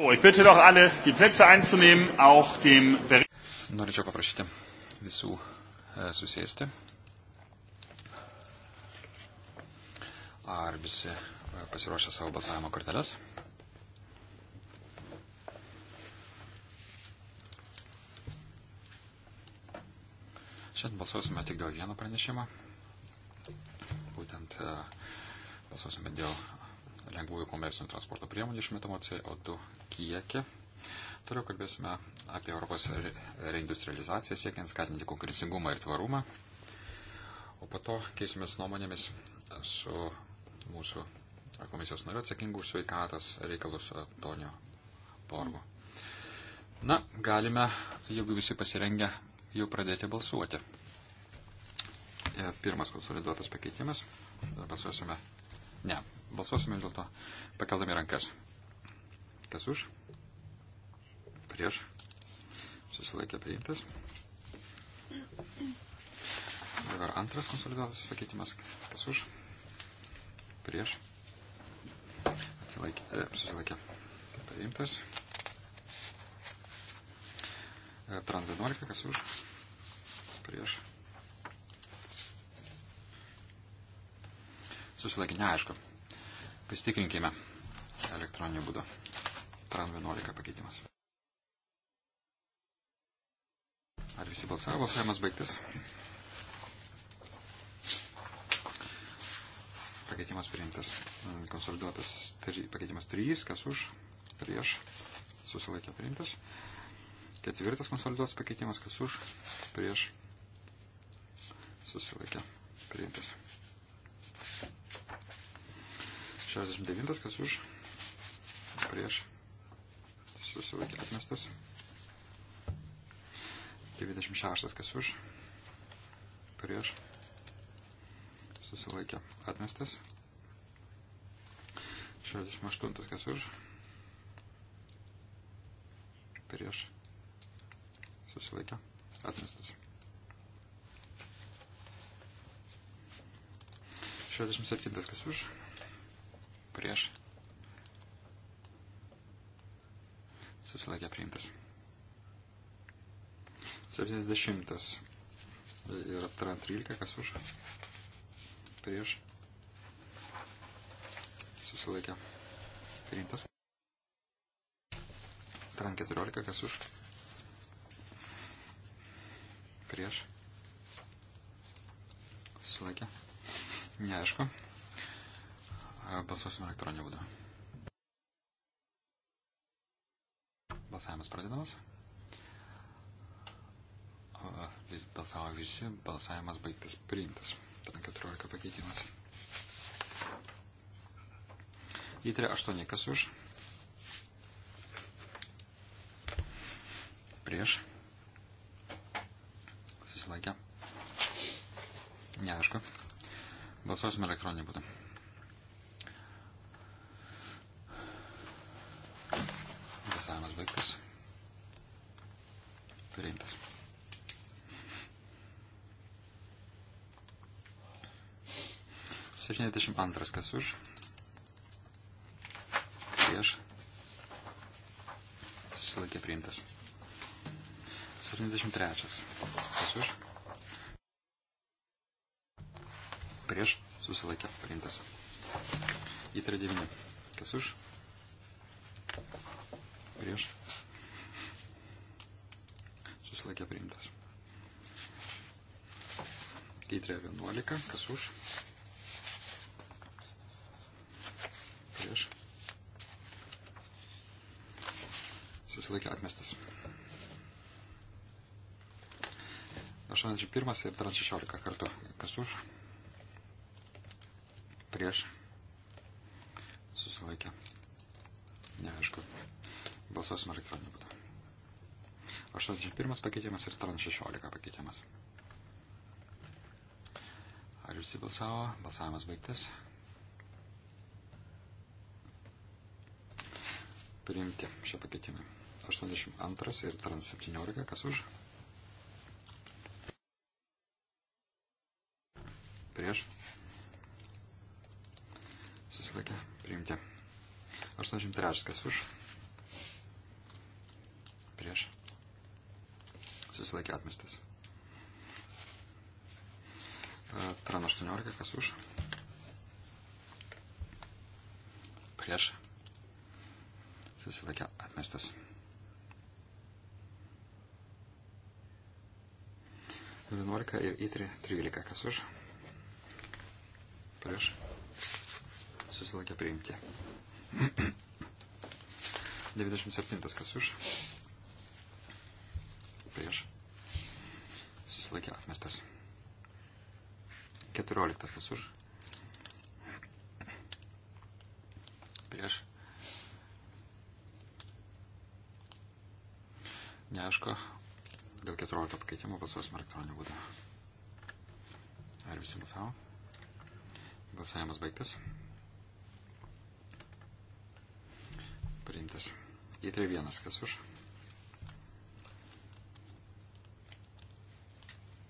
So, ich bitte doch alle, die Plätze einzunehmen, auch dem Norėčiau paprašyti visų e, susėsti. Ar visi e, pasiruošę savo balsavimo korteles? Šiandien balsuosime tik dėl vieno pranešimo. Būtent e, balsuosime dėl lengvųjų komercinių transporto priemonių išmetamo CO2 kiekį. Toliau kalbėsime apie Europos reindustrializaciją, siekiant skatinti konkurencingumą ir tvarumą. O po to keisimės nuomonėmis su mūsų komisijos nariu atsakingu už sveikatos reikalus Tonio Porvo. Na, galime, jeigu visi pasirengę, jau pradėti balsuoti. E, pirmas konsoliduotas pakeitimas. Balsuosime Ne. Balsuosime dėl to pakeldami rankas. Kas už? Prieš. Susilaikė priimtas. Dabar antras konsoliduotas pakeitimas. Kas už? Prieš. Atsilaikė. E, susilaikė. Priimtas. E, tran 11. Kas už? Prieš. susilaikė neaišku. Pasitikrinkime elektroniniu būdu. Tran 11 pakeitimas. Ar visi balsavo? Balsavimas baigtas. Pakeitimas priimtas. Konsoliduotas tri, pakeitimas 3, kas už, prieš, susilaikė priimtas. Ketvirtas konsoliduotas pakeitimas, kas už, prieš, susilaikė priimtas. 69, kas už, prieš, susilaikė atmestas. 96, kas už, prieš, susilaikė atmestas. 68, kas už, prieš, susilaikė atmestas. 67 kas už, prieš susilaikė priimtas. 70 ir aptarant 13, kas už prieš susilaikė priimtas. Tran 14, kas už prieš susilaikė. Neaišku. Balsuosime elektroniniu būdu. Balsavimas pradedamas. Balsavo visi, balsavimas baigtas priimtas. Tada 14 pakeitimas. Įtrė 8 kas už. Prieš. Susilaikė. Neaišku. Balsuosime elektroniniu būdu. 172 kas už. Prieš. Susilaikė priimtas. 73 kas už. Prieš. Susilaikė priimtas. Įtarė 9 kas už. Prieš. Susilaikė priimtas. Įtrė 11, kas už, prieš. Susilaikė atmestas. 81 ir 16 kartu. Kas už? Prieš. Susilaikė. Neaišku. Balsuosim elektroniniu būdu. 81 pakeitimas ir 16 pakeitimas. Ar visi balsavo? Balsavimas baigtas. priimti šie pakeitimai. 82 ir trans 17, kas už? Prieš. Susilaikė priimti. 83, kas už? Prieš. Susilaikė atmestas. E, Tran 18, kas už? Prieš susilaikė atmestas. Vienuolika ir įtri trylika, kas už, prieš, susilaikė priimti. 97 kas už, prieš, susilaikė atmestas. 14 kas už, prieš, Neaišku, dėl 14 pakeitimų balsuosime elektroniniu būdu. Ar visi balsavo? Balsavimas baigtas. Priimtas. Įtrė tai vienas, kas už.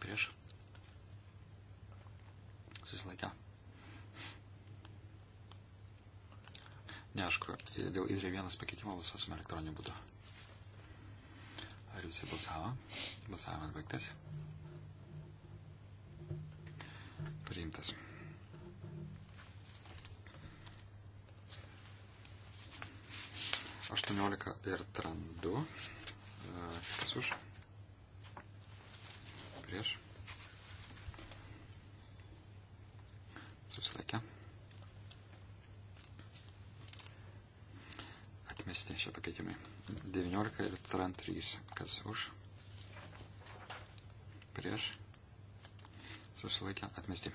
Prieš. Susilaikę. Neaišku, dėl įtrė tai vienas pakeitimo balsuosime elektroniniu būdu. Ar visi balsavo? Balsavimas baigtas. Priimtas. Aštuoniolika ir tran du. E, kas už? Prieš. atmesti šie pakeitimai. 19 ir 3, kas už, prieš, susilaikė atmesti.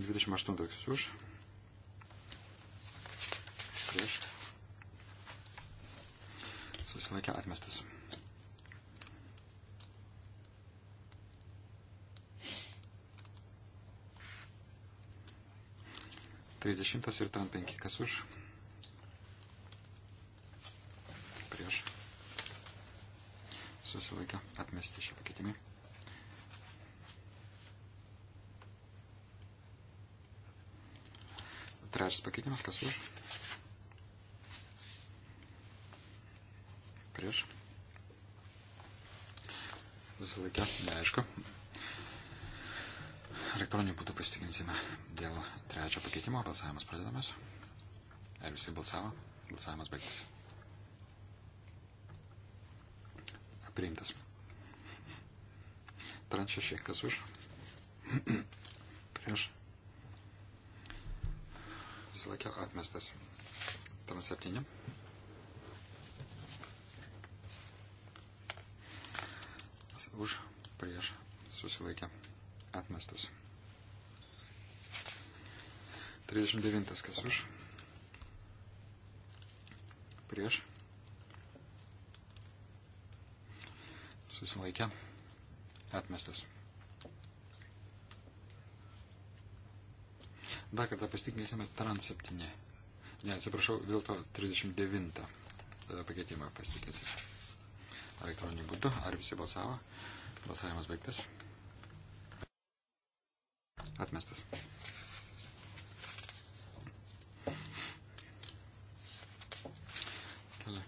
28 už, prieš, susilaikė atmestas. 30 ir 35, kas už? Prieš. Susilaikę atmesti šį pakeitimą. Trečias pakeitimas, kas už? Prieš. Susilaikę, neaišku elektroniniu būdu pasitikrinsime dėl trečio pakeitimo. Balsavimas pradedamas. Ar visi balsavo? Balsavimas baigtas. Priimtas. Trans 6, kas už? Prieš. Susilaikė atmestas. Trans 7. Už, prieš, susilaikė atmestas. 39 kas už. Prieš. Susilaikė. Atmestas. Dar kartą pasitikinsime trans 7. Ne, atsiprašau, dėl to 39 pakeitimą pasitikinsime. Elektroniniu būdu. Ar visi balsavo? Balsavimas baigtas. Atmestas.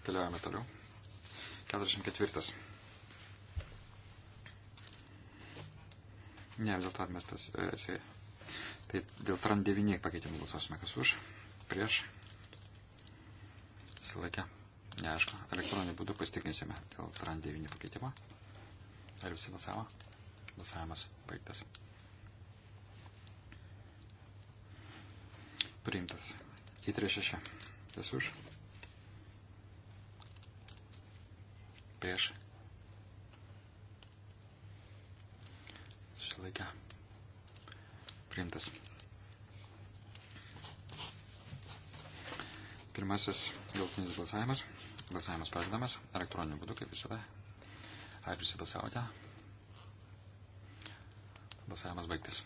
Keliaujame toliau. 44. Ne, dėl to atmestas. E, tai dėl tran 9 pakeitimų balsuosime, kas už, prieš, silaikę. Neaišku, elektroniniu būdu pasitikinsime dėl tran 9 pakeitimo. Ar visi balsavo? Balsavimas baigtas. Priimtas. Į 36. Kas už? prieš susilaikę priimtas. Pirmasis galtinis balsavimas. Balsavimas pradedamas elektroniniu būdu, kaip visada. Ar visi balsavote? Balsavimas baigtas.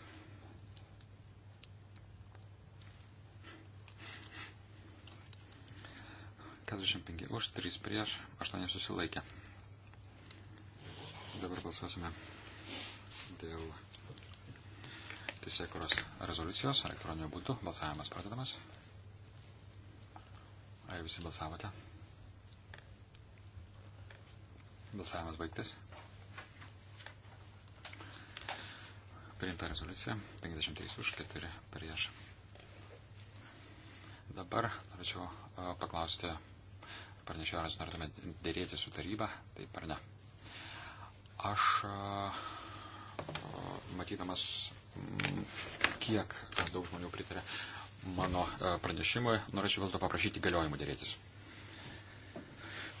Keturiasdešimt penki už, trys prieš, aštuoni susilaikė. Dabar balsuosime dėl teisėkuros rezoliucijos elektroniniu būdu. Balsavimas pradedamas. Ar visi balsavote? Balsavimas baigtas. Priimta rezoliucija 53 už 4 prieš. Dabar norėčiau paklausti pranešėjo, ar norėtume dėrėti su taryba, taip ar ne. Aš matydamas, kiek daug žmonių pritarė mano pranešimui, norėčiau vėl to paprašyti galiojimų dėrėtis.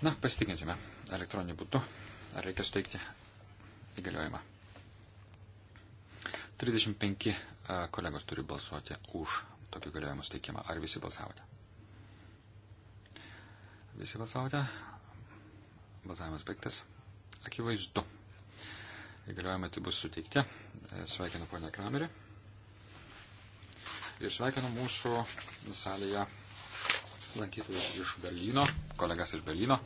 Na, pasitikinsime elektroniniu būdu, ar reikia suteikti įgaliojimą. 35 kolegos turi balsuoti už tokį galiojimą suteikimą. Ar visi balsavote? Visi balsavote? Balsavimas baigtas. Akivaizdu, įgaliojimai tai bus suteikti. Sveikinu ponę Kramerį. Ir sveikinu mūsų salėje lankytojus iš Berlyno, kolegas iš Berlyno.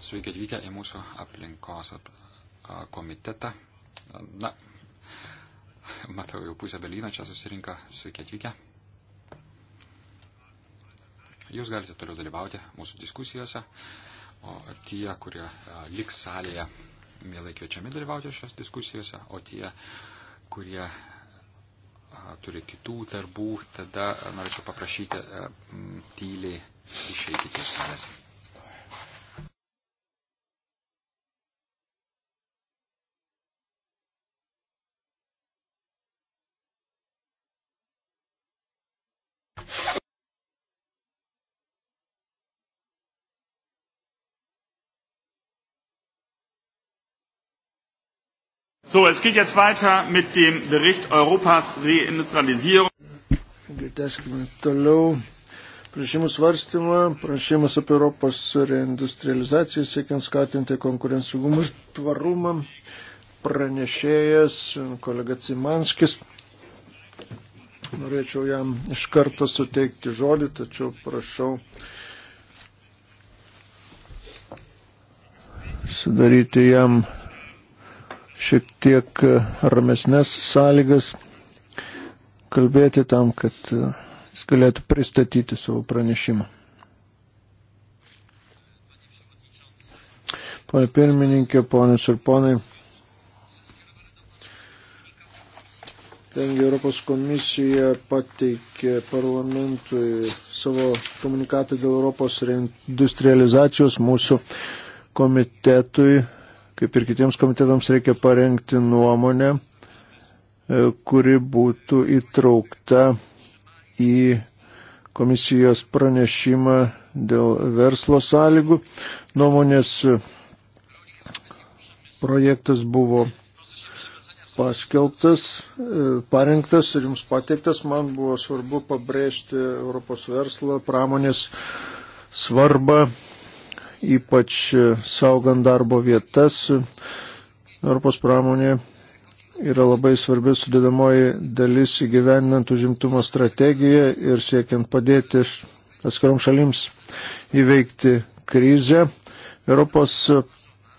Sveiki atvykę į mūsų aplinkos komitetą. Na, matau jau pusę Berlyno čia susirinka. Sveiki atvykę. Jūs galite toliau dalyvauti mūsų diskusijose, o tie, kurie liks salėje, mielai kviečiami dalyvauti šios diskusijose, o tie, kurie a, turi kitų darbų, tada norėčiau paprašyti a, m, tyliai išeikite iš salės. So, es geht jetzt weiter mit dem Bericht Europas Reindustrialisierung. Tęskime toliau. Prašymų svarstymą, prašymas apie Europos reindustrializaciją, siekiant skatinti konkurencingumą ir tvarumą. Pranešėjas, kolega Cimanskis. Norėčiau jam iš karto suteikti žodį, tačiau prašau sudaryti jam šiek tiek e, ramesnės sąlygas kalbėti tam, kad e, jis galėtų pristatyti savo pranešimą. Pane pirmininkė, ponius ir ponai, Tengi Europos komisija pateikė parlamentui savo komunikatą dėl Europos reindustrializacijos mūsų komitetui kaip ir kitiems komitetams, reikia parengti nuomonę, e, kuri būtų įtraukta į komisijos pranešimą dėl verslo sąlygų. Nuomonės projektas buvo paskelbtas, e, parengtas ir jums pateiktas. Man buvo svarbu pabrėžti Europos verslo pramonės svarbą ypač saugant darbo vietas. Europos pramonė yra labai svarbi sudėdamoji dalis įgyveninant užimtumo strategiją ir siekiant padėti atskirom šalims įveikti krizę. Europos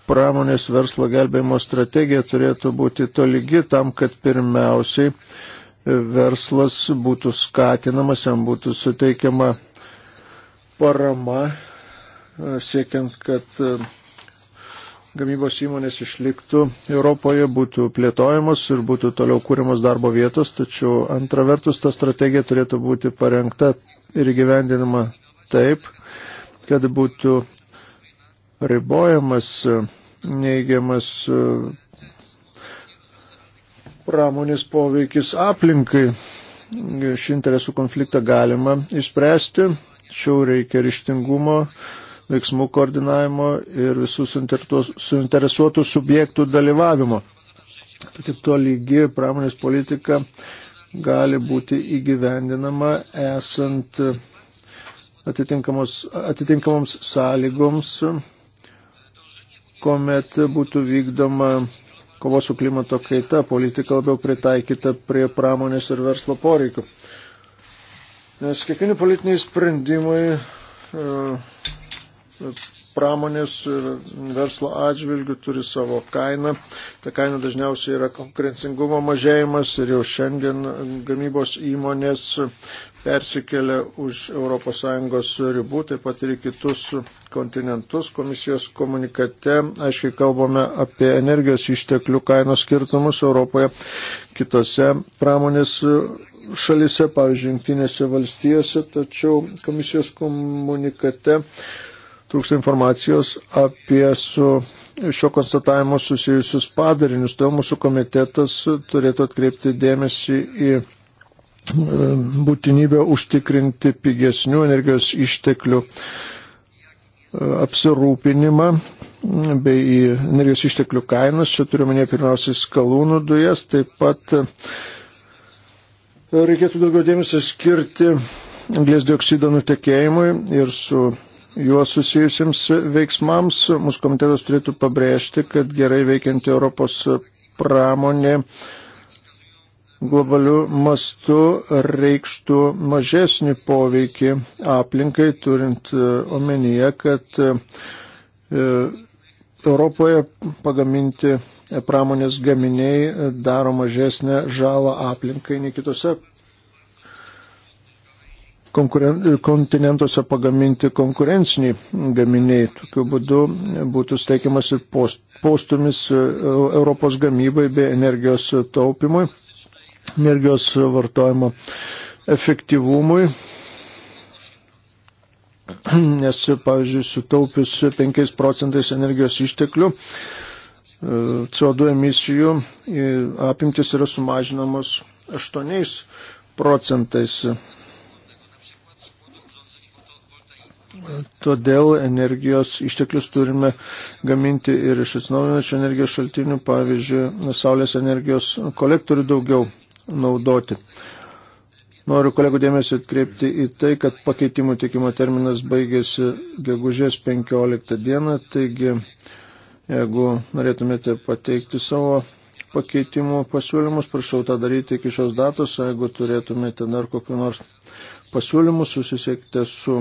pramonės verslo gelbėjimo strategija turėtų būti tolygi tam, kad pirmiausiai verslas būtų skatinamas, jam būtų suteikiama parama E, siekiant, kad e, gamybos įmonės išliktų Europoje, būtų plėtojamos ir būtų toliau kūrimas darbo vietos, tačiau antra vertus ta strategija turėtų būti parengta ir įgyvendinama taip, kad būtų ribojamas e, neigiamas pramonės poveikis aplinkai. Šį interesų konfliktą galima išspręsti, tačiau reikia ryštingumo veiksmų koordinavimo ir visų suinteresuotų subjektų dalyvavimo. Tokia to lygi pramonės politika gali būti įgyvendinama esant atitinkamoms sąlygoms, kuomet būtų vykdoma kovos su klimato kaita politika labiau pritaikyta prie pramonės ir verslo poreikių. Nes kiekvieni politiniai sprendimai e, pramonės ir verslo atžvilgių turi savo kainą. Ta kaina dažniausiai yra konkurencingumo mažėjimas ir jau šiandien gamybos įmonės persikelia už ES ribų, taip pat ir į kitus kontinentus. Komisijos komunikate aiškiai kalbame apie energijos išteklių kainos skirtumus Europoje, kitose pramonės šalise, pavyzdžiui, Junktinėse valstijose, tačiau komisijos komunikate trūksta informacijos apie su šio konstatavimo susijusius padarinius. Todėl mūsų komitetas turėtų atkreipti dėmesį į e, būtinybę užtikrinti pigesnių energijos išteklių e, apsirūpinimą bei į energijos išteklių kainas. Čia turiu minėti pirmiausiai skalūnų dujas, taip pat e, reikėtų daugiau dėmesio skirti anglės dioksido nutekėjimui ir su juos susijusiems veiksmams. Mūsų komitetas turėtų pabrėžti, kad gerai veikianti Europos pramonė globaliu mastu reikštų mažesnį poveikį aplinkai, turint e, omenyje, kad e, Europoje pagaminti pramonės gaminiai e, daro mažesnę žalą aplinkai nei kitose kontinentuose pagaminti konkurenciniai gaminiai. Tokiu būdu būtų steikiamas ir post, postumis e, Europos gamybai bei energijos taupimui, energijos vartojimo efektyvumui. Nes, pavyzdžiui, sutaupius 5 procentais energijos išteklių, e, CO2 emisijų apimtis yra sumažinamos 8 procentais. Todėl energijos išteklius turime gaminti ir iš atsinaujinančių energijos šaltinių, pavyzdžiui, saulės energijos kolektorių daugiau naudoti. Noriu kolegų dėmesį atkreipti į tai, kad pakeitimų teikimo terminas baigėsi gegužės 15 dieną, taigi jeigu norėtumėte pateikti savo pakeitimų pasiūlymus, prašau tą daryti iki šios datos, jeigu turėtumėte dar kokiu nors pasiūlymus, susisiekite su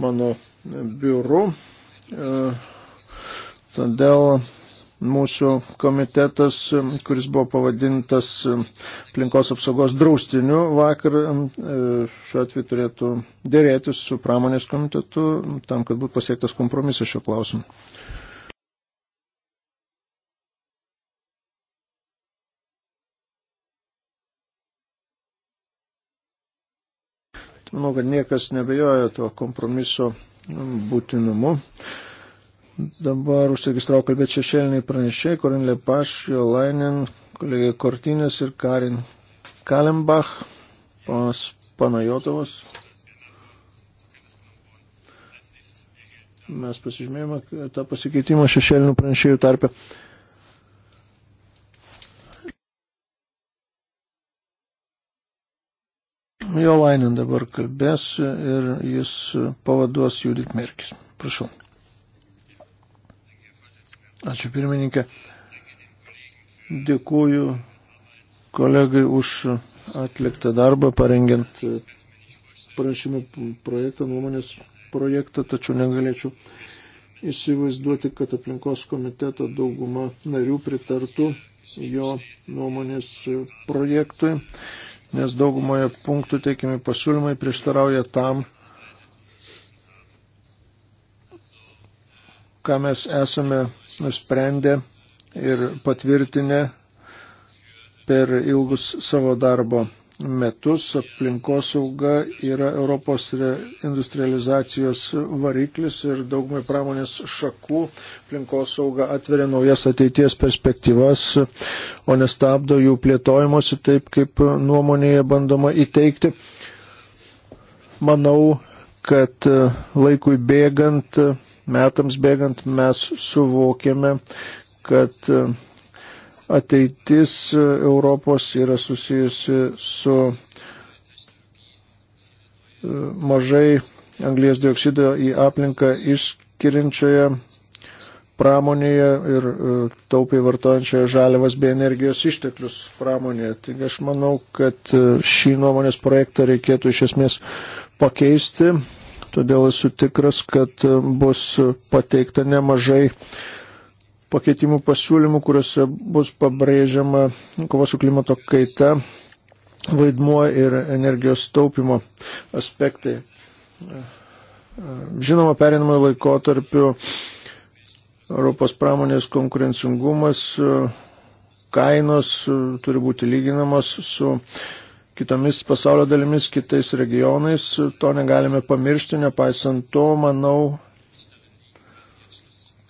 mano biuru. E, todėl mūsų komitetas, e, kuris buvo pavadintas e, aplinkos apsaugos draustiniu vakar, šiuo atveju turėtų dėrėtis su pramonės komitetu tam, kad būtų pasiektas kompromisas šiuo klausimu. Manau, kad niekas nebejoja tuo kompromiso būtinumu. Dabar užsiregistravo kalbėti šešėliniai pranešėjai, Korin Lepaš, Jolainin, kolegė Kortinės ir Karin Kalembach, panas Panajotovas. Mes pasižymėjome tą pasikeitimą šešėlinių pranešėjų tarpę. Jo Lainin dabar kalbės ir jis pavaduos Judit Merkis. Prašau. Ačiū pirmininkė. Dėkuoju kolegai už atliktą darbą, parengiant pranešimų projektą, nuomonės projektą, tačiau negalėčiau įsivaizduoti, kad aplinkos komiteto dauguma narių pritartų jo nuomonės projektui nes daugumoje punktų teikiami pasiūlymai prieštarauja tam, ką mes esame nusprendę ir patvirtinę per ilgus savo darbo metus aplinkosauga yra Europos industrializacijos variklis ir daugumai pramonės šakų aplinkosauga atveria naujas ateities perspektyvas, o nestabdo jų plėtojimosi taip, kaip nuomonėje bandoma įteikti. Manau, kad e, laikui bėgant, metams bėgant mes suvokėme, kad e, ateitis Europos yra susijusi su e, mažai anglės dioksido į aplinką išskiriančioje pramonėje ir e, taupiai vartojančioje žalėvas bei energijos išteklius pramonėje. Taigi aš manau, kad e, šį nuomonės projektą reikėtų iš esmės pakeisti, todėl esu tikras, kad bus pateikta nemažai uh, pakeitimų pasiūlymų, kuriuose bus pabrėžiama kova su klimato kaita, vaidmuo ir energijos taupimo aspektai. Žinoma, perinamojo laikotarpiu Europos pramonės konkurencingumas, kainos turi būti lyginamos su kitomis pasaulio dalimis, kitais regionais. To negalime pamiršti, nepaisant to, manau,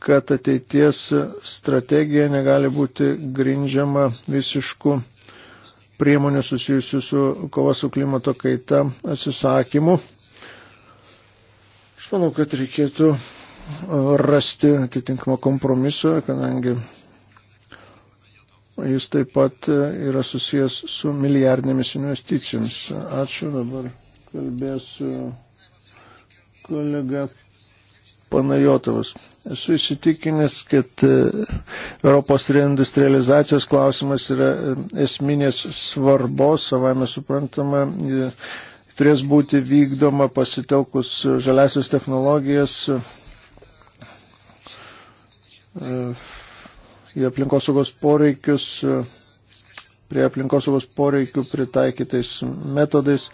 kad ateities strategija negali būti grindžiama visišku priemonių susijusių su kova su klimato kaita atsisakymu. Aš manau, kad reikėtų e, rasti atitinkamą kompromisą, kadangi jis taip pat e, yra susijęs su milijardinėmis investicijomis. Ačiū dabar. Kalbėsiu e, kolega Panajotovas. Esu įsitikinęs, kad e, Europos reindustrializacijos klausimas yra e, esminės svarbos, savame suprantama, e, turės būti vykdoma pasitelkus žaliasias technologijas į aplinkosaugos poreikius, prie aplinkosaugos poreikių pritaikytais metodais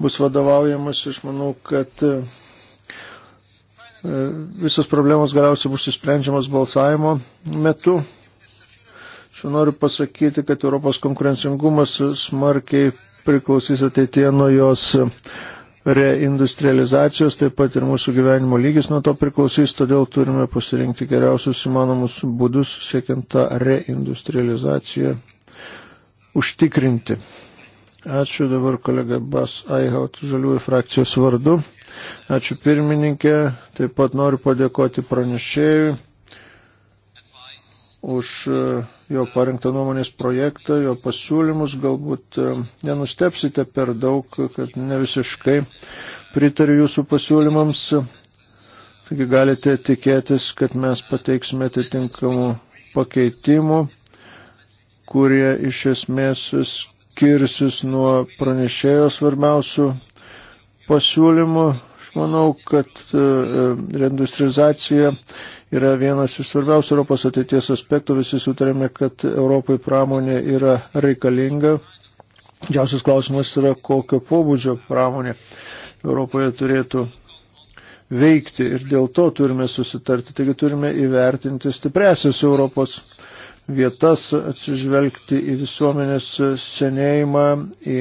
bus vadovaujamas. Aš manau, kad E, visos problemos galiausiai bus išsprendžiamas balsavimo metu. Čia noriu pasakyti, kad Europos konkurencingumas smarkiai priklausys ateitie nuo jos reindustrializacijos, taip pat ir mūsų gyvenimo lygis nuo to priklausys, todėl turime pasirinkti geriausius įmanomus būdus siekiant tą reindustrializaciją užtikrinti. Ačiū dabar kolega Bas Aihaut žaliųjų frakcijos vardu. Ačiū pirmininkė, taip pat noriu padėkoti pranešėjui už e, jo parengtą nuomonės projektą, jo pasiūlymus. Galbūt e, nenustepsite per daug, kad ne visiškai pritariu jūsų pasiūlymams. Taigi galite tikėtis, kad mes pateiksime atitinkamų pakeitimų, kurie iš esmės skirsis nuo pranešėjo svarbiausių pasiūlymų manau, kad e, e, reindustrializacija yra vienas iš svarbiausių Europos ateities aspektų. Visi sutarėme, kad Europai pramonė yra reikalinga. Džiausias klausimas yra, kokio pobūdžio pramonė Europoje turėtų veikti ir dėl to turime susitarti. Taigi turime įvertinti stipresias Europos vietas, atsižvelgti į visuomenės senėjimą, į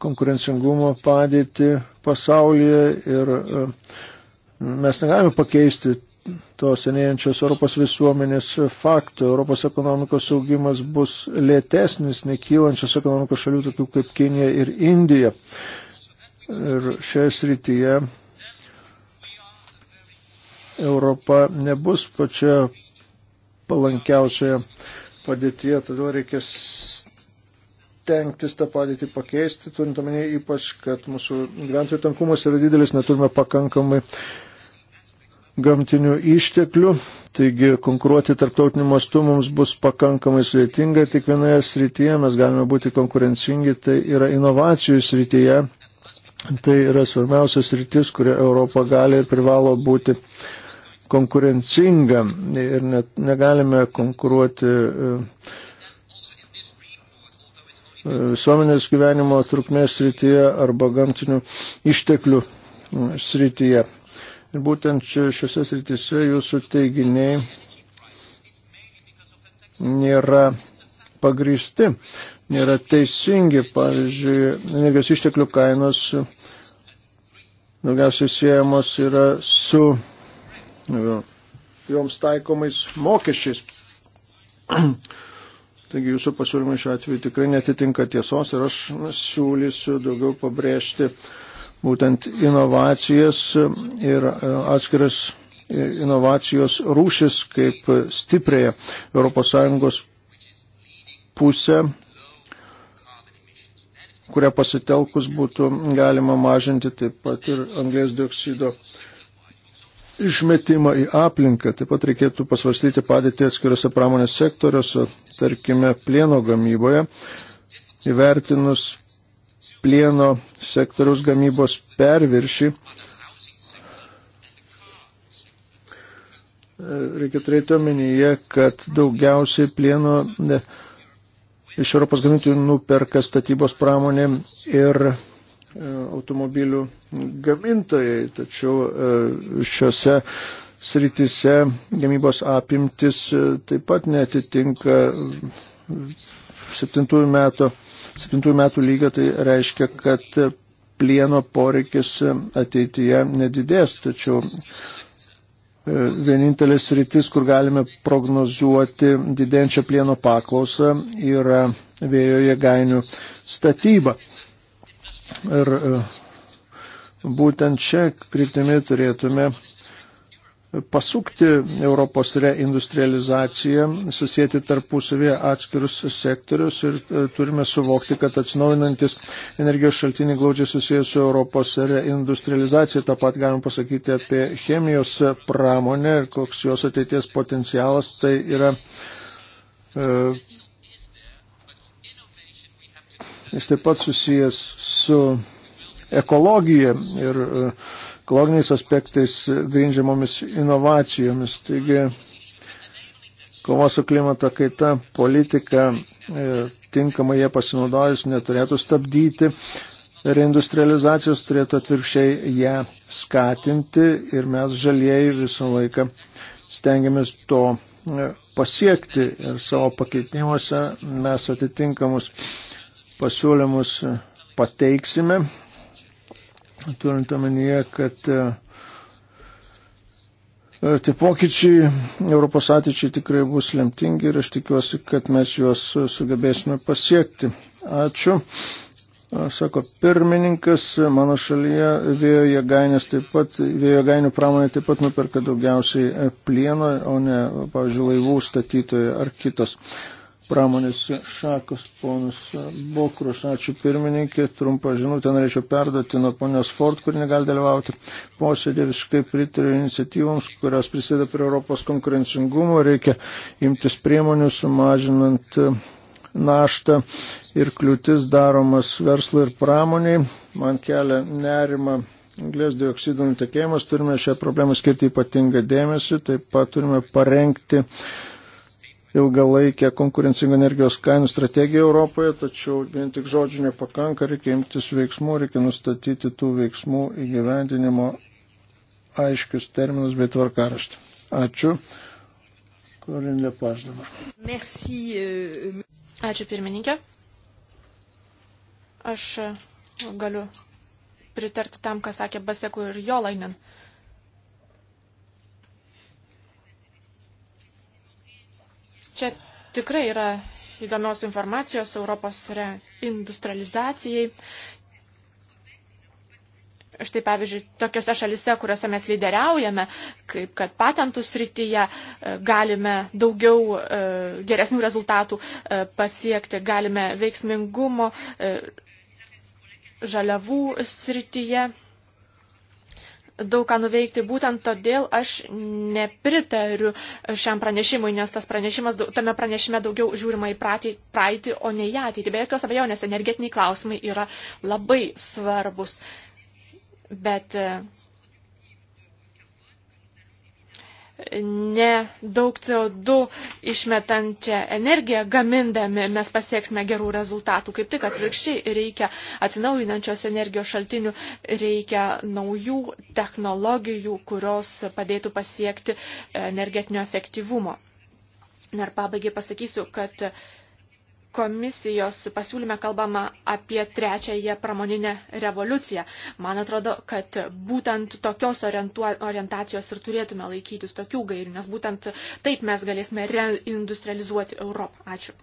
konkurencingumo padėtį, pasaulyje ir e, mes negalime pakeisti to senėjančios Europos visuomenės faktų. Europos ekonomikos augimas bus lėtesnis nei kylančios ekonomikos šalių, tokių kaip Kinija ir Indija. Ir šioje srityje Europa nebus pačioje palankiausioje padėtyje, todėl reikia stengtis tą padėtį pakeisti, turint omenyje ypač, kad mūsų gyventojų tankumas yra didelis, neturime pakankamai gamtinių išteklių, taigi konkuruoti tarptautiniu mastu mums bus pakankamai sudėtinga, tik vienoje srityje mes galime būti konkurencingi, tai yra inovacijų srityje, tai yra svarbiausias sritis, kuria Europa gali ir privalo būti konkurencinga ir net negalime konkuruoti uh, visuomenės gyvenimo trukmės srityje arba gamtinių išteklių mm, srityje. Ir būtent šiuose srityse jūsų teiginiai nėra pagristi, nėra teisingi. Pavyzdžiui, energijos išteklių kainos daugiausiai siejamos yra su joms taikomais mokesčiais. Taigi jūsų pasiūlymai šiuo atveju tikrai netitinka tiesos ir aš siūlysiu daugiau pabrėžti būtent inovacijas ir e, atskiras e, inovacijos rūšis kaip stiprėja ES pusė, kurią pasitelkus būtų galima mažinti taip pat ir anglės dioksido išmetimą į aplinką. Taip pat reikėtų pasvarstyti padėtį atskiriuose pramonės sektoriuose, tarkime, plieno gamyboje, įvertinus plieno sektoriaus gamybos perviršį. Reikia turėti omenyje, kad daugiausiai plieno ne, iš Europos gamintojų nuperka statybos pramonė ir E, automobilių gamintojai, tačiau e, šiuose sritise gamybos apimtis e, taip pat netitinka 7 metų, 7 metų lygio, tai reiškia, kad plieno poreikis ateityje nedidės, tačiau vienintelis rytis, kur galime prognozuoti didėjančią plieno paklausą, yra vėjo jėgainių statyba. Ir e, būtent čia kryptimi turėtume pasukti Europos reindustrializaciją, susijęti tarpusavėje atskirus sektorius ir e, turime suvokti, kad atsinaujinantis energijos šaltiniai glaudžiai susijęs su Europos reindustrializacija. Ta pat galim pasakyti apie chemijos pramonę ir koks jos ateities potencialas. Tai yra e, jis taip pat susijęs su ekologija ir e, ekologiniais aspektais grindžiamomis inovacijomis. Taigi, kovos su klimato kaita politika e, tinkamai jie pasinaudojus neturėtų stabdyti reindustrializacijos turėtų atvirkščiai ją skatinti ir mes žalieji visą laiką stengiamės to e, pasiekti ir savo pakeitimuose mes atitinkamus pasiūlymus pateiksime, turint omenyje, kad e, e, tie pokyčiai Europos ateičiai tikrai bus lemtingi ir aš tikiuosi, kad mes juos sugebėsime pasiekti. Ačiū. Sako pirmininkas, mano šalyje vėjo jėgainės taip pat, vėjo jėgainių pramonė taip pat nuperka daugiausiai plieno, o ne, pavyzdžiui, laivų statytojai ar kitos pramonės šakos, ponus Bokrus. Ačiū pirmininkė, trumpą žinutę norėčiau perduoti nuo ponios Ford, kur negali dalyvauti. Posėdė visiškai pritariu iniciatyvoms, kurios prisideda prie Europos konkurencingumo, reikia imtis priemonių sumažinant e, naštą ir kliūtis daromas verslui ir pramoniai. Man kelia nerima anglės dioksido nutekėjimas, turime šią problemą skirti ypatingą dėmesį, taip pat turime parengti ilgalaikę konkurencingą energijos kainų strategiją Europoje, tačiau vien tik žodžių nepakanka, reikia imtis veiksmų, reikia nustatyti tų veiksmų įgyvendinimo aiškius terminus bei tvarkaraštį. Ačiū. Korin Lepaž dabar. Merci. Euh, Ačiū pirmininkė. Aš galiu pritarti tam, ką sakė Baseku ir Jolainen. Uh, Čia tikrai yra įdomios informacijos Europos reindustrializacijai. Štai pavyzdžiui, tokiuose šalise, kuriuose mes lyderiaujame, kaip kad patentų srityje e, galime daugiau e, geresnių rezultatų e, pasiekti, galime veiksmingumo žaliavų srityje daug ką nuveikti. Būtent todėl aš nepritariu šiam pranešimui, nes tas pranešimas, tame pranešime daugiau žiūrima į pratį, praeitį, o ne į ateitį. Be jokios abejonės energetiniai klausimai yra labai svarbus. Bet e, ne daug CO2 išmetančią energiją gamindami mes pasieksime gerų rezultatų. Kaip tik atvirkščiai reikia atsinaujinančios energijos šaltinių, reikia naujų technologijų, kurios padėtų pasiekti energetinio efektyvumo. Ir pabaigai pasakysiu, kad komisijos pasiūlyme kalbama apie trečiąją pramoninę revoliuciją. Man atrodo, kad būtent tokios orientacijos ir turėtume laikytis tokių gairių, nes būtent taip mes galėsime reindustrializuoti Europą. Ačiū.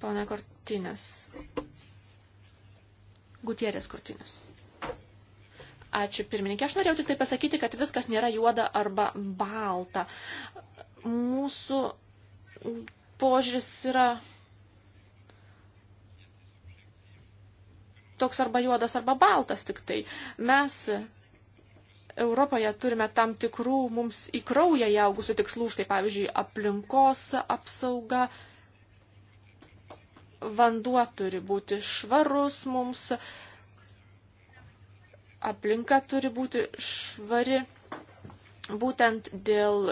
Pana Kortinės. Gutierės Kortinės. Ačiū pirmininkė. Aš norėjau tik tai pasakyti, kad viskas nėra juoda arba balta mūsų požiūris yra toks arba juodas arba baltas tik tai. Mes Europoje turime tam tikrų mums į kraują įaugusių tikslų, štai pavyzdžiui, aplinkos apsauga, vanduo turi būti švarus mums, aplinka turi būti švari. Būtent dėl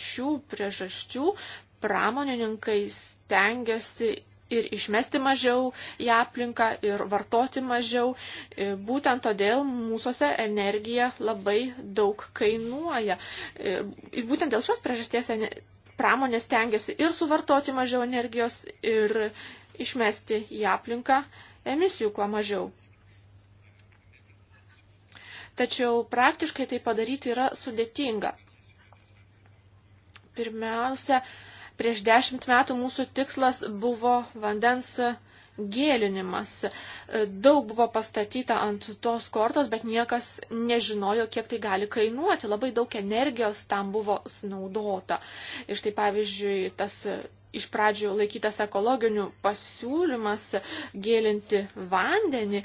šių priežasčių pramonininkai stengiasi ir išmesti mažiau į aplinką, ir vartoti mažiau. E, būtent todėl mūsųse energija labai daug kainuoja. E, ir būtent dėl šios priežasties pramonė stengiasi ir suvartoti mažiau energijos, ir išmesti į aplinką emisijų kuo mažiau. Tačiau praktiškai tai padaryti yra sudėtinga. Pirmiausia, prieš dešimt metų mūsų tikslas buvo vandens gėlinimas. Daug buvo pastatyta ant tos kortos, bet niekas nežinojo, kiek tai gali kainuoti. Labai daug energijos tam buvo sunaudota. Ir štai pavyzdžiui, tas iš pradžių laikytas ekologinių pasiūlymas gėlinti vandenį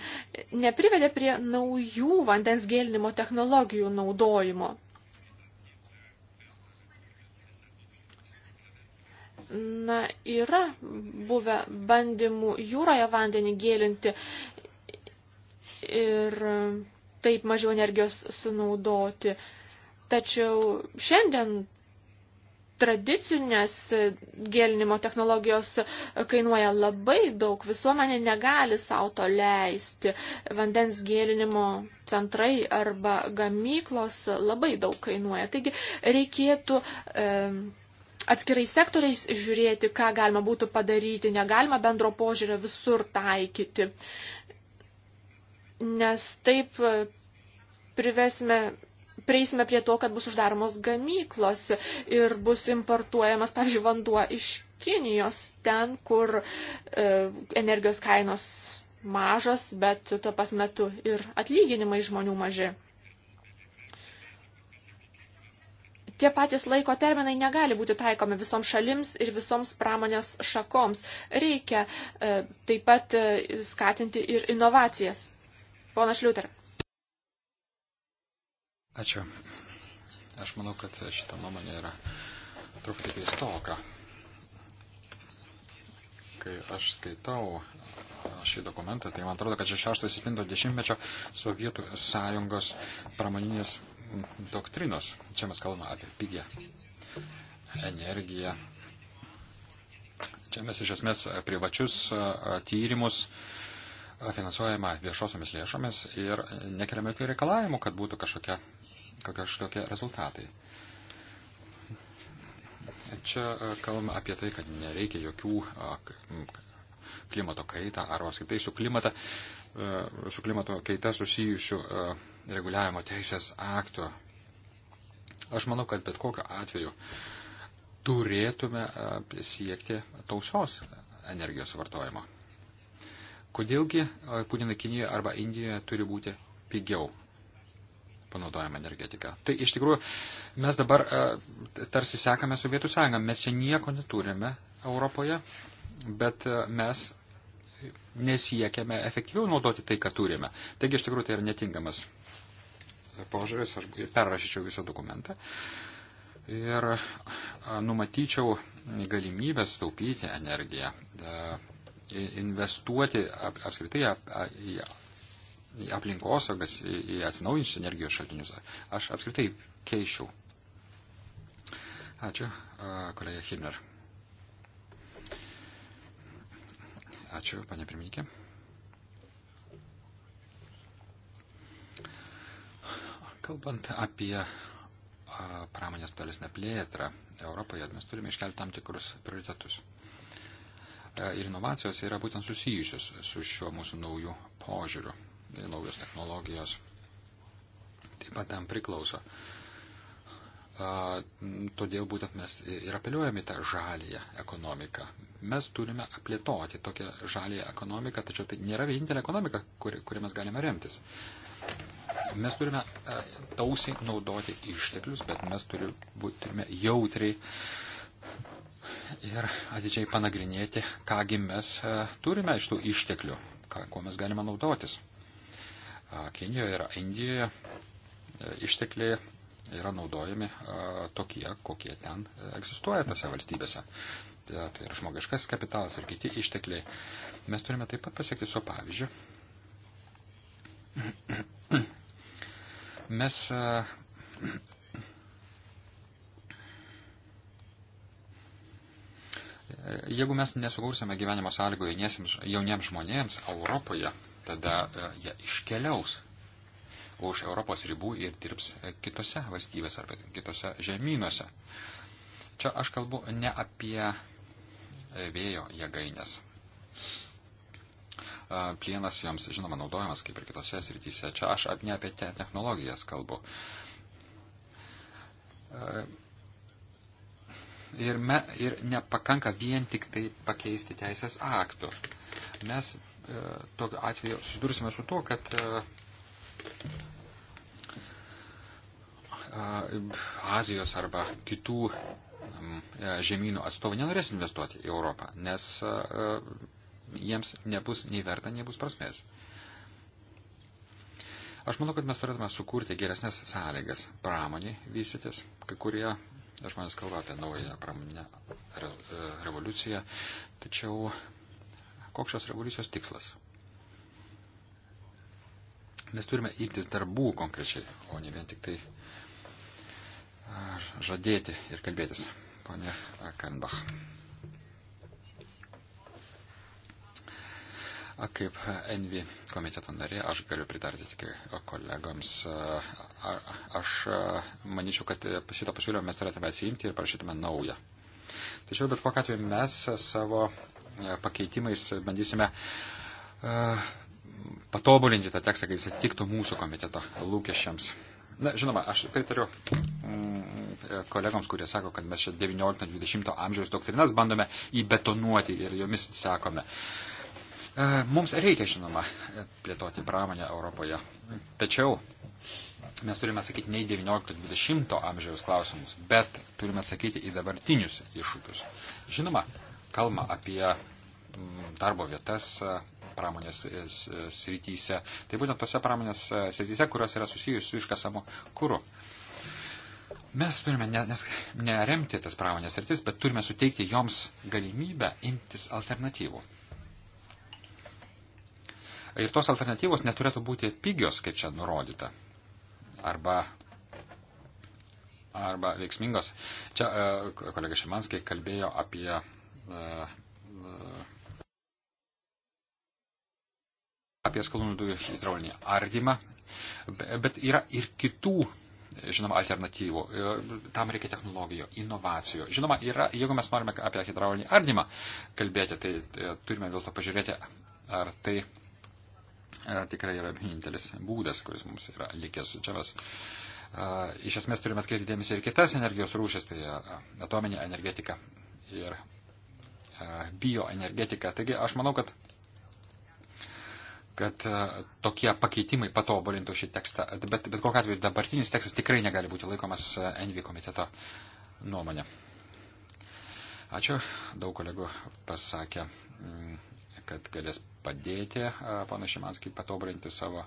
neprivedė prie naujų vandens gėlinimo technologijų naudojimo. Na, yra buvę bandymų jūroje vandenį gėlinti ir taip mažiau energijos sunaudoti. Tačiau šiandien tradicinės gėlinimo technologijos kainuoja labai daug, visuomenė negali savo to leisti. Vandens gėlinimo centrai arba gamyklos labai daug kainuoja. Taigi reikėtų e, atskirai sektoriais žiūrėti, ką galima būtų padaryti, negalima bendro požiūrio visur taikyti. Nes taip e, privesime prieisime prie to, kad bus uždaromos gamyklos ir bus importuojamas, pavyzdžiui, vanduo iš Kinijos, ten, kur e, energijos kainos mažos, bet tuo pat metu ir atlyginimai žmonių maži. Tie patys laiko terminai negali būti taikomi visoms šalims ir visoms pramonės šakoms. Reikia e, taip pat e, skatinti ir inovacijas. Pona Šliuter. Ačiū. Aš manau, kad šita nuomonė yra truputį keistoka. Kai aš skaitau e, šį dokumentą, tai man atrodo, kad čia 6-7 dešimtmečio Sovietų sąjungos pramoninės doktrinos. Čia mes kalbame apie pigę energiją. Čia mes iš esmės privačius tyrimus finansuojama viešosiomis lėšomis ir nekeliame jokių reikalavimų, kad būtų kažkokie, kažkokie rezultatai. Čia kalbame apie tai, kad nereikia jokių klimato kaitą arba apskritai su, klimata, su klimato kaita susijusių reguliavimo teisės akto. Aš manau, kad bet kokiu atveju turėtume siekti tausios energijos vartojimo. Kodėlgi Putinai Kinijoje arba Indijoje turi būti pigiau panaudojama energetika. Tai iš tikrųjų mes dabar tarsi sekame Sovietų sąjungą. Mes čia nieko neturime Europoje, bet mes nesiekiame efektyviau naudoti tai, ką turime. Taigi iš tikrųjų tai yra netinkamas požiūris, aš perrašyčiau visą dokumentą ir numatyčiau galimybės taupyti energiją, investuoti apskritai į aplinkosaugas, į atsinaujinčius energijos šaltinius. Aš apskritai keičiau. Ačiū, kolegė Himner. Ačiū, panė pirmininkė. Kalbant apie pramonės tolesnę plėtrą Europoje, mes turime iškelti tam tikrus prioritetus. E, ir inovacijos yra būtent susijusios su šiuo mūsų nauju požiūriu, e, naujos technologijos. Taip pat tam priklauso. Todėl būtent mes ir apeliuojame tą žalį ekonomiką. Mes turime aplėtoti tokią žalį ekonomiką, tačiau tai nėra vienintelė ekonomika, kuri, kuri mes galime remtis. Uh, Mes turime e, tausiai naudoti išteklius, bet mes turime jautriai ir atidžiai panagrinėti, kągi mes e, turime iš tų išteklių, ką, kuo mes galime naudotis. Kenijoje ir Indijoje e, ištekliai yra naudojami tokie, kokie ten egzistuoja tose valstybėse. Tai yra žmogiškas kapitalas ir kiti ištekliai. Mes turime taip pat pasiekti su pavyzdžiu, Mes e, Jeigu mes nesukursime gyvenimo sąlygų jauniems žmonėms Europoje, tada e, jie iškeliaus už Europos ribų ir dirbs kitose valstybėse arba kitose žemynuose. Čia aš kalbu ne apie vėjo jėgainės plienas joms, žinoma, naudojamas kaip ir kitose srityse. Čia aš ne apie technologijas kalbu. Ir, me, ir nepakanka vien tik tai pakeisti teisės aktų. Mes e, tokiu atveju susidursime su to, kad e, Azijos arba kitų e, žemynų atstovai nenorės investuoti į Europą, nes e, jiems nebus nei verta, nei bus prasmės. Aš manau, kad mes turėtume sukurti geresnės sąlygas pramonį vystytis, kai kurie žmonės kalba apie naują pramonę re, e, revoliuciją, tačiau koks šios revoliucijos tikslas? Mes turime imtis darbų konkrečiai, o ne vien tik tai žadėti ir kalbėtis. Pone Kanbach. Kaip Envi komiteto narė, aš galiu pritarti tik kolegoms. A, aš manyčiau, kad šitą pasiūlymą mes turėtume atsiimti ir parašytume naują. Tačiau bet kokiu atveju mes savo e, pakeitimais bandysime a, e, patobulinti tą tekstą, kad jis atitiktų mūsų komiteto lūkesčiams. Na, žinoma, aš pritariu mm, kolegoms, kurie sako, kad mes čia 19-20 amžiaus doktrinas bandome įbetonuoti ir jomis sekome. Uh, E, mums reikia, žinoma, plėtoti pramonę Europoje. Tačiau mes turime atsakyti ne į 19-20 amžiaus klausimus, bet turime atsakyti į dabartinius iššūkius. Žinoma, kalba apie mm, darbo vietas e, pramonės e, srityse. Tai būtent tose pramonės srityse, kurios yra susijusios su iškasamu kūru. Mes turime neremti ne, ne tas pramonės sritis, bet turime suteikti joms galimybę imtis alternatyvų. Ir tos alternatyvos neturėtų būti pigios, kaip čia nurodyta. Arba, arba veiksmingos. Čia e, kolega Šimanskiai kalbėjo apie. E, apie skalūnų dujų hidraulinį ardymą, bet yra ir kitų žinoma, alternatyvų. E, tam reikia technologijų, inovacijų. Žinoma, yra, jeigu mes norime apie hidraulinį ardymą kalbėti, tai turime dėl to pažiūrėti, ar tai tikrai yra vienintelis būdas, kuris mums yra likęs. Čia mes iš esmės turime atkreipti dėmesį ir kitas energijos rūšis, tai atominė energetika ir bioenergetika. Taigi aš manau, kad kad tokie pakeitimai patobulintų šį tekstą. Bet, bet kokiu atveju dabartinis tekstas tikrai negali būti laikomas NV komiteto nuomonė. Ačiū, daug kolegų pasakė mm, kad galės padėti pana Šimanskį patobrinti savo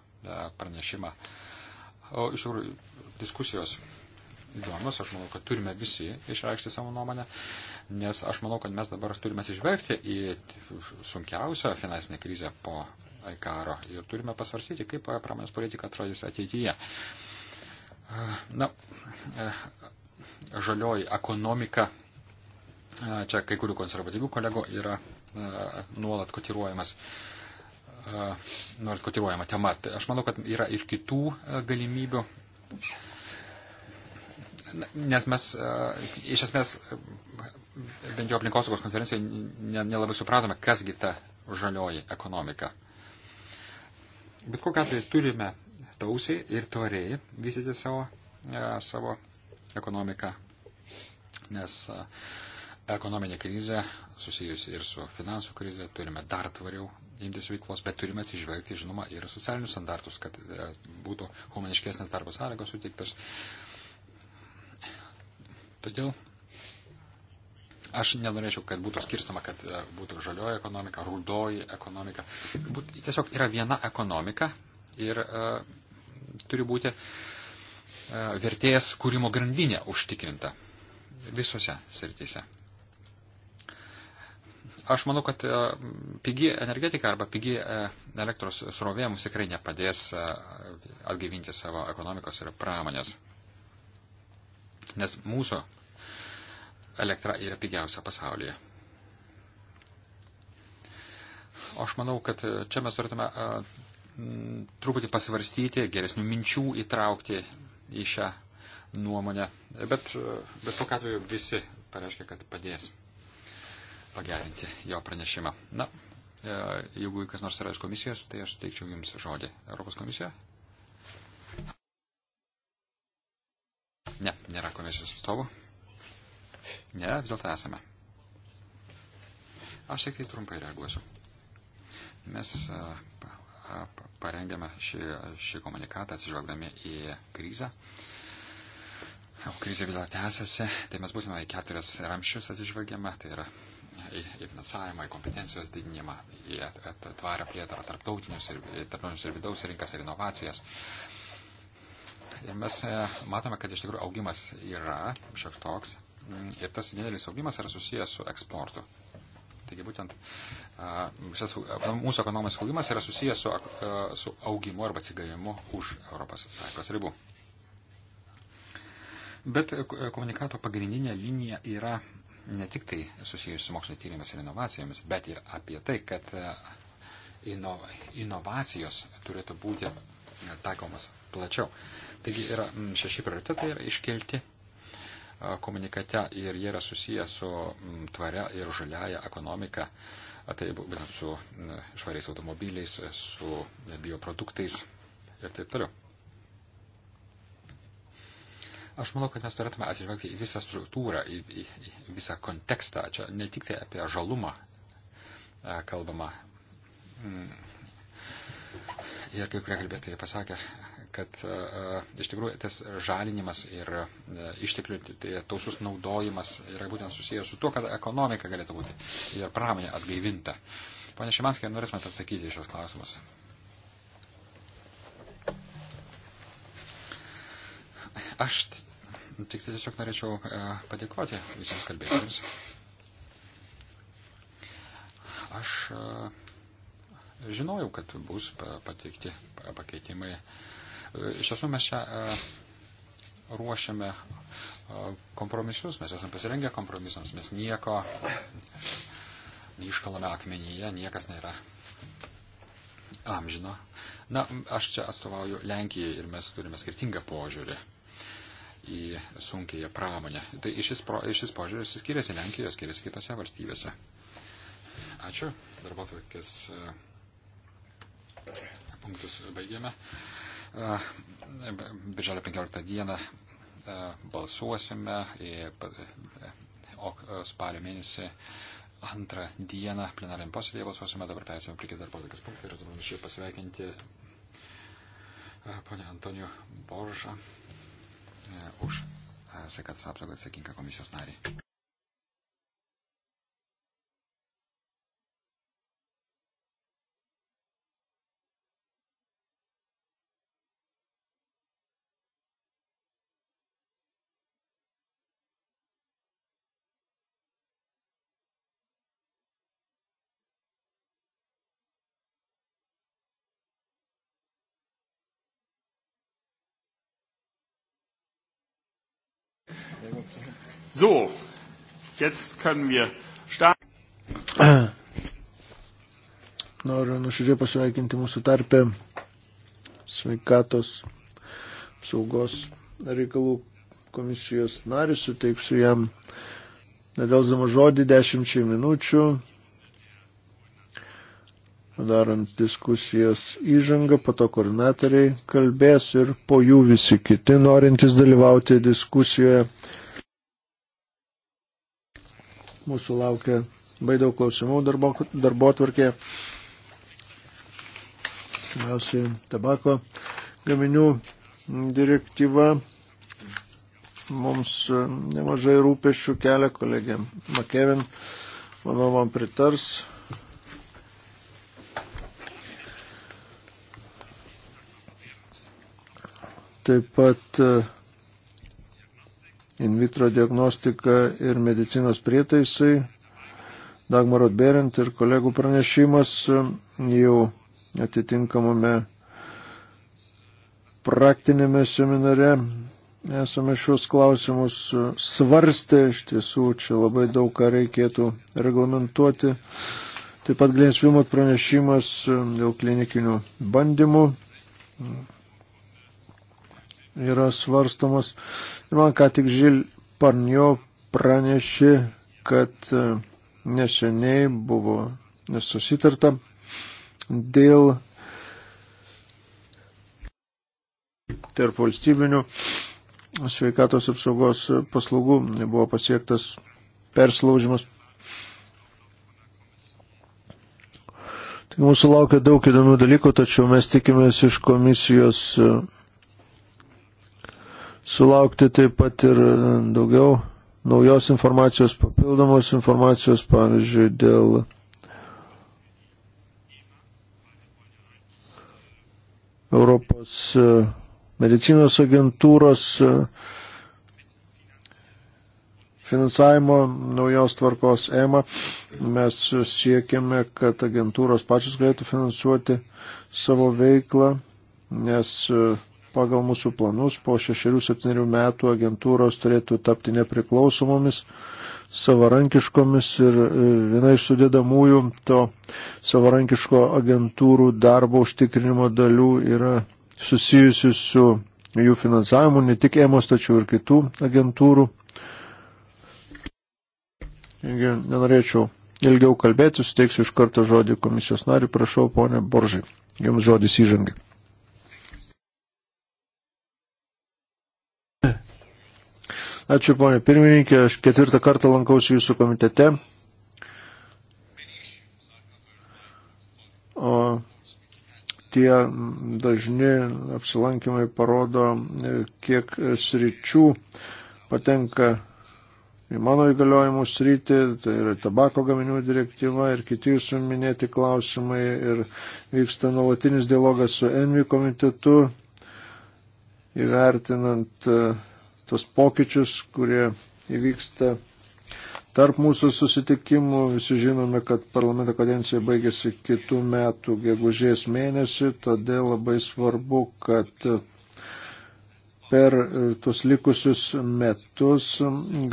pranešimą. O iš tikrųjų diskusijos įdomios, aš manau, kad turime visi išreikšti savo nuomonę, nes aš manau, kad mes dabar turime išvelgti į sunkiausią finansinę krizę po karo ir turime pasvarsyti, kaip pramonės politika atrodys ateityje. Na, žalioji ekonomika, čia kai kurių konservatyvių kolego yra nuolat kotiruojamas, nuolat kotiruojama tema. Tai aš manau, kad yra ir kitų galimybių, nes mes iš esmės bent jau aplinkosaugos konferencijoje nelabai supratome, kasgi ta žalioji ekonomika. Bet kokią atveju turime tausiai ir tvariai vystyti savo, savo ekonomiką, nes uh, ekonominė krizė susijusi ir su finansų krize, turime dar tvariau imtis veiklos, bet turime atsižvelgti, žinoma, ir socialinius standartus, kad e, būtų humaniškesnės darbo sąlygos suteiktas. Todėl aš nenorėčiau, kad būtų skirstama, kad e, būtų žalioji ekonomika, rudoji ekonomika. Būt, tiesiog yra viena ekonomika ir uh, turi būti uh, vertėjas kūrimo grandinė užtikrinta visose srityse. Aš manau, kad e, pigi energetika arba pigi e, elektros srovė mums tikrai nepadės e, atgyvinti savo ekonomikos ir pramonės. Nes mūsų elektra yra pigiausia pasaulyje. Aš manau, kad čia mes turėtume truputį pasvarstyti, geresnių minčių įtraukti į šią nuomonę. Bet, bet kokiu atveju visi pareiškia, kad padės pagerinti jo pranešimą. Na, e, jeigu kas nors yra iš komisijos, tai aš teikčiau Jums žodį. Europos komisija? Ne, nėra komisijos atstovų. Ne, vis dėlto esame. Aš tik tai trumpai reaguosiu. Mes e, parengėme šį, šį komunikatą atsižvelgdami į krizę. O krizė vis dar tęsiasi, tai mes būtume į keturias ramščius atsižvelgiame, tai yra į, į finansavimą, į kompetencijos didinimą, į tvarę plėtrą, tarptautinius ir, tarptautinius ir vidaus rinkas ir inovacijas. Ir mes e, matome, kad iš tikrųjų augimas yra šioks toks ir tas didelis augimas yra susijęs su eksportu. Taigi būtent šis mūsų ekonominis augimas yra susijęs su, su augimu arba atsigavimu už ES ribų. Bet e, komunikato pagrindinė linija yra ne tik tai susijusi su mokslo tyrimais ir inovacijomis, bet ir apie tai, kad e, ino, inovacijos turėtų būti e, taikomas plačiau. Taigi yra šeši prioritetai yra iškelti e, komunikate ir jie yra susiję su tvaria ir žaliaja ekonomika, tai būtent su švariais automobiliais, su bioproduktais ir taip toliau. Aš manau, kad mes turėtume atsižvelgti į visą struktūrą, į, į, į visą kontekstą. Čia ne tik tai apie žalumą e, kalbama. Mm. Ir kai kurie kalbėtojai pasakė, kad e, e, iš tikrųjų tas žalinimas ir išteklių tai, tai tausus naudojimas yra būtent susijęs su tuo, kad ekonomika galėtų būti ir pramonė atgaivinta. Pone Šimanskė, norėtumėte atsakyti į šios klausimus? Aš Tik tai tiesiog norėčiau e, padėkoti visiems kalbėtojams. Aš e, žinojau, kad bus pateikti pakeitimai. E, iš tiesų mes čia ruošiame kompromisus, mes esame pasirengę kompromisams, mes nieko neiškalame akmenyje, niekas nėra amžino. Na, aš čia atstovauju Lenkijai ir mes turime skirtingą požiūrį į sunkiją pramonę. Tai šis, pro, šis požiūris skiriasi Lenkijoje, skiriasi kitose valstybėse. Ačiū. Darbo tvarkės e, punktus baigėme. E, birželio 15 dieną e, balsuosime, o spalio mėnesį antrą dieną plenarėm posėdėje balsuosime, dabar persime prie kitą darbo tvarkės punktą ir aš dabar norėčiau pasveikinti ponę Antonijų Boržą už sveikatos apsaugą atsakingą komisijos narį. So, jetzt können wir starten. Noriu nuširdžiai pasveikinti mūsų tarpę sveikatos saugos reikalų komisijos narį, suteiksiu jam nedelsdama žodį dešimčiai minučių, darant diskusijas įžangą, po to koordinatoriai kalbės ir po jų visi kiti norintys dalyvauti diskusijoje. Mūsų laukia labai daug klausimų darbo, darbo atvarkė. Pirmiausiai tabako gaminių direktyva mums nemažai rūpešių kelia kolegė Makevin. Manau, man pritars Taip pat e, in vitro diagnostika ir medicinos prietaisai. Dagmaro Berent ir kolegų pranešimas e, jau atitinkamame praktinėme seminare esame šios klausimus e, svarstę, iš tiesų čia labai daug ką reikėtų reglamentuoti. Taip pat Glensvimot pranešimas dėl klinikinių bandymų yra svarstomas. Ir man ką tik Žil Parnio pranešė, kad e, neseniai buvo nesusitarta dėl tarp valstybinių sveikatos apsaugos paslaugų buvo pasiektas perslaužimas. Tai mūsų laukia daug įdomių dalykų, tačiau mes tikimės iš komisijos e, sulaukti taip pat ir e, daugiau naujos informacijos, papildomos informacijos, pavyzdžiui, dėl Europos e, medicinos agentūros e, finansavimo naujos tvarkos EMA. Mes siekiame, kad agentūros pačios galėtų finansuoti savo veiklą, nes uh, pagal mūsų planus po šešerių, septynerių metų agentūros turėtų tapti nepriklausomomis, savarankiškomis ir e, viena iš sudėdamųjų to savarankiško agentūrų darbo užtikrinimo dalių yra susijusi su jų finansavimu, ne tik EMOS, tačiau ir kitų agentūrų. Taigi nenorėčiau ilgiau kalbėti, suteiksiu iš karto žodį komisijos nariui, prašau, ponė Boržai, jums žodis įžangai. Ačiū, ponė pirmininkė, aš ketvirtą kartą lankausi jūsų komitete. O tie dažni apsilankimai parodo, kiek sričių patenka į mano įgaliojimų sritį, tai yra tabako gaminių direktyva ir kiti jūsų minėti klausimai ir vyksta nuolatinis dialogas su ENVI komitetu, įvertinant uh, tos pokyčius, kurie įvyksta tarp mūsų susitikimų. Visi žinome, kad parlamento kadencija baigėsi kitų metų gegužės mėnesį, todėl labai svarbu, kad per e, tuos likusius metus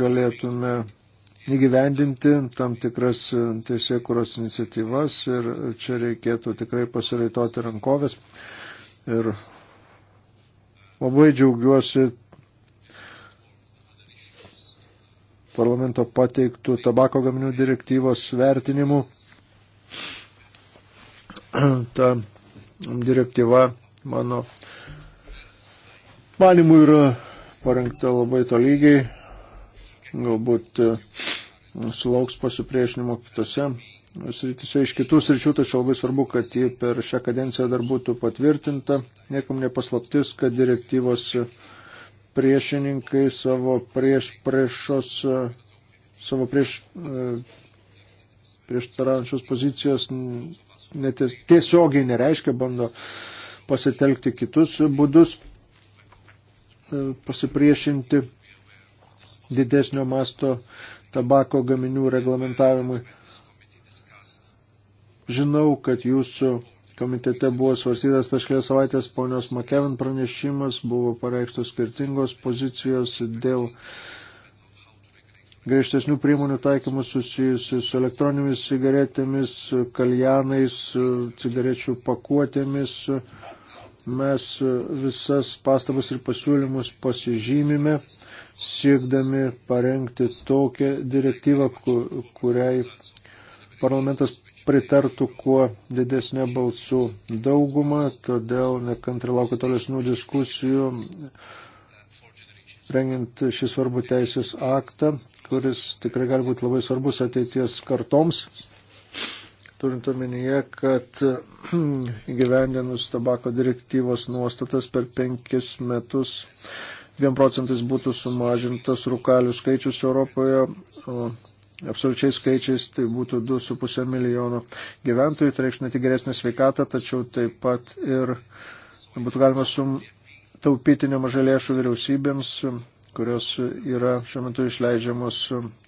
galėtume įgyvendinti tam tikras e, teisėkuros iniciatyvas ir čia reikėtų tikrai pasireitoti rankovės. Ir labai džiaugiuosi parlamento pateiktų tabako gaminių direktyvos vertinimų. Ta direktyva mano manimų yra parengta labai tolygiai, galbūt e, sulauks pasipriešinimo kitose sritise iš kitų sričių, tačiau labai svarbu, kad ji per šią kadenciją dar būtų patvirtinta. Niekam nepaslaptis, kad direktyvos priešininkai savo prieš priešos, e, savo prieš, e, prieštaraujančios pozicijos neties, tiesiogiai nereiškia, bando pasitelkti kitus būdus, e, pasipriešinti didesnio masto tabako gaminių reglamentavimui. Žinau, kad jūsų komitete buvo svarstytas prieš kelias savaitės ponios Makevin pranešimas, buvo pareikštos skirtingos pozicijos dėl griežtesnių priemonių taikymų susijusių su elektroninėmis cigaretėmis, kaljanais, cigarečių pakuotėmis. Mes visas pastabas ir pasiūlymus pasižymime, siekdami parengti tokią direktyvą, kuriai parlamentas pritartų kuo didesnė balsų dauguma, todėl nekantri laukiu tolesnių diskusijų, rengiant šį svarbų teisės aktą, kuris tikrai gali būti labai svarbus ateities kartoms, turint omenyje, kad įgyvendinus tabako direktyvos nuostatas per penkis metus 2 procentais būtų sumažintas rūkalių skaičius Europoje. O absoliučiai skaičiais tai būtų 2,5 milijono gyventojų, tai reikštų ne tik geresnę sveikatą, tačiau taip pat ir būtų galima sutaupyti nemažai lėšų vyriausybėms, kurios yra šiuo metu išleidžiamos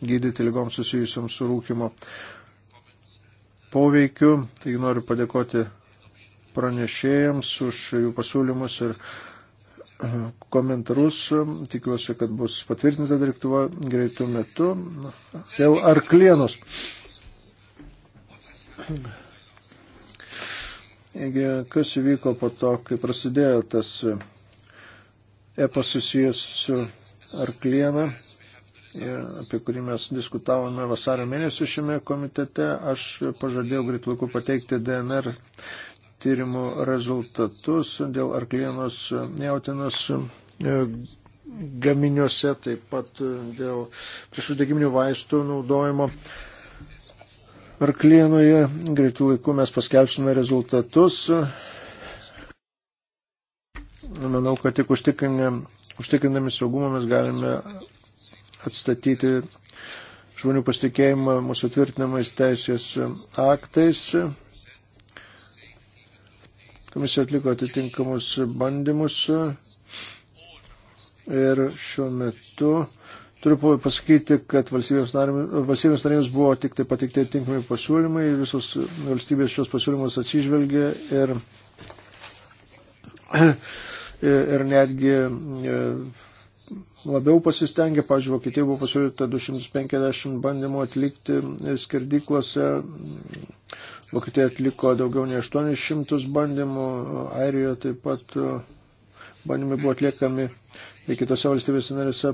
gydyti lygoms susijusiams su rūkimo poveikiu. Taigi noriu padėkoti pranešėjams už jų pasiūlymus ir komentarus. Tikiuosi, kad bus patvirtinta direktyva greitų metų dėl arklienos. Taigi, kas įvyko po to, kai prasidėjo tas epas susijęs su arkliena, apie kurį mes diskutavome vasario mėnesį šiame komitete, aš pažadėjau greit laiku pateikti DNR tyrimų rezultatus dėl arklienos jautinos e, gaminiuose, taip pat e, dėl priešuždegiminių vaistų naudojimo. Arklienoje greitų laikų mes paskelbsime rezultatus. Manau, kad tik užtikrindami saugumą mes galime atstatyti žmonių pasitikėjimą mūsų tvirtinamais teisės aktais. Komisija atliko atitinkamus bandymus ir šiuo metu turiu pasakyti, kad valstybėms narėms buvo tik tai pateikti atitinkami pasiūlymai, visos valstybės šios pasiūlymus atsižvelgė ir, ir netgi e, labiau pasistengė, pažiūrėjau, Vokietija buvo pasiūlyta 250 bandymų atlikti skerdyklose, Vokietija atliko daugiau nei 800 bandymų, Airijoje taip pat e, bandymai buvo atliekami ir kitose valstybėse narėse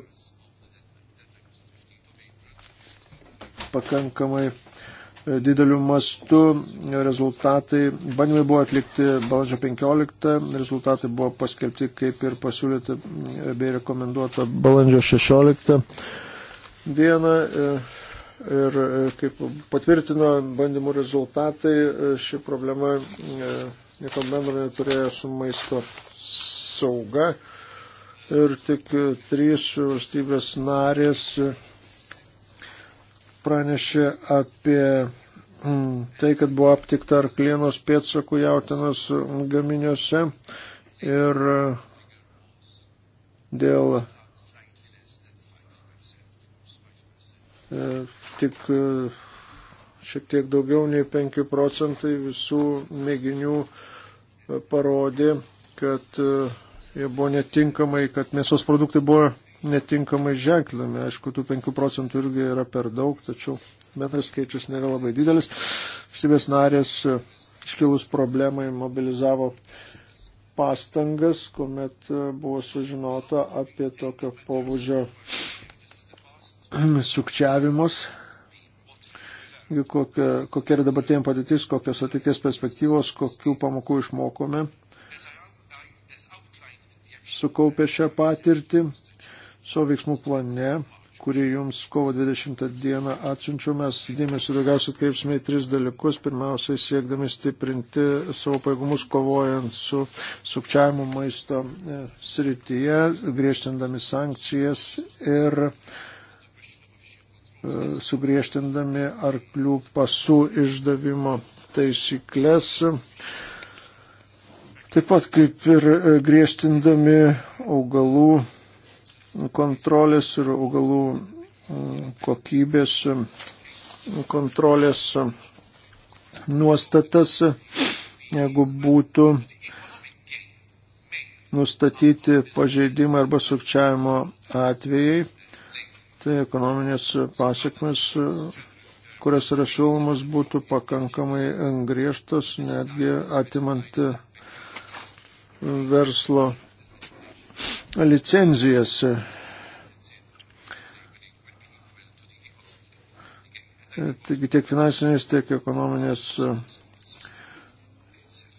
pakankamai e, dideliu mastu. Rezultatai, bandymai buvo atlikti balandžio 15, rezultatai buvo paskelbti kaip ir pasiūlyti e, bei rekomenduota balandžio 16 dieną. E, Ir e, kaip patvirtino bandymų rezultatai, e, ši problema e, nieko bendro neturėjo su maisto sauga. Ir tik trys valstybės narės pranešė apie mm, tai, kad buvo aptikta arklienos pėtsakų jautinos gaminiuose. Ir dėl tik e, šiek tiek daugiau nei 5 procentai visų mėginių e, parodė, kad e, jie buvo netinkamai, kad mėsos produktai buvo netinkamai ženklinami. Aišku, tų 5 procentų irgi yra per daug, tačiau bendras skaičius nėra labai didelis. Valstybės narės iškilus problemai mobilizavo pastangas, kuomet buvo sužinota apie tokio pobūdžio sukčiavimus kokia, kokia yra dabartinė padėtis, kokios ateities perspektyvos, kokių pamokų išmokome, sukaupę šią patirtį savo veiksmų plane, kurį jums kovo 20 dieną atsiunčiu, mes dėmesį daugiausiai atkreipsime į tris dalykus. Pirmiausiai siekdami stiprinti savo paėgumus kovojant su sukčiavimu maisto e, srityje, griežtindami sankcijas ir uh, sugriežtindami arklių pasų išdavimo taisyklės. Taip pat kaip ir griežtindami augalų kontrolės ir augalų mm, kokybės kontrolės nuostatas, jeigu būtų nustatyti pažeidimą arba sukčiavimo atvejai, tai ekonominės pasiekmes, kurias yra siūlomas, būtų pakankamai griežtos, netgi atimant verslo licenzijas. Taigi tiek finansinės, tiek ekonominės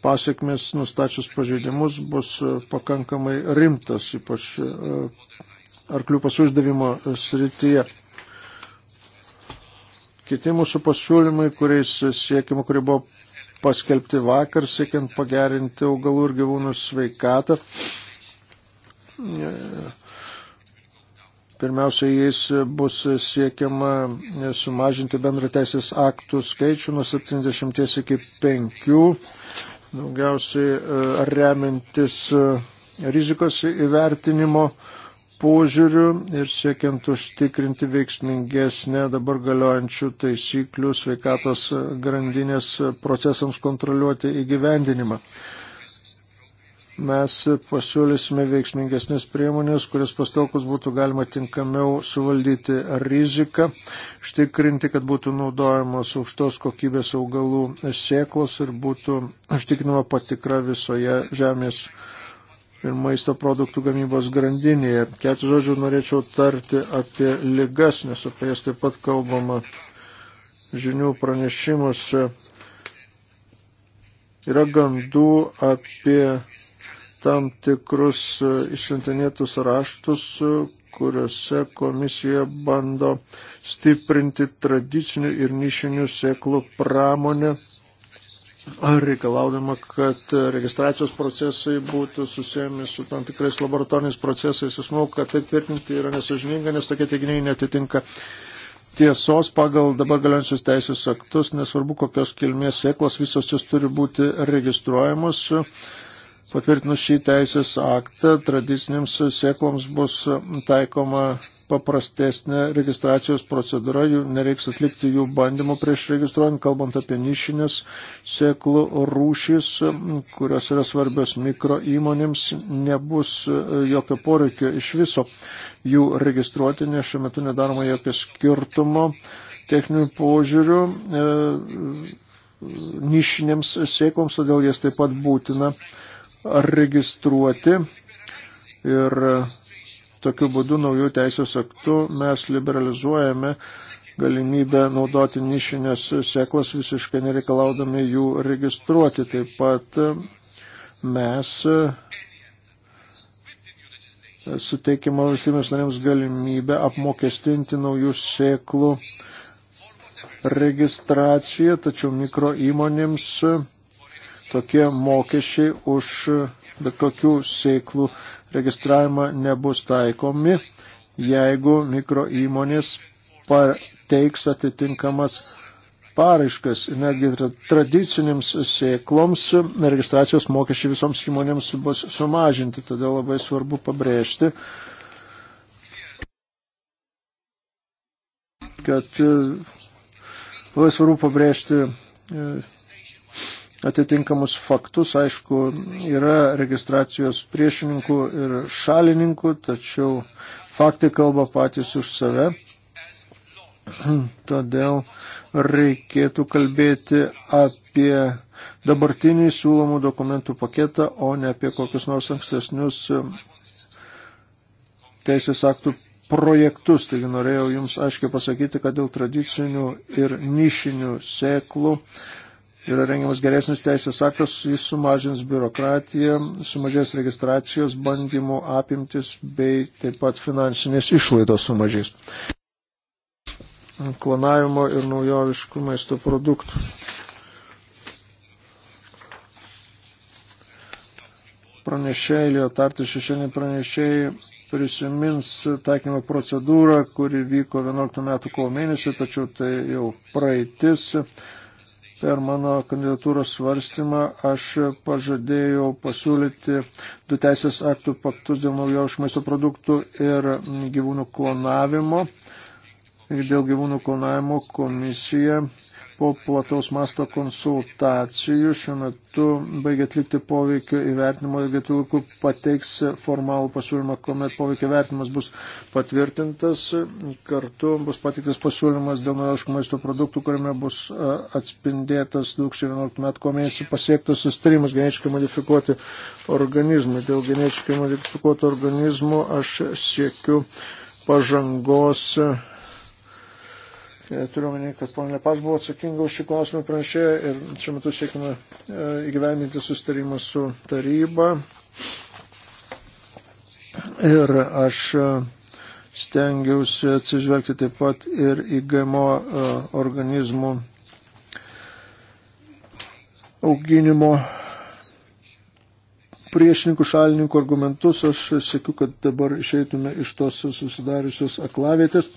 pasiekmes nustačius pažeidimus bus pakankamai rimtas, ypač arklių pasuždavimo srityje. Kiti mūsų pasiūlymai, kuriais siekima, kurie buvo paskelbti vakar, siekiant pagerinti augalų ir gyvūnų sveikatą. Pirmiausia, jais bus siekiama sumažinti bendrą teisės aktų skaičių nuo 70 iki 5, daugiausiai e, remiantis e, rizikos įvertinimo požiūriu ir siekiant užtikrinti veiksmingesnę dabar galiojančių taisyklių sveikatos grandinės procesams kontroliuoti įgyvendinimą. Mes pasiūlysime veiksmingesnės priemonės, kuris pastokus būtų galima tinkamiau suvaldyti riziką, užtikrinti, kad būtų naudojamos aukštos kokybės augalų sėklos ir būtų užtikrinama patikra visoje žemės ir maisto produktų gamybos grandinėje. Ketų žodžių norėčiau tarti apie ligas, nes apie jas taip pat kalbama žinių pranešimuose. Yra gandų apie tam tikrus išsintinėtus raštus, kuriuose komisija bando stiprinti tradicinių ir nišinių sėklų pramonę reikalaudama, kad registracijos procesai būtų susijęmi su tam tikrais laboratoriniais procesais. Aš manau, kad tai tvirtinti yra nesažininga, nes tokie teiginiai netitinka tiesos pagal dabar galiančius teisės aktus, nesvarbu kokios kilmės sėklos, visos jos turi būti registruojamos. Patvirtinus šį teisės aktą, tradicinėms sėkloms bus taikoma paprastesnė registracijos procedūra, jų nereiks atlikti jų bandymų prieš registruojant, kalbant apie nišinės sėklų rūšys, kurios yra svarbios mikro įmonėms, nebus e, jokio poreikio iš viso jų registruoti, nes šiuo metu nedaroma jokio skirtumo techninių požiūrių e, nišinėms sėkloms, todėl jas taip pat būtina registruoti. Ir e, Tokiu būdu naujų teisės aktų mes liberalizuojame galimybę naudoti nišinės seklas visiškai nereikalaudami jų registruoti. Taip pat mes e, suteikimo visiems narėms galimybę apmokestinti naujų sėklų registraciją, tačiau mikro įmonėms tokie mokesčiai už bet kokių seiklų registravimą nebus taikomi, jeigu mikro įmonės pateiks atitinkamas paraiškas. Netgi tradicinėms sėkloms registracijos mokesčiai visoms įmonėms bus sumažinti, todėl labai svarbu pabrėžti, kad e, labai svarbu pabrėžti e, atitinkamus faktus. Aišku, yra registracijos priešininkų ir šalininkų, tačiau faktai kalba patys už save. Todėl reikėtų kalbėti apie dabartinį siūlomų dokumentų paketą, o ne apie kokius nors ankstesnius um, teisės aktų projektus. Taigi norėjau Jums aiškiai pasakyti, kad dėl tradicinių ir nišinių sėklų uh, yra rengiamas geresnis teisės aktas, jis sumažins biurokratiją, sumažės registracijos bandymų apimtis bei taip pat finansinės išlaidos sumažės. Klonavimo ir naujoviškų maisto produktų. Pranešėjai, Liotartis šešėlį pranešėjai prisimins taikymo procedūrą, kuri vyko 11 metų kovo mėnesį, tačiau tai jau praeitis. Per mano kandidatūros svarstymą aš pažadėjau pasiūlyti du teisės aktų paktus dėl naujovių maisto produktų ir gyvūnų klonavimo. Ir dėl gyvūnų klonavimo komisija po plataus masto konsultacijų šiuo metu baigia atlikti poveikio įvertinimo ir gatvilku pateiks formalų pasiūlymą, kuomet poveikio įvertinimas bus patvirtintas. Kartu bus pateiktas pasiūlymas dėl naujoviškų maisto produktų, kuriame bus atspindėtas 2011 metų komėnesį pasiektas sustarimas genetiškai modifikuoti organizmai. Dėl genetiškai modifikuotų organizmų aš siekiu pažangos E, turiu menį, kad ponė Lepaš buvo atsakinga už šį klausimą pranešėją ir šiuo metu siekime e, įgyvendinti sustarimą su taryba. Ir aš e, stengiausi atsižvelgti taip pat ir į GMO organizmų auginimo priešininkų šalininkų argumentus. Aš sėkiu, kad dabar išeitume iš tos susidariusios aklavietės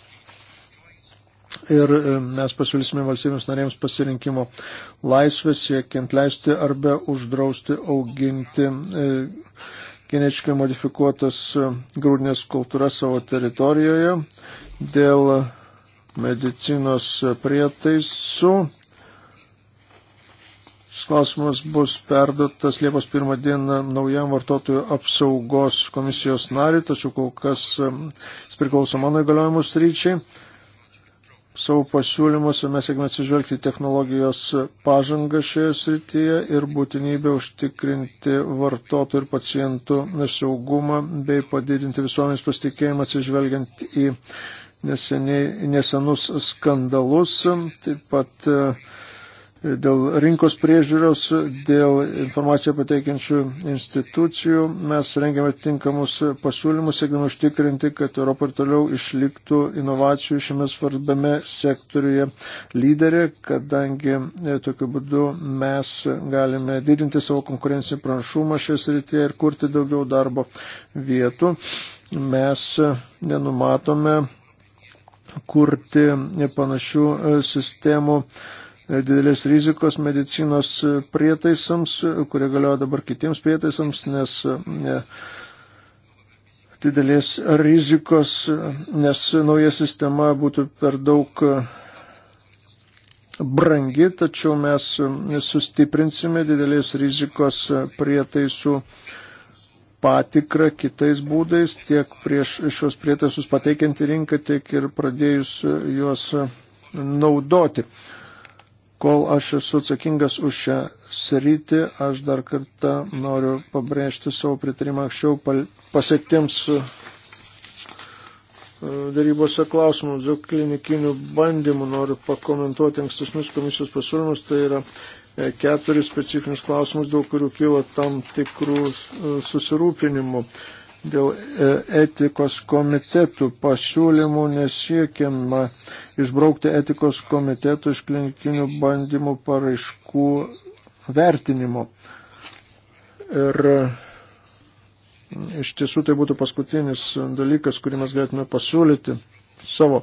ir e, mes pasiūlysime valstybėms narėms pasirinkimo laisvę siekiant leisti arba uždrausti auginti e, genetiškai modifikuotas e, grūdinės kultūras savo teritorijoje dėl medicinos prietaisų. Šis klausimas bus perduotas Liepos pirmą dieną naujam vartotojų apsaugos komisijos nariui, tačiau kol kas jis priklauso mano įgaliojimus ryčiai savo pasiūlymuose mes siekime atsižvelgti technologijos pažangą šioje srityje ir būtinybę užtikrinti vartotojų ir pacientų saugumą bei padidinti visuomenės pasitikėjimą atsižvelgiant į neseniai, nesenus skandalus. Taip pat uh, dėl rinkos priežiūros, dėl informaciją pateikiančių institucijų. Mes rengiame tinkamus pasiūlymus, siekdami užtikrinti, kad Europa ir toliau išliktų inovacijų šiame svarbiame sektoriuje lyderė, kadangi e, tokiu būdu mes galime didinti savo konkurencinį pranašumą šioje srityje ir kurti daugiau darbo vietų. Mes e, nenumatome kurti panašių e, sistemų didelės rizikos medicinos prietaisams, kurie galioja dabar kitiems prietaisams, nes ne, didelės rizikos, nes nauja sistema būtų per daug e, brangi, tačiau mes e, sustiprinsime didelės rizikos e, prietaisų patikrą kitais būdais, tiek prieš šios prietaisus pateikiant į rinką, tiek ir pradėjus juos naudoti. Kol aš esu atsakingas už šią sritį, aš dar kartą noriu pabrėžti savo pritarimą anksčiau pasiektiems e, darybose klausimų dėl klinikinių bandymų. Noriu pakomentuoti ankstesnius komisijos pasiūlymus. Tai yra e, keturis specifinius klausimus, dėl kurių kyla tam tikrų e, susirūpinimų dėl e, etikos komitetų pasiūlymų nesiekiama išbraukti etikos komitetų iš klinikinių bandymų paraiškų vertinimo. Ir e, iš tiesų tai būtų paskutinis dalykas, kurį mes galėtume pasiūlyti savo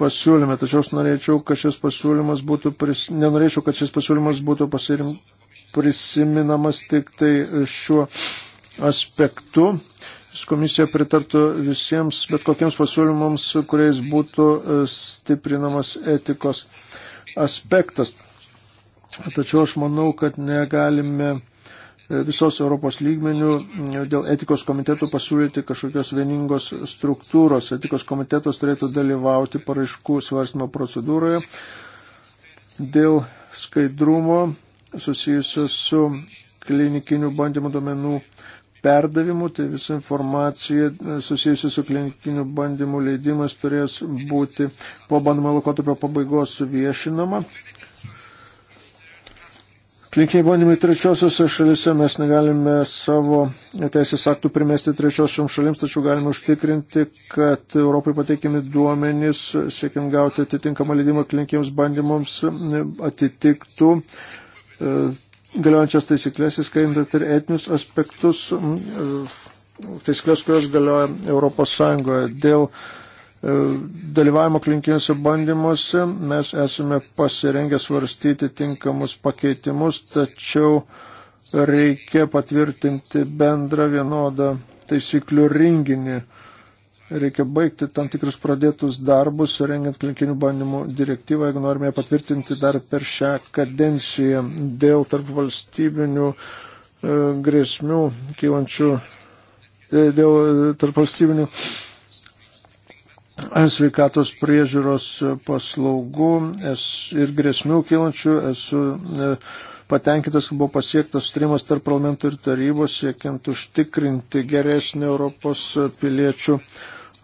pasiūlyme. Tačiau aš norėčiau, kad šis pasiūlymas būtų, pris... nenorėčiau, kad šis pasiūlymas būtų pasirim... prisiminamas tik tai šiuo aspektu komisija pritartų visiems, bet kokiems pasiūlymams, kuriais būtų e, stiprinamas etikos aspektas. Tačiau aš manau, kad negalime e, visos Europos lygmenių dėl etikos komitetų pasiūlyti kažkokios vieningos struktūros. Etikos komitetas turėtų dalyvauti paraiškų svarstymo procedūroje dėl skaidrumo susijusios su klinikinių bandymų domenų perdavimu, tai visa informacija susijusi su klinikiniu bandymu leidimas turės būti po bandymo laikotarpio pabaigos suviešinama. Klinikiniai bandymai trečiosiuose šalise mes negalime savo teisės aktų primesti trečiosiom šalims, tačiau galime užtikrinti, kad Europai pateikiami duomenys, siekiant gauti atitinkamą leidimą klinikiniams bandymams, atitiktų e, galiojančias taisyklės, įskaitant ir etinius aspektus, e, taisyklės, kurios galioja Europos Sąjungoje. Dėl e, dalyvavimo klinikiniuose bandymuose mes esame pasirengę svarstyti tinkamus pakeitimus, tačiau reikia patvirtinti bendrą vienodą taisyklių rinkinį reikia baigti tam tikrus pradėtus darbus, rengiant klinikinių bandymų direktyvą, jeigu norime patvirtinti dar per šią kadenciją dėl tarp valstybinių e, grėsmių kylančių, e, dėl tarp valstybinių e, sveikatos priežiūros paslaugų es, ir grėsmių kylančių. Esu, e, patenkintas, kad buvo pasiektas sutrimas tarp parlamento ir tarybos, siekiant užtikrinti geresnį Europos piliečių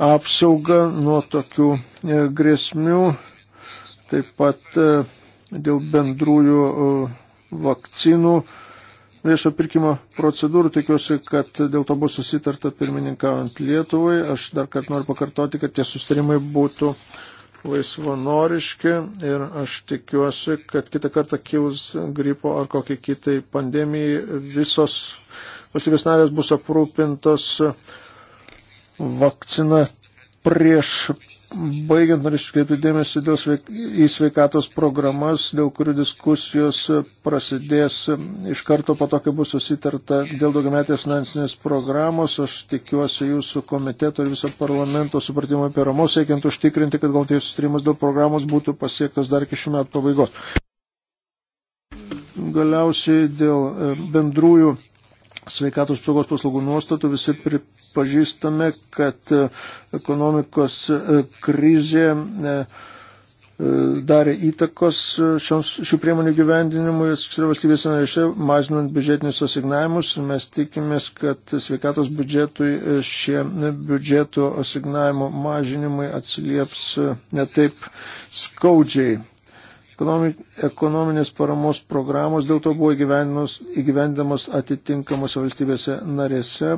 apsaugą nuo tokių e, grėsmių, taip pat e, dėl bendrųjų e, vakcinų viešo pirkimo procedūrų. Tikiuosi, kad dėl to bus susitarta pirmininkaujant Lietuvai. Aš dar kartą noriu pakartoti, kad tie sustarimai būtų laisvanoriški ir aš tikiuosi, kad kitą kartą kils gripo ar kokiai kitai pandemijai visos valstybės narės bus aprūpintos uh, vakciną. Prieš baigiant norėčiau kreipti dėmesį sveik, į sveikatos programas, dėl kurių diskusijos prasidės iš karto po to, kai bus susitarta dėl daugiametės finansinės programos. Aš tikiuosi jūsų komiteto ir viso parlamento supratimo apie ramos, siekiant užtikrinti, kad galtinis sustarimas dėl programos būtų pasiektas dar iki šių metų pabaigos galiausiai dėl e, bendrųjų sveikatos apsaugos paslaugų nuostatų visi pripažįstame, kad e, ekonomikos e, krizė e, darė įtakos šioms, šių priemonių gyvendinimui atskirų valstybės narėse, mažinant biudžetinius asignavimus. Mes tikimės, kad sveikatos biudžetui šie biudžeto asignavimo mažinimai atsilieps netaip skaudžiai. Ekonominės paramos programos dėl to buvo įgyvendamos atitinkamos valstybėse narėse.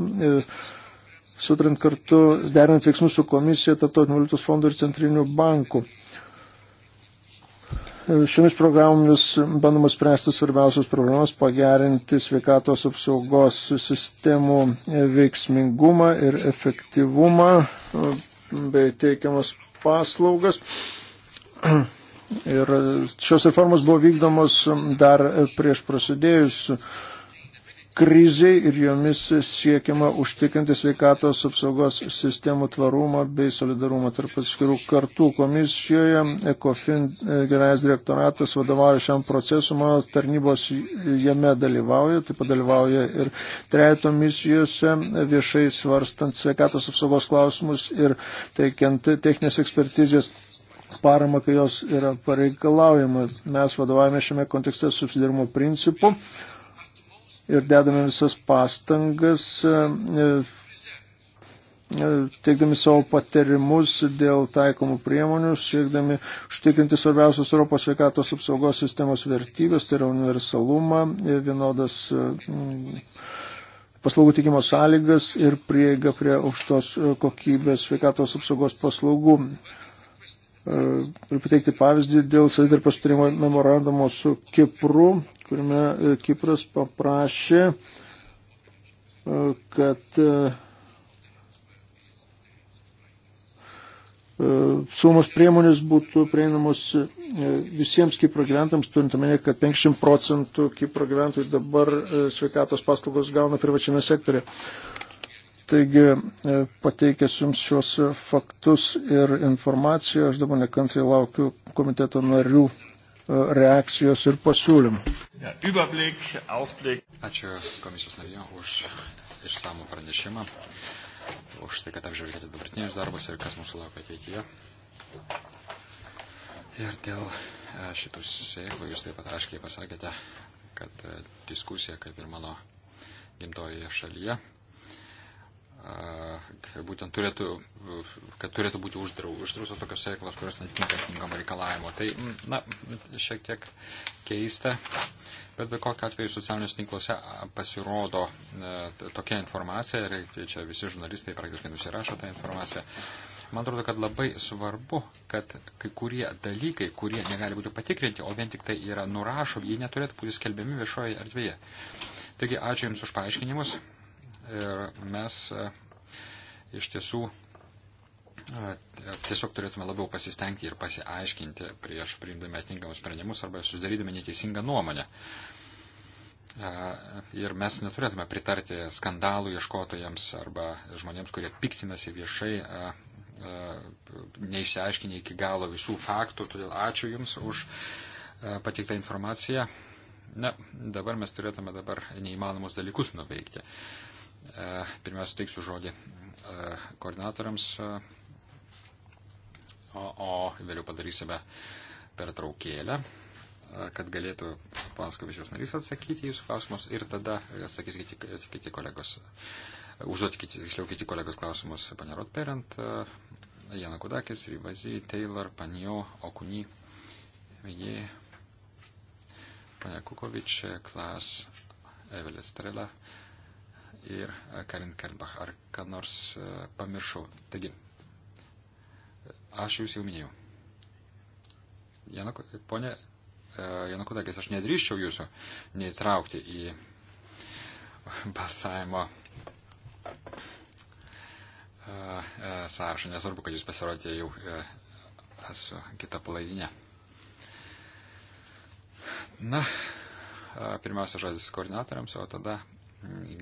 Sutrant kartu, derinant veiksmus su komisija, Tartotinių valiutos fondų ir centrinių bankų. Šiomis programomis bandoma spręsti svarbiausios problemas, pagerinti sveikatos apsaugos sistemų veiksmingumą ir efektyvumą bei teikiamas paslaugas. Ir šios reformos buvo vykdomos dar prieš prasidėjus kriziai ir jomis siekiama užtikrinti sveikatos apsaugos sistemų tvarumą bei solidarumą tarp atskirų kartų. Komisijoje ECOFIN generalinis direktoratas vadovauja šiam procesu, mano tarnybos jame dalyvauja, taip pat dalyvauja ir trejato misijose viešai svarstant sveikatos apsaugos klausimus ir teikiant techninės ekspertizės paramą, kai jos yra pareikalaujama. Mes vadovavome šiame kontekste subsidirimo principu ir dedame visas pastangas, e, e, teikdami savo patarimus dėl taikomų priemonių, siekdami užtikrinti svarbiausios Europos sveikatos apsaugos sistemos vertybės, tai yra universalumą, e, vienodas paslaugų tikimo sąlygas ir prieiga prie aukštos kokybės sveikatos apsaugos paslaugų. Galiu e, pateikti pavyzdį dėl savitarpos turimo memorandumo su Kipru, kuriame e, Kipras paprašė, e, kad sumos priemonės būtų prieinamos visiems Kipro gyventams, turint omenyje, kad 50 procentų Kipro gyventojų dabar sveikatos paslaugos gauna privačiame sektorėje. Taigi e, pateikęs jums šios faktus ir informaciją, aš dabar nekantrai laukiu komiteto narių e, reakcijos ir pasiūlymų. Ačiū komisijos narijo už išsamų pranešimą, už tai, kad apžiūrėjote dabartinės darbus ir kas mūsų laukia ateityje. Ir dėl e, šitų sėklų jūs taip pat aiškiai pasakėte, kad diskusija, kaip ir mano gimtojoje šalyje, būtent turėtų, kad turėtų būti uždrausos tokios veiklos, kurios netinka tinkamą reikalavimo. Tai, na, šiek tiek keista, bet be kokio atveju socialiniuose tinkluose pasirodo e, tokia informacija ir tai čia visi žurnalistai praktiškai nusirašo tą informaciją. Man atrodo, kad labai svarbu, kad kai kurie dalykai, kurie negali būti patikrinti, o vien tik tai yra nurašomi, jie neturėtų būti skelbiami viešoje erdvėje. Taigi, ačiū Jums už paaiškinimus ir mes e, iš tiesų e, tiesiog turėtume labiau pasistengti ir pasiaiškinti prieš priimdami atinkamus sprendimus arba susidarydami neteisingą nuomonę. E, ir mes neturėtume pritarti skandalų ieškotojams arba žmonėms, kurie piktinasi viešai, neišsiaiškinę iki galo visų faktų. Todėl ačiū Jums už pateiktą informaciją. Na, dabar mes turėtume dabar neįmanomus dalykus nuveikti. Uh, E, pirmiausia, teiksiu žodį e, koordinatoriams, e, o, o vėliau padarysime pertraukėlę, kad galėtų panas komisijos narys atsakyti jūsų klausimus ir tada atsakys kiti, kiti kolegos, užduoti kiti, tiksliau kiti kolegos klausimus, panerot perint, Jana Kudakis, Rivazy, Taylor, Panjo, Okuni, Vėgė, Pane Kukovič, Klas, Evelė Strela. Uh, ir e, Karin Kalbach. Ar ką nors e, pamiršau? Taigi, aš jūs jau minėjau. Januku, ponė e, Janukudakis, aš nedrįščiau jūsų neįtraukti į balsavimo sąrašą. Nesvarbu, kad jūs pasirodėte jau su kita palaidinė. Na, pirmiausia žodis koordinatoriams, o tada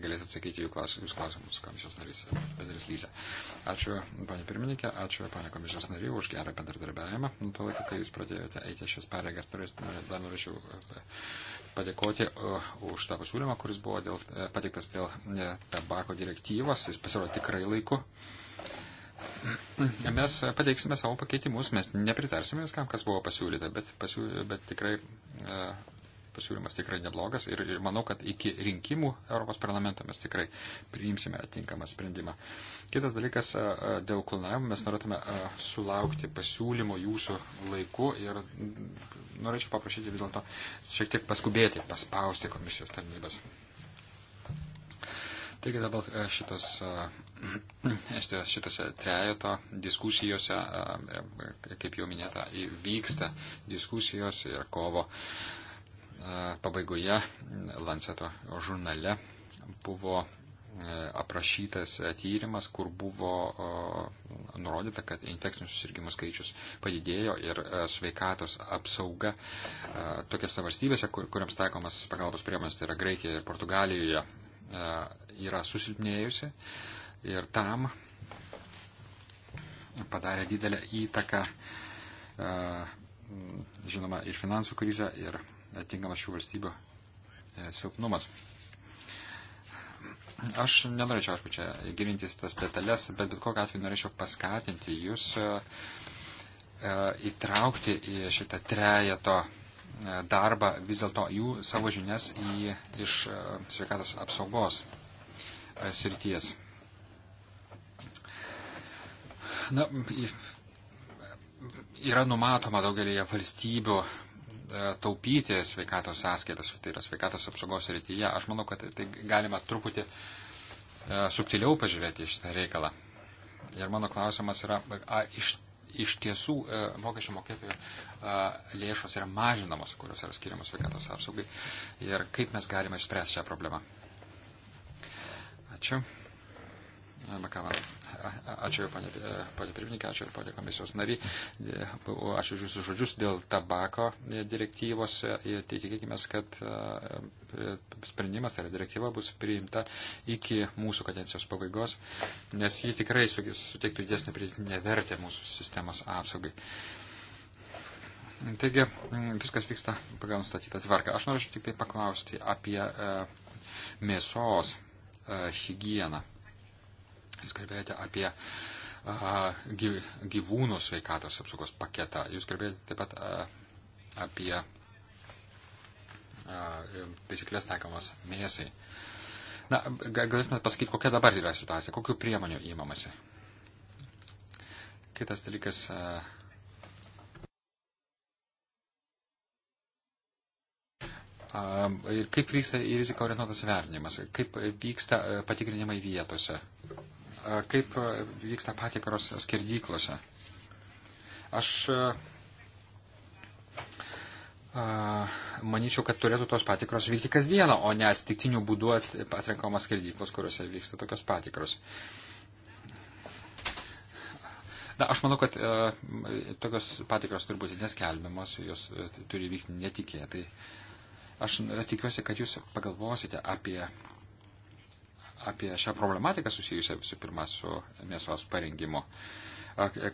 galės atsakyti jų klausimus, klausimus komisijos narys Pedris Lyza. Ačiū, panė pirmininkė, ačiū, panė komisijos nariai, už gerą bendradarbiavimą. Nuo to laiko, kai jūs pradėjote eiti šias pareigas, dar norėčiau padėkoti už tą pasiūlymą, kuris buvo dėl, patiktas dėl tabako direktyvos. Jis pasirodė tikrai laiku. Mes pateiksime savo pakeitimus, mes nepritarsime viskam, kas buvo pasiūlyta, bet, pasiūly, bet tikrai uh, pasiūlymas tikrai neblogas ir manau, kad iki rinkimų Europos parlamento mes tikrai priimsime atinkamą sprendimą. Kitas dalykas, dėl klonavimo mes norėtume sulaukti pasiūlymo jūsų laiku ir norėčiau paprašyti vis dėlto šiek tiek paskubėti, paspausti komisijos tarnybas. Taigi dabar šitas, šitas, šitas trejato diskusijose, kaip jau minėta, vyksta diskusijos ir kovo pabaigoje Lanceto žurnale buvo e, aprašytas e, tyrimas, kur buvo nurodyta, kad infekcinių susirgymų skaičius padidėjo ir e, sveikatos apsauga tokiose valstybėse, kur, kuriams taikomas pagalbos priemonės, tai yra Graikija ir Portugalijoje, yra susilpnėjusi ir tam padarė didelę įtaką, žinoma, ir finansų krizę, ir tinkamas šių valstybių e, silpnumas. Aš nenorėčiau, aišku, čia gilintis tas detalės, bet bet kokiu atveju norėčiau paskatinti jūs e, e, įtraukti į šitą trejeto darbą vis dėlto jų savo žinias į, iš sveikatos apsaugos srities. Na, yra numatoma daugelėje valstybių E, taupyti sveikatos sąskaitas, tai yra sveikatos apsaugos rytyje. Aš manau, kad tai galima truputį e, subtiliau pažiūrėti į šitą reikalą. Ir mano klausimas yra, a, iš, iš tiesų e, mokesčių mokėtojų lėšos yra mažinamos, kurios yra skiriamos sveikatos apsaugai. Ir kaip mes galime išspręsti šią problemą. Ačiū. Makavana. Ačiū, panė, panė pirmininkė, ačiū ir panė komisijos nariai. Ačiū už jūsų žodžius dėl tabako direktyvos. Ir tai tikėkime, kad e, sprendimas ar tai direktyva bus priimta iki mūsų kadencijos pabaigos, nes ji tikrai suteiktų didesnį pridėtinę vertę mūsų sistemos apsaugai. Taigi, viskas vyksta pagal nustatytą tvarką. Aš noriu tik tai paklausti apie e, mėsos e, higieną. Jūs kalbėjote apie gyvūnų sveikatos apsaugos paketą. Jūs kalbėjote taip pat apie taisyklės taikomas mėsai. Na, galėtumėte pasakyti, kokia dabar yra situacija, kokiu priemonių įmamasi. Kitas dalykas. Ir kaip vyksta į riziką orientuotas vertinimas, kaip vyksta patikrinimai vietose kaip vyksta patikros skerdyklose. Aš manyčiau, kad turėtų tos patikros vykti kasdieną, o ne atsitiktinių būdų atrenkamos skerdyklos, kuriuose vyksta tokios patikros. Na, aš manau, kad e, tokios patikros turi būti neskelbiamos, jos e, turi vykti netikėtai. Aš e, tikiuosi, kad jūs pagalvosite apie apie šią problematiką susijusią visų pirma su mėsos parengimu.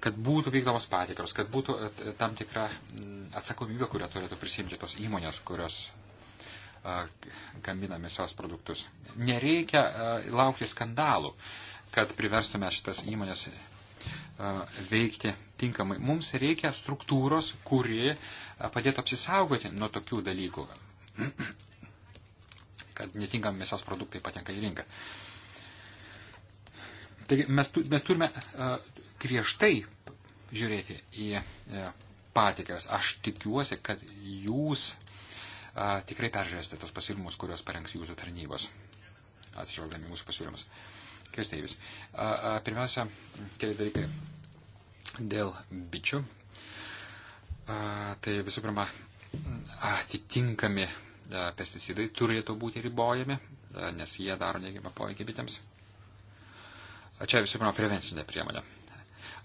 Kad būtų vykdomos patikros, kad būtų e, tam tikra mm, atsakomybė, kurią turėtų prisimti tos įmonės, kurios gamina mėsos produktus. Nereikia laukti skandalų, kad priverstume šitas įmonės veikti tinkamai. Mums reikia struktūros, kuri padėtų apsisaugoti nuo tokių dalykų. kad netinkami mėsos produktai patenka į rinką. Taigi mes, tu, mes turime uh, griežtai žiūrėti į uh, e, patikras. Aš tikiuosi, kad jūs uh, tikrai peržiūrėsite tos pasiūlymus, kuriuos parengs jūsų tarnybos, atsižvelgdami mūsų pasiūlymus. Kristeivis. Uh, uh, pirmiausia, keli dalykai dėl bičių. Uh, tai visų pirma, atitinkami uh, E, pesticidai turėtų būti ribojami, e, nes jie daro neigiamą poveikį bitėms. E, čia visų pirma prevencinė priemonė.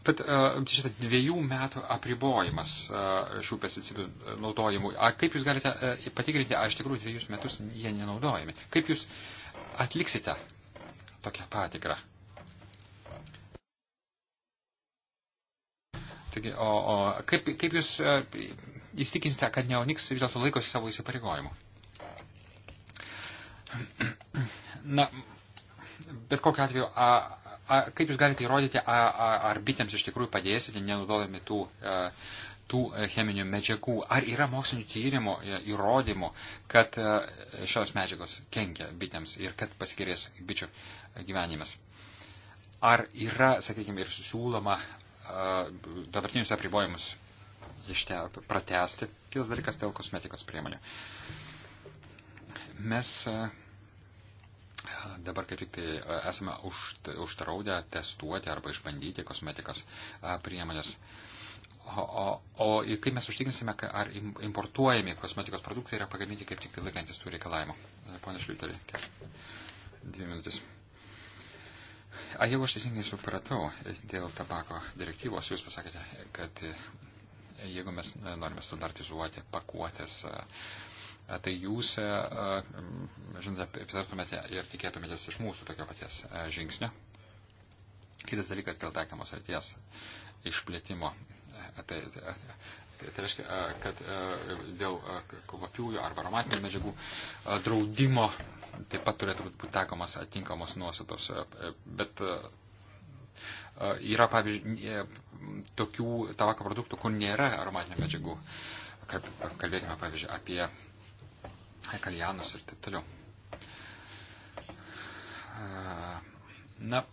Bet šitą dviejų metų apribojimas šių pesticidų naudojimui, a, kaip jūs galite patikrinti, ar iš tikrųjų dviejus metus jie nenaudojami? Kaip jūs atliksite tokią patikrą? Taigi, o, o kaip, kaip jūs įsitikinsite, kad neoniks vis dėlto laikosi savo įsipareigojimų? Na, bet kokiu atveju, a, a, kaip jūs galite įrodyti, a, a, ar bitėms iš tikrųjų padėsite, nenaudodami tų, a, e, tų cheminių medžiagų? Ar yra mokslinių tyrimų e, įrodymų, kad a, e, šios medžiagos kenkia bitėms ir kad pasikirės bičių gyvenimas? Ar yra, sakykime, ir siūloma dabartinius apribojimus ište pratesti? Kitas dalykas dėl kosmetikos priemonių. A, Mes e, e, dabar kaip tik tai e, esame uždraudę testuoti arba išbandyti kosmetikos priemonės. O, o, o kaip mes užtikrinsime, ar importuojami kosmetikos produktai yra pagaminti kaip tik tai laikantis tų reikalavimų? Pone Šliuterį, dvi minutės. A, jeigu aš teisingai supratau dėl tabako direktyvos, jūs pasakėte, kad jeigu mes norime standartizuoti pakuotės tai jūs, e, e, žinote, pritartumėte ir tikėtumėtės iš mūsų tokio paties e, žingsnio. Kitas dalykas dėl taikamos ryties išplėtimo. Tai, tai, tai, tai reiškia, kad dėl kvapiųjų arba aromatinių medžiagų draudimo taip pat turėtų būti taikomas atinkamos nuostatos. Bet yra, pavyzdžiui, tokių tabako produktų, kur nėra aromatinių medžiagų. Kalbėkime, pavyzdžiui, apie Ekalianus ir taip toliau. E, na.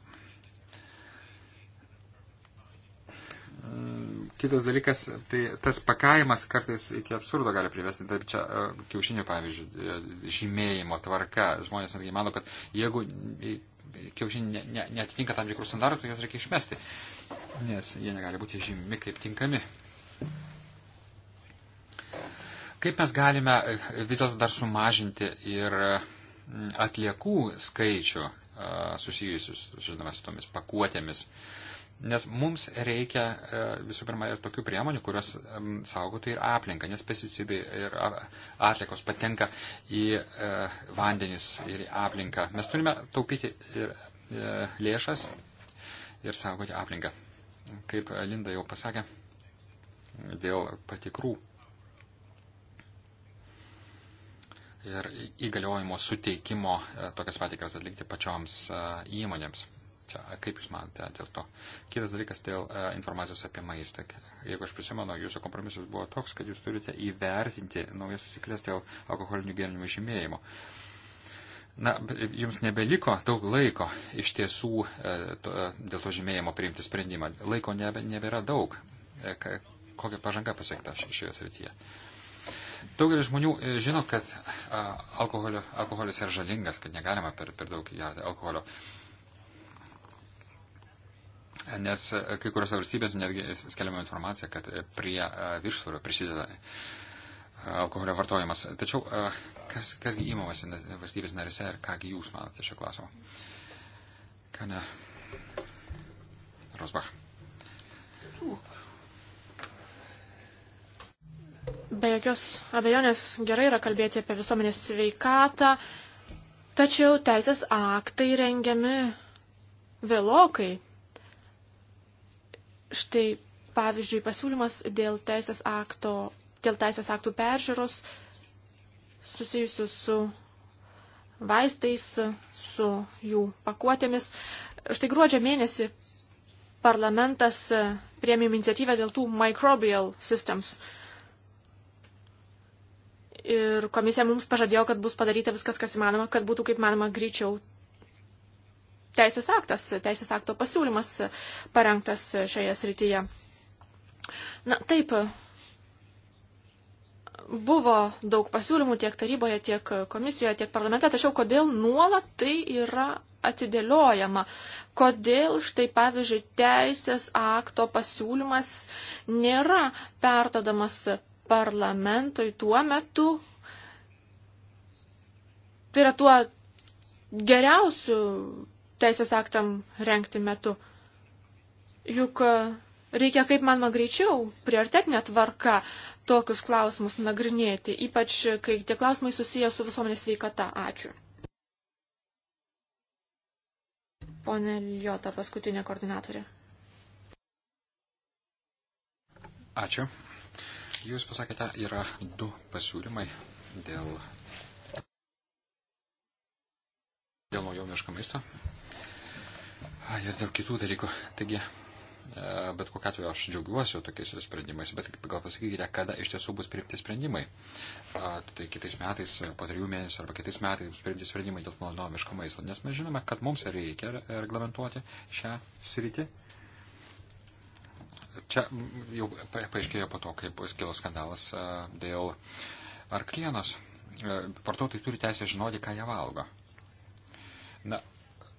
Kitas dalykas, tai tas pakavimas kartais iki absurdo gali privesti. Taip čia e, kiaušinių, pavyzdžiui, e, žymėjimo tvarka. Žmonės netgi mano, kad jeigu kiaušiniai ne, ne, netitinka tam tikrų standartų, juos reikia išmesti, nes jie negali būti žymimi kaip tinkami. Kaip mes galime eh, vis dėlto dar sumažinti ir mm, atliekų skaičių susijusius, žinoma, su tomis pakuotėmis? Nes mums reikia visų pirma ir tokių priemonių, kurios saugotų ir aplinką, nes pesticidai ir atlikos patenka į vandenis ir į aplinką. Mes turime taupyti ir e, lėšas ir saugoti aplinką. Kaip Linda jau pasakė, dėl patikrų ir įgaliojimo suteikimo e, tokias patikras atlikti pačioms e, įmonėms. Čia, kaip Jūs manote dėl to? Kitas dalykas dėl e, informacijos apie maistą. Jeigu aš prisimenu, Jūsų kompromisas buvo toks, kad Jūs turite įvertinti naujas įsiklės dėl alkoholinių gėrimų žymėjimo. Na, jums nebeliko daug laiko iš tiesų e, to, dėl to žymėjimo priimti sprendimą. Laiko nebe, nebėra daug. E, ka, kokia pažanga pasiekta šioje srityje? Uh, Daugelis žmonių e, žino, kad alkoholio, alkoholis yra žalingas, kad negalima per, per daug gerti alkoholio. Nes e, kai kuriuose valstybėse netgi skelbiama informacija, kad e, prie viršsvorio prisideda alkoholio vartojimas. Tačiau kas, kasgi įmamasi valstybės narise ir kągi jūs manote šio klausimo? Ką ne? Rosbach. Uh. Be jokios abejonės gerai yra kalbėti apie visuomenės sveikatą, tačiau teisės aktai rengiami vėlokai. Štai pavyzdžiui pasiūlymas dėl teisės, akto, dėl teisės aktų peržiūros susijusių su vaistais, su jų pakuotėmis. Štai gruodžio mėnesį parlamentas priemė iniciatyvą dėl tų microbial systems Ir komisija mums pažadėjo, kad bus padaryta viskas, kas įmanoma, kad būtų kaip manoma greičiau teisės aktas, teisės akto pasiūlymas parengtas šioje srityje. Na taip, buvo daug pasiūlymų tiek taryboje, tiek komisijoje, tiek parlamente, tačiau kodėl nuolat tai yra atidėliojama. Kodėl štai pavyzdžiui teisės akto pasiūlymas nėra perdodamas parlamentui tuo metu, tai yra tuo geriausių teisės aktam renkti metu. Juk e, reikia kaip manoma greičiau, prioritetinė tvarka tokius klausimus nagrinėti, ypač e, kai tie klausimai susiję su visuomenės sveikata. Ačiū. Pone Liota, paskutinė koordinatorė. Ačiū jūs pasakėte, yra du pasiūlymai dėl, dėl naujo miško maisto ir dėl kitų dalykų. Taigi, e, bet kokiu atveju aš džiaugiuosi tokiais sprendimais, bet gal pasakykite, kada iš tiesų bus priimti sprendimai. A, tai kitais metais, po trijų mėnesių arba kitais metais bus priimti sprendimai dėl planuojamo miško maisto, nes mes žinome, kad mums reikia reglamentuoti šią sritį čia jau paaiškėjo po to, kaip kilo skandalas e, dėl arklienos. E, vartotojai turi teisę žinoti, ką jie valgo. Na,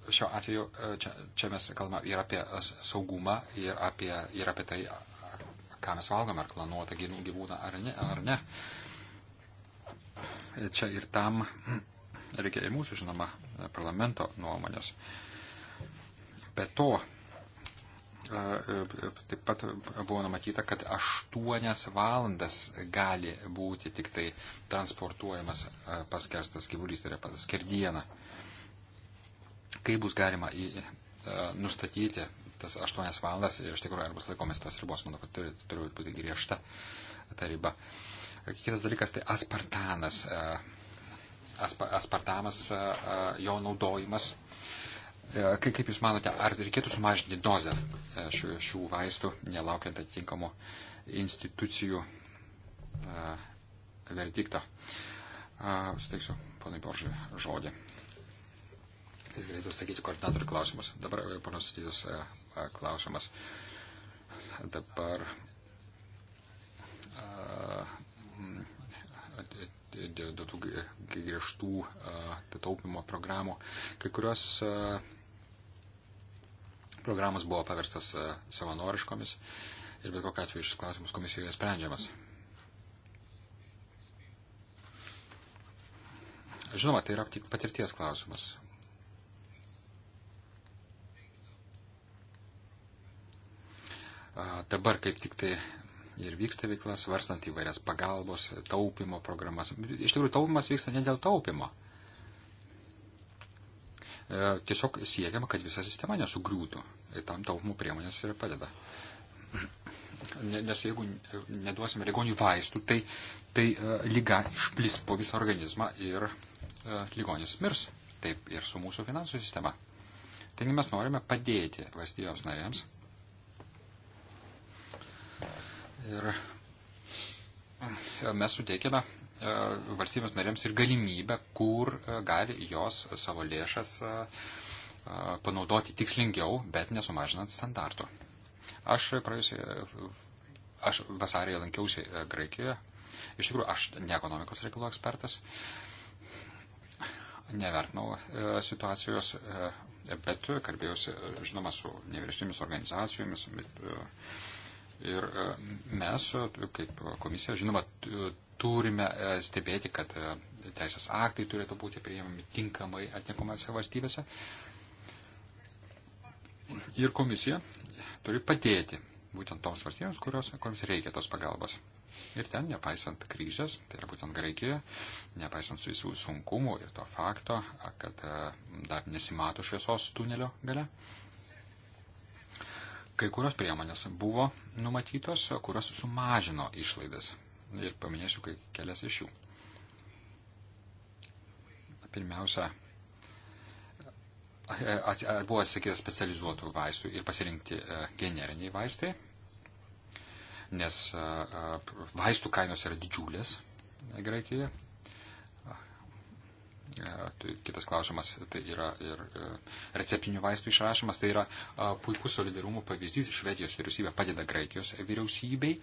šiuo atveju e, čia, čia mes kalbame ir apie saugumą, ir apie, ir apie tai, ką mes valgome, ar klanuotą gyvūną ar ne. Ar ne. Čia ir tam reikia ir mūsų, žinoma, parlamento nuomonės. Be to, E, taip pat buvo numatyta, kad 8 valandas gali būti tik tai transportuojamas e, paskerstas gyvulys, tai yra skerdiena. Kaip bus galima į, e, nustatyti tas 8 valandas ir iš tikrųjų ar bus laikomis tas ribos, manau, kad turi, turi būti griežta ta riba. Kitas dalykas tai aspartanas. Aspa, aspartamas, jo naudojimas Kaip Jūs manote, ar reikėtų sumažinti dozę šių, šių vaistų, nelaukiant atitinkamo institucijų verdikto? Suteiksiu ponai Boržui žodį. Jis galėtų atsakyti koordinatorių klausimus. Dabar ponas Stydės klausimas. Dabar dėl tų griežtų taupimo programų. Kai kurios programos buvo paverstas e, savanoriškomis ir bet kokiu atveju šis klausimas komisijoje sprendžiamas. Žinoma, tai yra tik patirties klausimas. Dabar kaip tik tai ir vyksta veiklas, varstant įvairias pagalbos, taupimo programas. Iš tikrųjų, taupimas vyksta ne dėl taupimo. E, tiesiog siekiama, kad visa sistema nesugriūtų. Ir tam taupimo priemonės ir padeda. Nes jeigu neduosime ligonių vaistų, tai, tai e, lyga išplis po visą organizmą ir e, ligonis mirs. Taip ir su mūsų finansų sistema. Taigi mes norime padėti valstybės narėms. Ir mes suteikėme E, valstybės narėms ir galimybę, kur e, gali jos savo lėšas e, panaudoti tikslingiau, bet nesumažinant standarto. Aš praėjusiai, aš vasarėje lankiausi Graikijoje. Iš tikrųjų, aš ne ekonomikos reikalų ekspertas, nevertinau situacijos, bet kalbėjausi, žinoma, su nevyriausybėmis organizacijomis. Bet, Ir mes, kaip komisija, žinoma, turime e, stebėti, kad e, teisės aktai turėtų būti priimami tinkamai atiekomose valstybėse. Ir komisija turi padėti būtent toms valstybėms, kurios, kurios reikia tos pagalbos. Ir ten, nepaisant kryžės, tai yra būtent Graikijoje, nepaisant su visų sunkumų ir to fakto, kad e, dar nesimato šviesos tunelio gale, kai kurios priemonės buvo numatytos, kurios sumažino išlaidas ir paminėsiu kai kelias iš jų. Pirmiausia, buvo atsisakyta specializuotų vaistų ir pasirinkti generiniai vaistai, nes vaistų kainos yra didžiulės Graikijoje. Tai kitas klausimas tai yra ir e, receptinių vaistų išrašymas, tai yra puikus solidarumo pavyzdys, Švedijos vyriausybė padeda Graikijos vyriausybei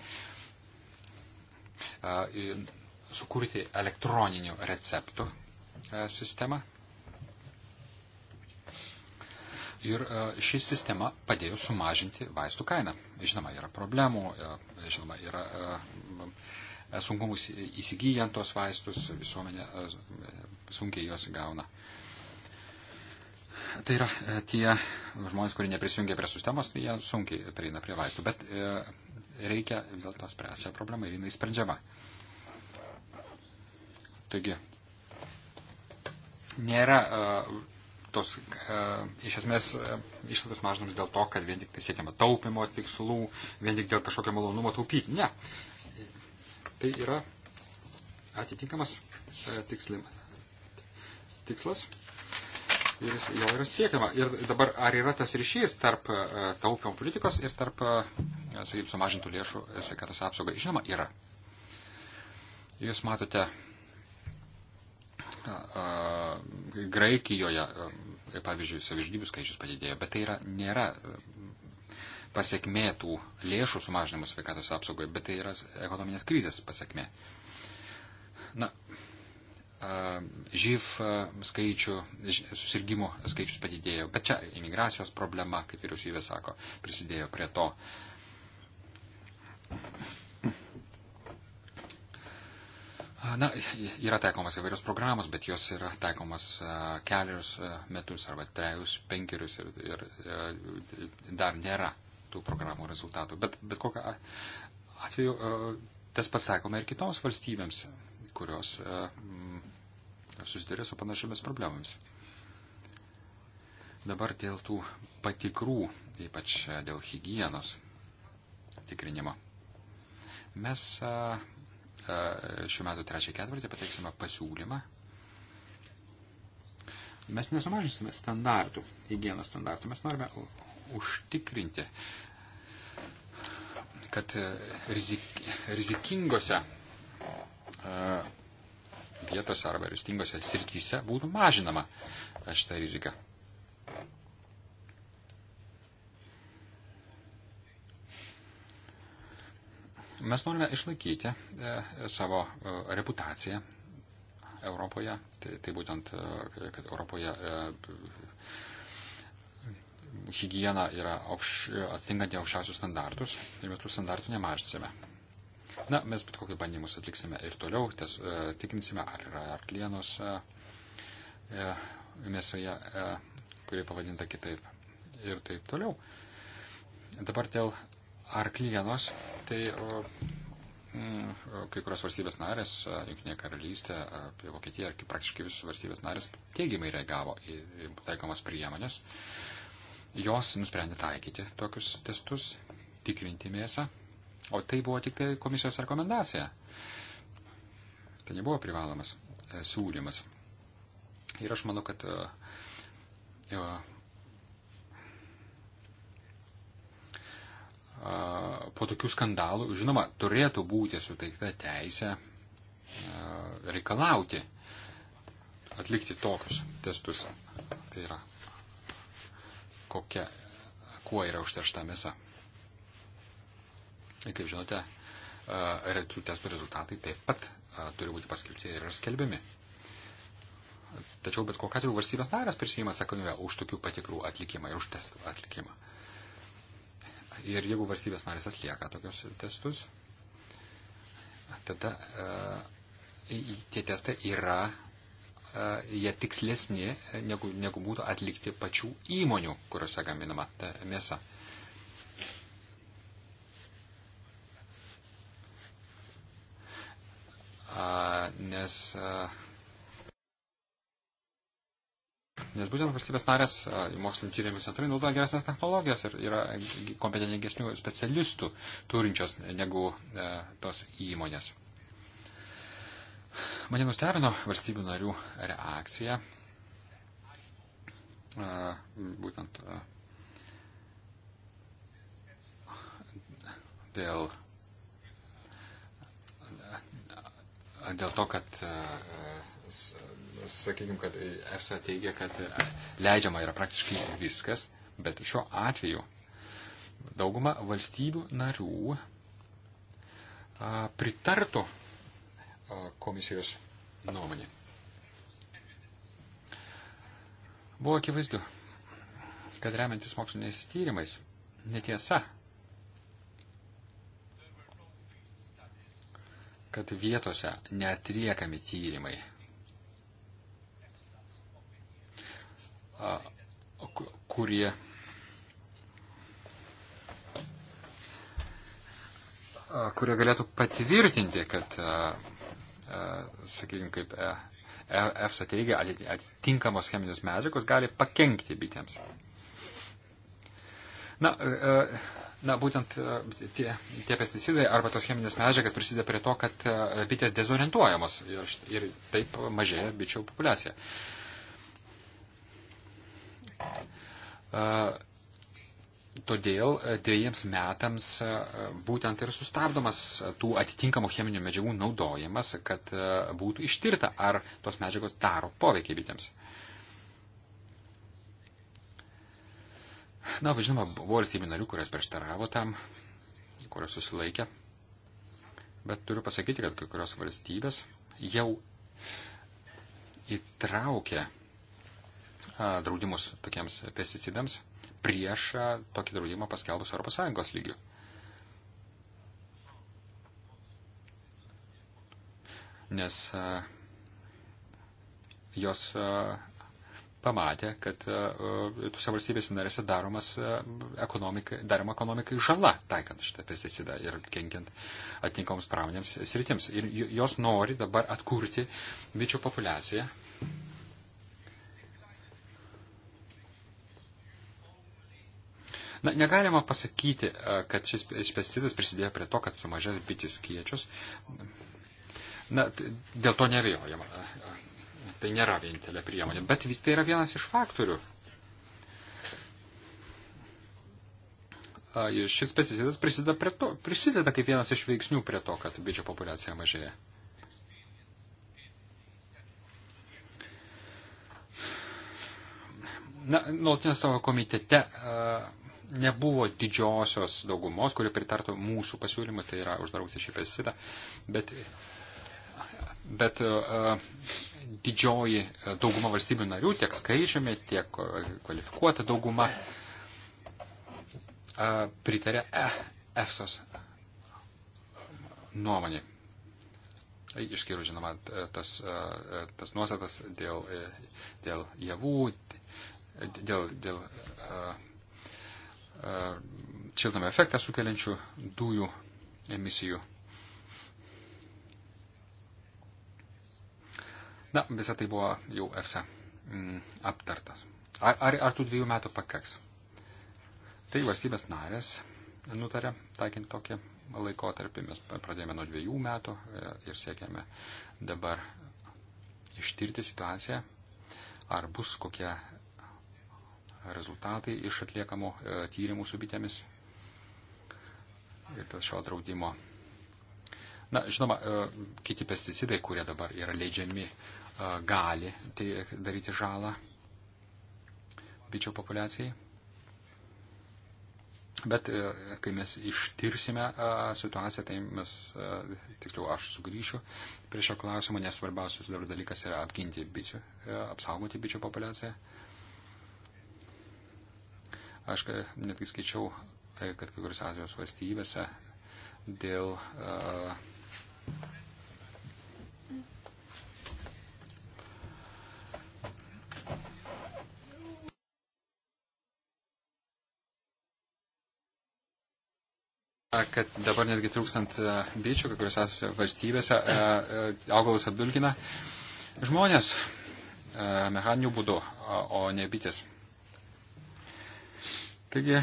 sukurti elektroninių receptų sistemą. Ir ši sistema padėjo sumažinti vaistų kainą. Žinoma, yra problemų, žinoma, yra sunkumus įsigyjant tos vaistus, visuomenė sunkiai juos gauna. Tai yra tie žmonės, kurie neprisijungia prie sistemos, tai jie sunkiai prieina prie vaistų. Bet reikia dėl to spręsti šią problemą ir jinai sprendžiama. Taigi, nėra uh, tos, uh, iš esmės, uh, išlaidos mažinamos dėl to, kad vien tik tai siekiama taupimo tikslų, vien tik dėl kažkokio malonumo taupyti. Ne. Tai yra atitinkamas uh, tikslim, tikslas ir jo yra siekiama. Ir dabar ar yra tas ryšys tarp e, taupimo politikos ir tarp, e, sakykim, sumažintų lėšų sveikatos apsaugai? Žinoma, yra. Jūs matote, e, Graikijoje, pavyzdžiui, savižudybių skaičius padidėjo, bet tai yra, nėra pasiekmė tų lėšų sumažinimų sveikatos apsaugoje, bet tai yra ekonominės krizės pasiekmė. Na, živ skaičių, susirgymų skaičius padidėjo. Bet čia imigracijos problema, kaip vyriausybė sako, prisidėjo prie to. Na, yra taikomas įvairios programos, bet jos yra taikomas kelius metus arba trejus, penkerius ir, ir, ir dar nėra tų programų rezultatų. Bet, bet kokią atveju tas pats taikoma ir kitoms valstybėms, kurios m, susidarė su panašiamis problemomis. Dabar dėl tų patikrų, ypač e, dėl hygienos tikrinimo. Mes e, e, šiuo metu trečią ketvirtį pateiksime pasiūlymą. Mes nesumažinsime standartų, hygienos standartų. Mes norime užtikrinti, kad rizik, rizikingose vietose arba ristingose srityse būtų mažinama šitą riziką. Mes norime išlaikyti e, savo e, reputaciją Europoje, tai, tai būtent, e, kad Europoje hygiena yra aukš, atitinkanti aukščiausius standartus ir mes tų standartų nemažinsime. Na, mes bet kokį bandymus atliksime ir toliau, ties, e, tikrinsime, ar yra arklienos e, e, mėsoje, e, kuri pavadinta kitaip ir taip toliau. Dabar dėl arklienos, tai o, m, mm, kai kurios valstybės narės, e, Junktinė karalystė, e, Vokietija ir praktiškai visos valstybės narės teigiamai reagavo į, į taikomas priemonės. Jos nusprendė taikyti tokius testus, tikrinti mėsą O tai buvo tik tai komisijos rekomendacija. Tai nebuvo privalomas e, siūlymas. Ir aš manau, kad e, jo, e, po tokių skandalų, žinoma, turėtų būti suteikta teisė reikalauti atlikti tokius testus. Tai yra, kokia, kuo yra užteršta mėsa. Kaip žinote, retų testų rezultatai taip pat turi būti paskelbti ir skelbiami. Tačiau bet kokia atveju valstybės narės prisima atsakomybę už tokių patikrų atlikimą ir už testų atlikimą. Ir jeigu valstybės narės atlieka tokius testus, tada uh, tie testai yra, uh, jie tikslesni, negu, negu būtų atlikti pačių įmonių, kuriuose gaminama ta mėsa. nes, nes būtent valstybės narės mokslinio tyrimų centrai naudoja geresnės technologijas ir yra kompetentingesnių specialistų turinčios negu tos įmonės. Mane nustebino valstybių narių reakcija. Būtent dėl dėl to, kad, e, e, e, sakykime, kad EFSA teigia, kad leidžiama yra praktiškai viskas, bet šiuo atveju dauguma valstybių narių pritartų komisijos nuomonė. Buvo akivaizdu, kad remiantis moksliniais tyrimais netiesa kad vietose neatliekami tyrimai. kurie kurie galėtų patvirtinti, kad, sakykime, kaip e, e, EFSA teigia, atitinkamos cheminės medžiagos gali pakengti bitėms. Na, e, Na, būtent e, tie, tie pesticidai arba tos cheminės medžiagas prisideda prie to, kad e, bitės dezorientuojamos ir, ir taip mažėja bičių populiacija. E, todėl dviejiems metams būtent ir sustabdomas tų atitinkamų cheminių medžiagų naudojimas, kad būtų ištirta, ar tos medžiagos daro poveikį bitėms. Na, žinoma, buvo valstybių narių, kurios prieštaravo tam, kurios susilaikė. Bet turiu pasakyti, kad kai kurios valstybės jau įtraukė a, draudimus tokiems pesticidams prieš a, tokį draudimą paskelbus ES lygių. Nes a, jos a, pamatė, kad e, e, tuose valstybėse narėse daromas e, ekonomikai, daroma ekonomikai žala taikant šitą pesticidą ir kenkiant atinkoms pramonėms sritims. Ir jos nori dabar atkurti bičių populiaciją. Na, negalima pasakyti, kad šis pesticidas prisidėjo prie to, kad sumažės bitės kiečius. Na, dėl to nevėjojama. Tai nėra vienintelė priemonė, bet tai yra vienas iš faktorių. Ir šis pesticidas prisideda, prie to, prisideda kaip vienas iš veiksnių prie to, kad bičių populiacija mažėja. Na, nuolatinės savo komitete nebuvo didžiosios daugumos, kuri pritartų mūsų pasiūlymui, tai yra uždrausti šį pesticidą, bet Bet e, didžioji e, dauguma valstybių narių, tiek skaičiumi, tiek kvalifikuota dauguma, e, pritarė EFSOS nuomonė. Išskyrus, žinoma, tas, tas nuostatas dėl, dėl javų, dėl, dėl šiltame efektą sukeliančių dujų emisijų. Na, visą tai buvo jau EFSA mm, aptartas. Ar, ar, ar tų dviejų metų pakaks? Tai valstybės narės nutarė taikinti tokį laikotarpį. Mes pradėjome nuo dviejų metų e, ir siekėme dabar ištirti situaciją, ar bus kokie rezultatai iš atliekamų e, tyrimų su bitėmis ir dėl šio draudimo. Na, žinoma, e, kiti pesticidai, kurie dabar yra leidžiami gali tai daryti žalą bičių populiacijai. Bet e, kai mes ištirsime situaciją, tai mes, tiksliau, aš sugrįšiu prie šio klausimo, nes svarbiausias dabar dalykas yra apginti bičių, e, apsaugoti bičių populiaciją. Aš e, netgi skaičiau, kad kai kuriuose Azijos valstybėse dėl uh, kad dabar netgi trūkstant e, bičių, kai kuriuose valstybėse e, e, augalus apdulkina žmonės mechaniniu būdu, o ne bitės. Taigi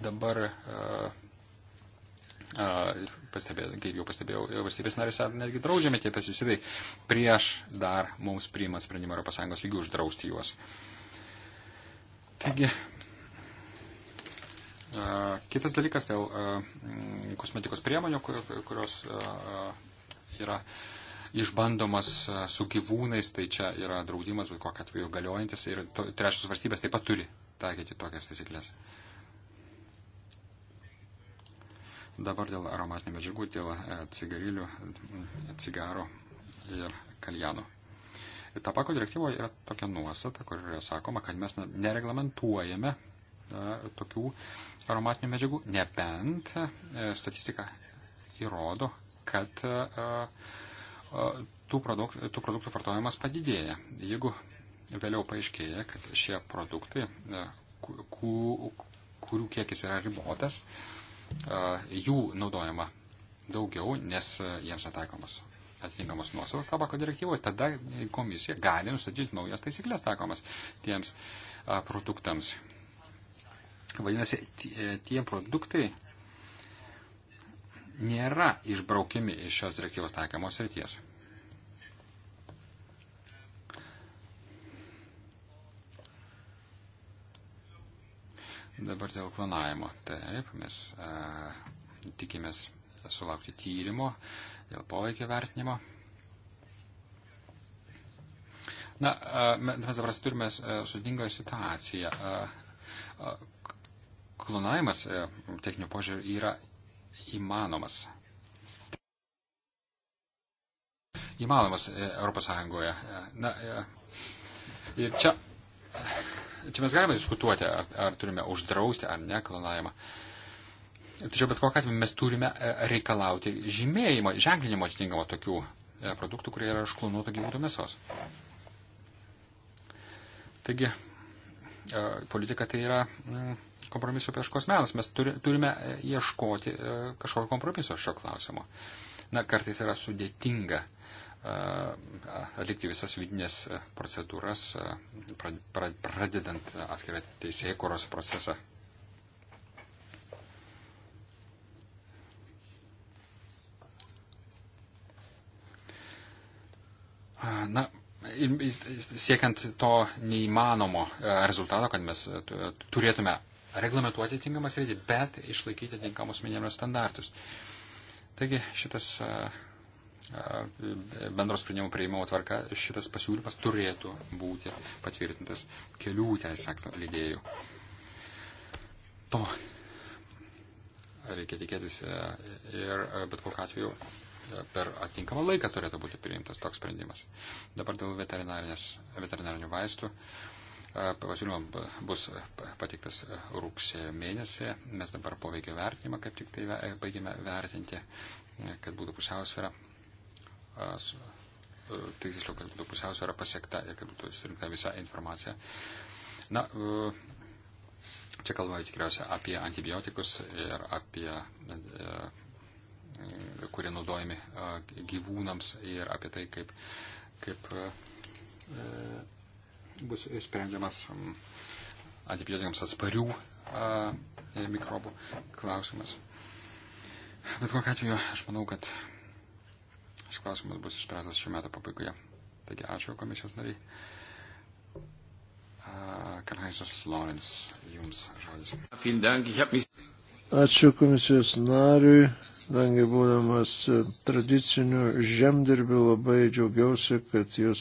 dabar pastebėjau, kaip jau pastebėjau, valstybės narėse netgi draudžiami tie pesticidai prieš dar mums priimant sprendimą Europos Sąjungos lygių uždrausti juos. Taigi Kitas dalykas dėl tai kosmetikos priemonių, kurios yra išbandomas su gyvūnais, tai čia yra draudimas, bet kokia atveju galiojantis ir trečios valstybės taip pat turi taikyti tokias taisyklės. Dabar dėl aromatinių medžiagų, dėl e, cigarilių, cigaro ir kaljanų. Tabako direktyvoje yra tokia nuostata, kur yra sakoma, kad mes nereglamentuojame E, tokių aromatinių medžiagų, nebent e, statistika įrodo, kad e, tų produktų, tų produktų vartojimas padidėja. Jeigu vėliau paaiškėja, kad šie produktai, kurių kiekis yra ribotas, jų naudojama daugiau, nes jiems netaikomas atitinkamos nuosavos tabako direktyvoje, tada komisija gali nustatyti naujas taisyklės taikomas tiems produktams. Vadinasi, tie produktai nėra išbraukiami iš šios direktyvos taikamos ryties. Dabar dėl klonavimo. Taip, mes a, tikimės sulaukti tyrimo dėl poveikio vertinimo. Na, a, mes dabar turime sudingą situaciją. A, a, klonavimas e, techninio požiūrį yra įmanomas. Įmanomas e, Europos Sąjungoje. E, na, ir čia, čia mes galime diskutuoti, ar, ar turime uždrausti ar ne klonavimą. Tačiau bet kokiu atveju mes turime reikalauti žymėjimo, ženklinimo atitinkamo tokių produktų, kurie yra iš klonuoto gyvūnų mėsos. Taigi, politika tai yra. Mm, kompromiso prieš kosmenas. Mes turi, turime e, ieškoti e, kažkokio kompromiso šio klausimo. Na, kartais yra sudėtinga e, atlikti visas vidinės procedūras, pradedant atskirą teisėjų koros procesą. Na, siekiant to neįmanomo rezultato, kad mes turėtume reglamentuoti tinkamas rytį, bet išlaikyti tinkamus minėjimus standartus. Taigi šitas bendros sprendimų prieimimo tvarka, šitas pasiūlymas turėtų būti patvirtintas kelių teisės aktų lydėjų. To reikia tikėtis ir bet kokiu atveju per atinkamą laiką turėtų būti priimtas toks sprendimas. Dabar dėl veterinarinio vaistų. Uh, pasiūlymas bus pateiktas rugsėjo mėnesį. Mes dabar poveikio vertinimą kaip tik tai baigėme vertinti, kad būtų pusiausvėra. Tai tiksliau, kad būtų pusiausvėra pasiekta ir kad būtų surinkta visa informacija. Na, e, čia kalbame tikriausiai apie antibiotikus ir apie e, kurie naudojami gyvūnams ir apie tai, kaip, kaip bus sprendžiamas antibiotikams atsparių a, e, mikrobų klausimas. Bet kokiu atveju aš manau, kad šis klausimas bus išspręstas šių metų pabaigoje. Taigi ačiū komisijos nariai. Karhaisas Lawrence, jums žodis. Ačiū komisijos nariui. Dangi būdamas tradiciniu žemdirbiu labai džiaugiausi, kad jūs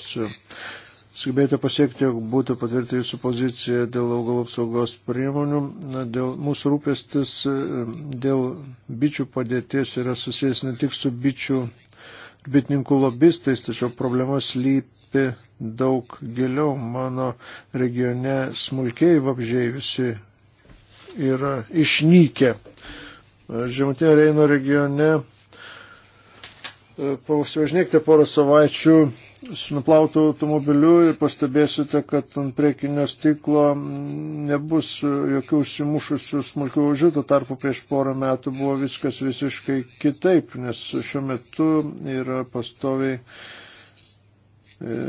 sugebėjote pasiekti, jog būtų patvirtinta jūsų pozicija dėl augalų apsaugos priemonių. Na, dėl mūsų rūpestis dėl bičių padėties yra susijęs ne tik su bičių bitininkų lobistais, tačiau problemas lypi daug giliau. Mano regione smulkiai vabžiai visi yra išnykę. Žemutinio Reino regione e, pasivažinėkite porą savaičių su nuplautu automobiliu ir pastebėsite, kad ant priekinio stiklo nebus jokių užsimušusių smulkių važių, tuo tarpu prieš porą metų buvo viskas visiškai kitaip, nes šiuo metu yra pastoviai e,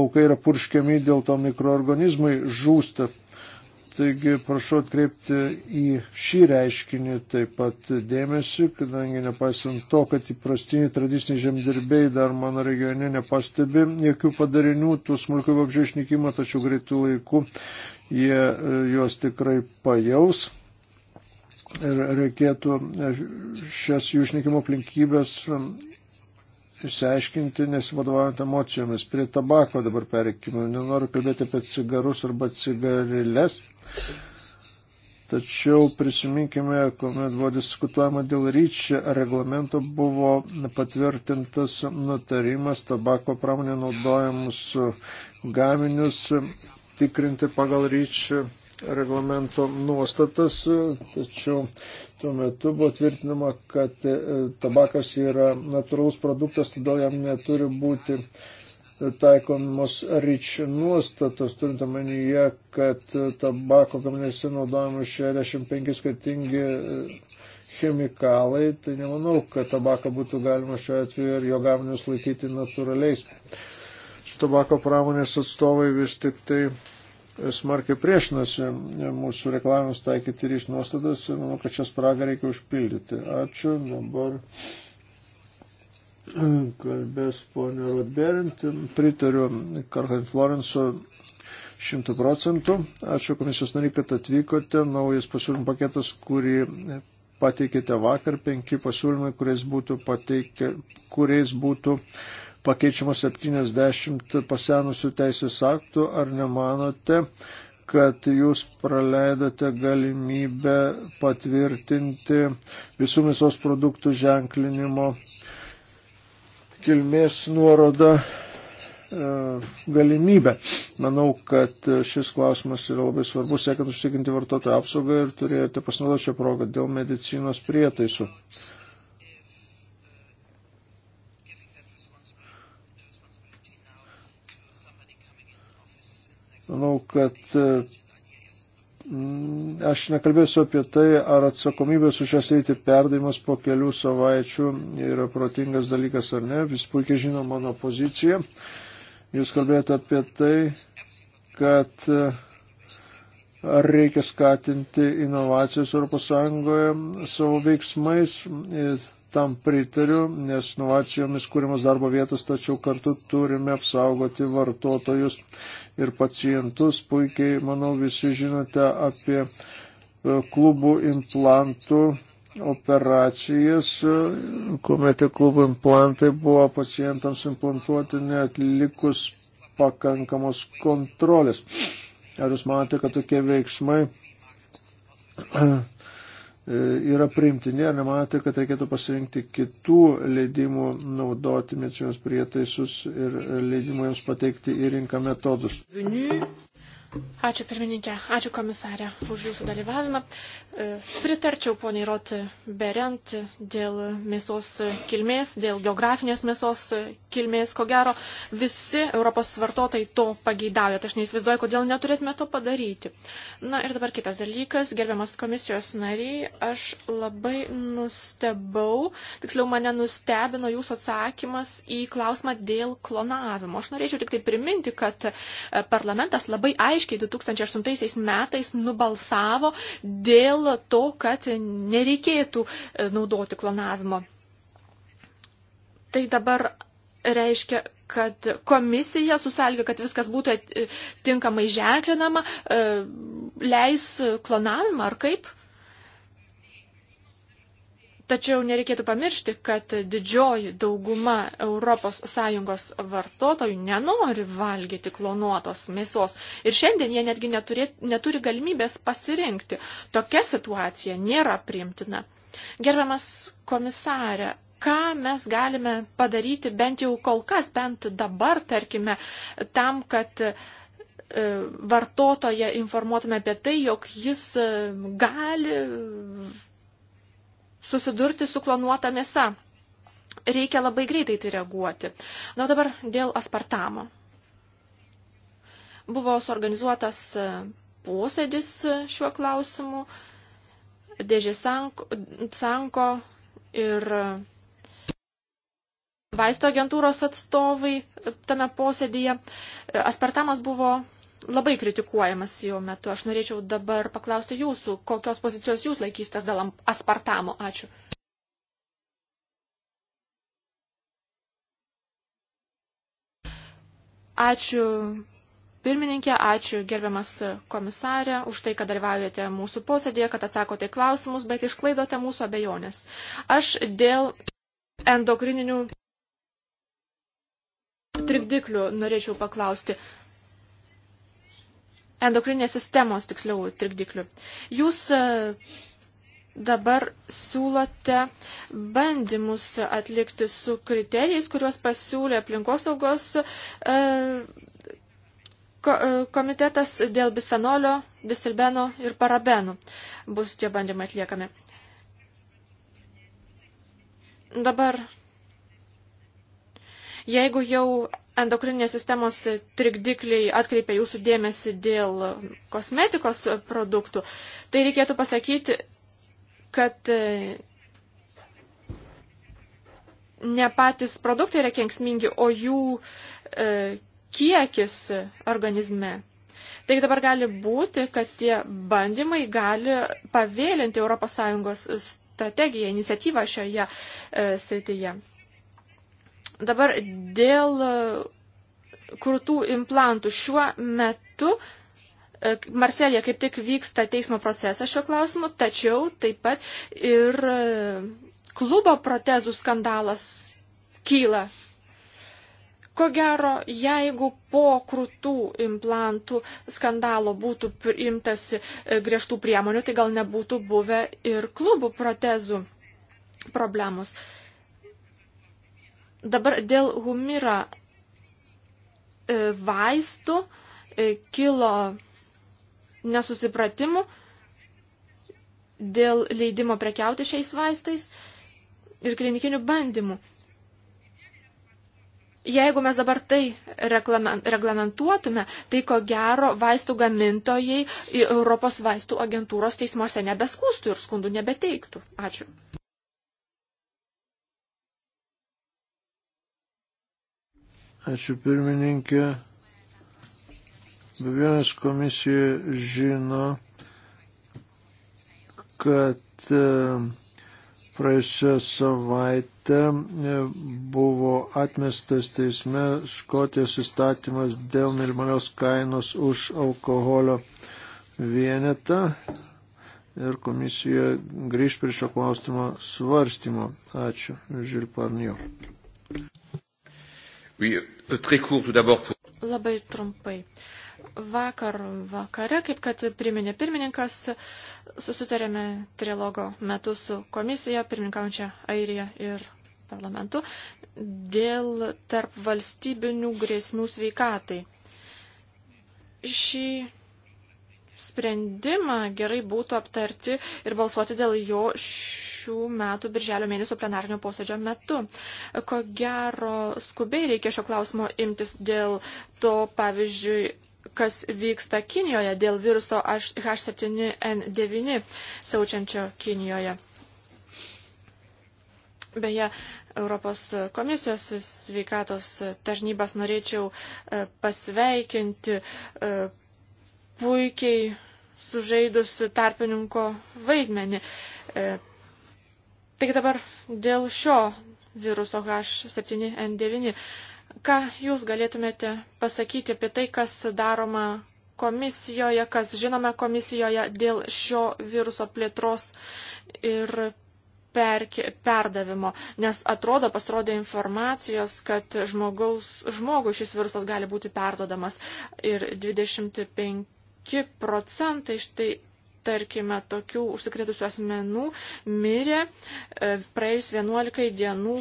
laukai yra purškiami, dėl to mikroorganizmai žūsta. Taigi prašau atkreipti į šį reiškinį taip pat dėmesį, kadangi nepaisant to, kad įprastiniai tradiciniai žemdirbiai dar mano regione nepastebi jokių padarinių tų smulkių vabžių išnykimo, tačiau greitų laikų jie e, juos tikrai pajaus. Ir reikėtų e, šias jų išnykimo aplinkybės išsiaiškinti, nesivadovaujant emocijomis. Prie tabako dabar pereikime. Nenoriu kalbėti apie cigarus arba cigarilės. Tačiau prisiminkime, kuomet buvo diskutuojama dėl ryčio reglamento, buvo patvirtintas nutarimas tabako pramonė naudojamus gaminius tikrinti pagal ryčio reglamento nuostatas. Tačiau tuo metu buvo tvirtinama, kad e, tabakas yra natūralus produktas, todėl jam neturi būti taikomos ryč nuostatos, turint omenyje, kad tabako gaminėse naudojami 65 skirtingi e, chemikalai, tai nemanau, kad tabaką būtų galima šiuo atveju ir jo gaminius laikyti natūraliais. Tabako pramonės atstovai vis tik tai smarkiai priešinasi mūsų reklamimus taikyti ryš nuostatas ir manau, kad šią spragą reikia užpildyti. Ačiū. Dabar kalbės ponė Rodberint. Pritariu Karhain Florenso šimtų procentų. Ačiū komisijos nariai, kad atvykote. Naujas pasiūlymų paketas, kurį pateikėte vakar, penki pasiūlymai, kuriais būtų, pateikė, kuriais būtų pakeičiama 70 pasenusių teisės aktų, ar nemanote, kad jūs praleidote galimybę patvirtinti visų mėsos produktų ženklinimo kilmės nuorodą e, galimybę. Manau, kad šis klausimas yra labai svarbus, siekiant užtikrinti vartotojų apsaugą ir turėjote pasinaudoti šią progą dėl medicinos prietaisų. Manau, kad mm, aš nekalbėsiu apie tai, ar atsakomybės už šią sritį perdavimas po kelių savaičių yra protingas dalykas ar ne. Vis puikiai žino mano poziciją. Jūs kalbėjote apie tai, kad ar reikia skatinti inovacijas ES savo veiksmais. Ir tam pritariu, nes inovacijomis kūrimas darbo vietas, tačiau kartu turime apsaugoti vartotojus ir pacientus. Puikiai, manau, visi žinote apie e, klubų implantų operacijas, e, kuomet klubų implantai buvo pacientams implantuoti neatlikus pakankamos kontrolės. Ar jūs manote, kad tokie veiksmai E, yra priimtini, ar nemanote, kad reikėtų pasirinkti kitų leidimų naudoti medicinos prietaisus ir leidimų jiems pateikti į rinką metodus? Ačiū pirmininkė, ačiū komisarė už jūsų dalyvavimą. E, pritarčiau poniai Rot Berent dėl mėsos kilmės, dėl geografinės mėsos kilmės. Ko gero, visi Europos vartotojai to pageidauja. Aš neįsivaizduoju, kodėl neturėtume to padaryti. Na ir dabar kitas dalykas, gerbiamas komisijos nariai, aš labai nustebau, tiksliau mane nustebino jūsų atsakymas į klausimą dėl klonavimo. Aš norėčiau tik tai priminti, kad e, parlamentas labai aiškiai aiškiai 2008 metais nubalsavo dėl to, kad nereikėtų e, naudoti klonavimo. Tai dabar reiškia, kad komisija susalgia, kad viskas būtų e, tinkamai ženklinama, e, leis klonavimą ar kaip? Tačiau nereikėtų pamiršti, kad didžioji dauguma ES vartotojų nenori valgyti klonuotos mėsos ir šiandien jie netgi neturi, neturi galimybės pasirinkti. Tokia situacija nėra priimtina. Gerbiamas komisarė, ką mes galime padaryti bent jau kol kas, bent dabar, tarkime, tam, kad e, vartotoje informuotume apie tai, jog jis e, gali susidurti su klonuota mėsa. Reikia labai greitai tai reaguoti. Na dabar dėl aspartamo. Buvo suorganizuotas e, posėdis e, šiuo klausimu. Dėžė Sanko, Sanko ir e, vaisto agentūros atstovai tame posėdėje. Aspartamas buvo labai kritikuojamas jo metu. Aš norėčiau dabar paklausti jūsų, kokios pozicijos jūs laikysitės dėl aspartamo. Ačiū. Ačiū pirmininkė, ačiū gerbiamas komisarė už tai, kad dalyvaujate mūsų posėdėje, kad atsakote į klausimus, bet išklaidote mūsų abejonės. Aš dėl endokrininių trikdiklių norėčiau paklausti endokrinės sistemos, tiksliau, trikdiklių. Jūs e, dabar siūlote bandymus atlikti su kriterijais, kuriuos pasiūlė aplinkosaugos e, e, komitetas dėl bisfenolio, distilbeno ir parabenų. Bus tie bandymai atliekami. Dabar, jeigu jau endokrininės sistemos trikdikliai atkreipia jūsų dėmesį dėl kosmetikos produktų, tai reikėtų pasakyti, kad e, ne patys produktai yra kenksmingi, o jų e, kiekis organizme. Taigi dabar gali būti, kad tie bandymai gali pavėlinti ES strategiją, iniciatyvą šioje e, srityje. Dabar dėl e, krūtų implantų šiuo metu e, Marselėje kaip tik vyksta teismo procesas šiuo klausimu, tačiau taip pat ir e, klubo protezų skandalas kyla. Ko gero, jeigu po krūtų implantų skandalo būtų imtasi griežtų priemonių, tai gal nebūtų buvę ir klubų protezų problemos. Uh, Dabar dėl humira e, vaistų e, kilo nesusipratimų dėl leidimo prekiauti šiais vaistais ir klinikinių bandymų. Jeigu mes dabar tai reglamentuotume, tai ko gero vaistų gamintojai Europos vaistų agentūros teismuose nebeskūstų ir skundų nebeteiktų. Ačiū. Ačiū pirmininkė. Be vienas komisija žino, kad e, praėjusią savaitę e, buvo atmestas teisme Škotijos įstatymas dėl minimalios kainos už alkoholio vienetą ir komisija grįž prie šio klausimo svarstymo. Ačiū, Žilparnijo. Euh, Labai trumpai. Vakar vakare, kaip kad priminė pirmininkas, susitarėme trilogo metu su komisija, pirmininkaujančia Airija ir parlamentu, dėl tarp valstybinių grėsmių sveikatai. Šį sprendimą gerai būtų aptarti ir balsuoti dėl jo š šių metų birželio mėnesio plenarnio posėdžio metu. Ko gero, skubiai reikia šio klausimo imtis dėl to, pavyzdžiui, kas vyksta Kinijoje dėl viruso H7N9 siaučiančio Kinijoje. Beje, Europos komisijos sveikatos tarnybas norėčiau e, pasveikinti e, puikiai sužaidus tarpininko vaidmenį e, Taigi dabar dėl šio viruso H7N9, ką jūs galėtumėte pasakyti apie tai, kas daroma komisijoje, kas žinome komisijoje dėl šio viruso plėtros ir perki, perdavimo, nes atrodo pasirodė informacijos, kad žmogaus, žmogui šis virusas gali būti perdodamas ir 25 procentai štai tarkime, tokių užsikrėtusių asmenų mirė e, praėjus 11 dienų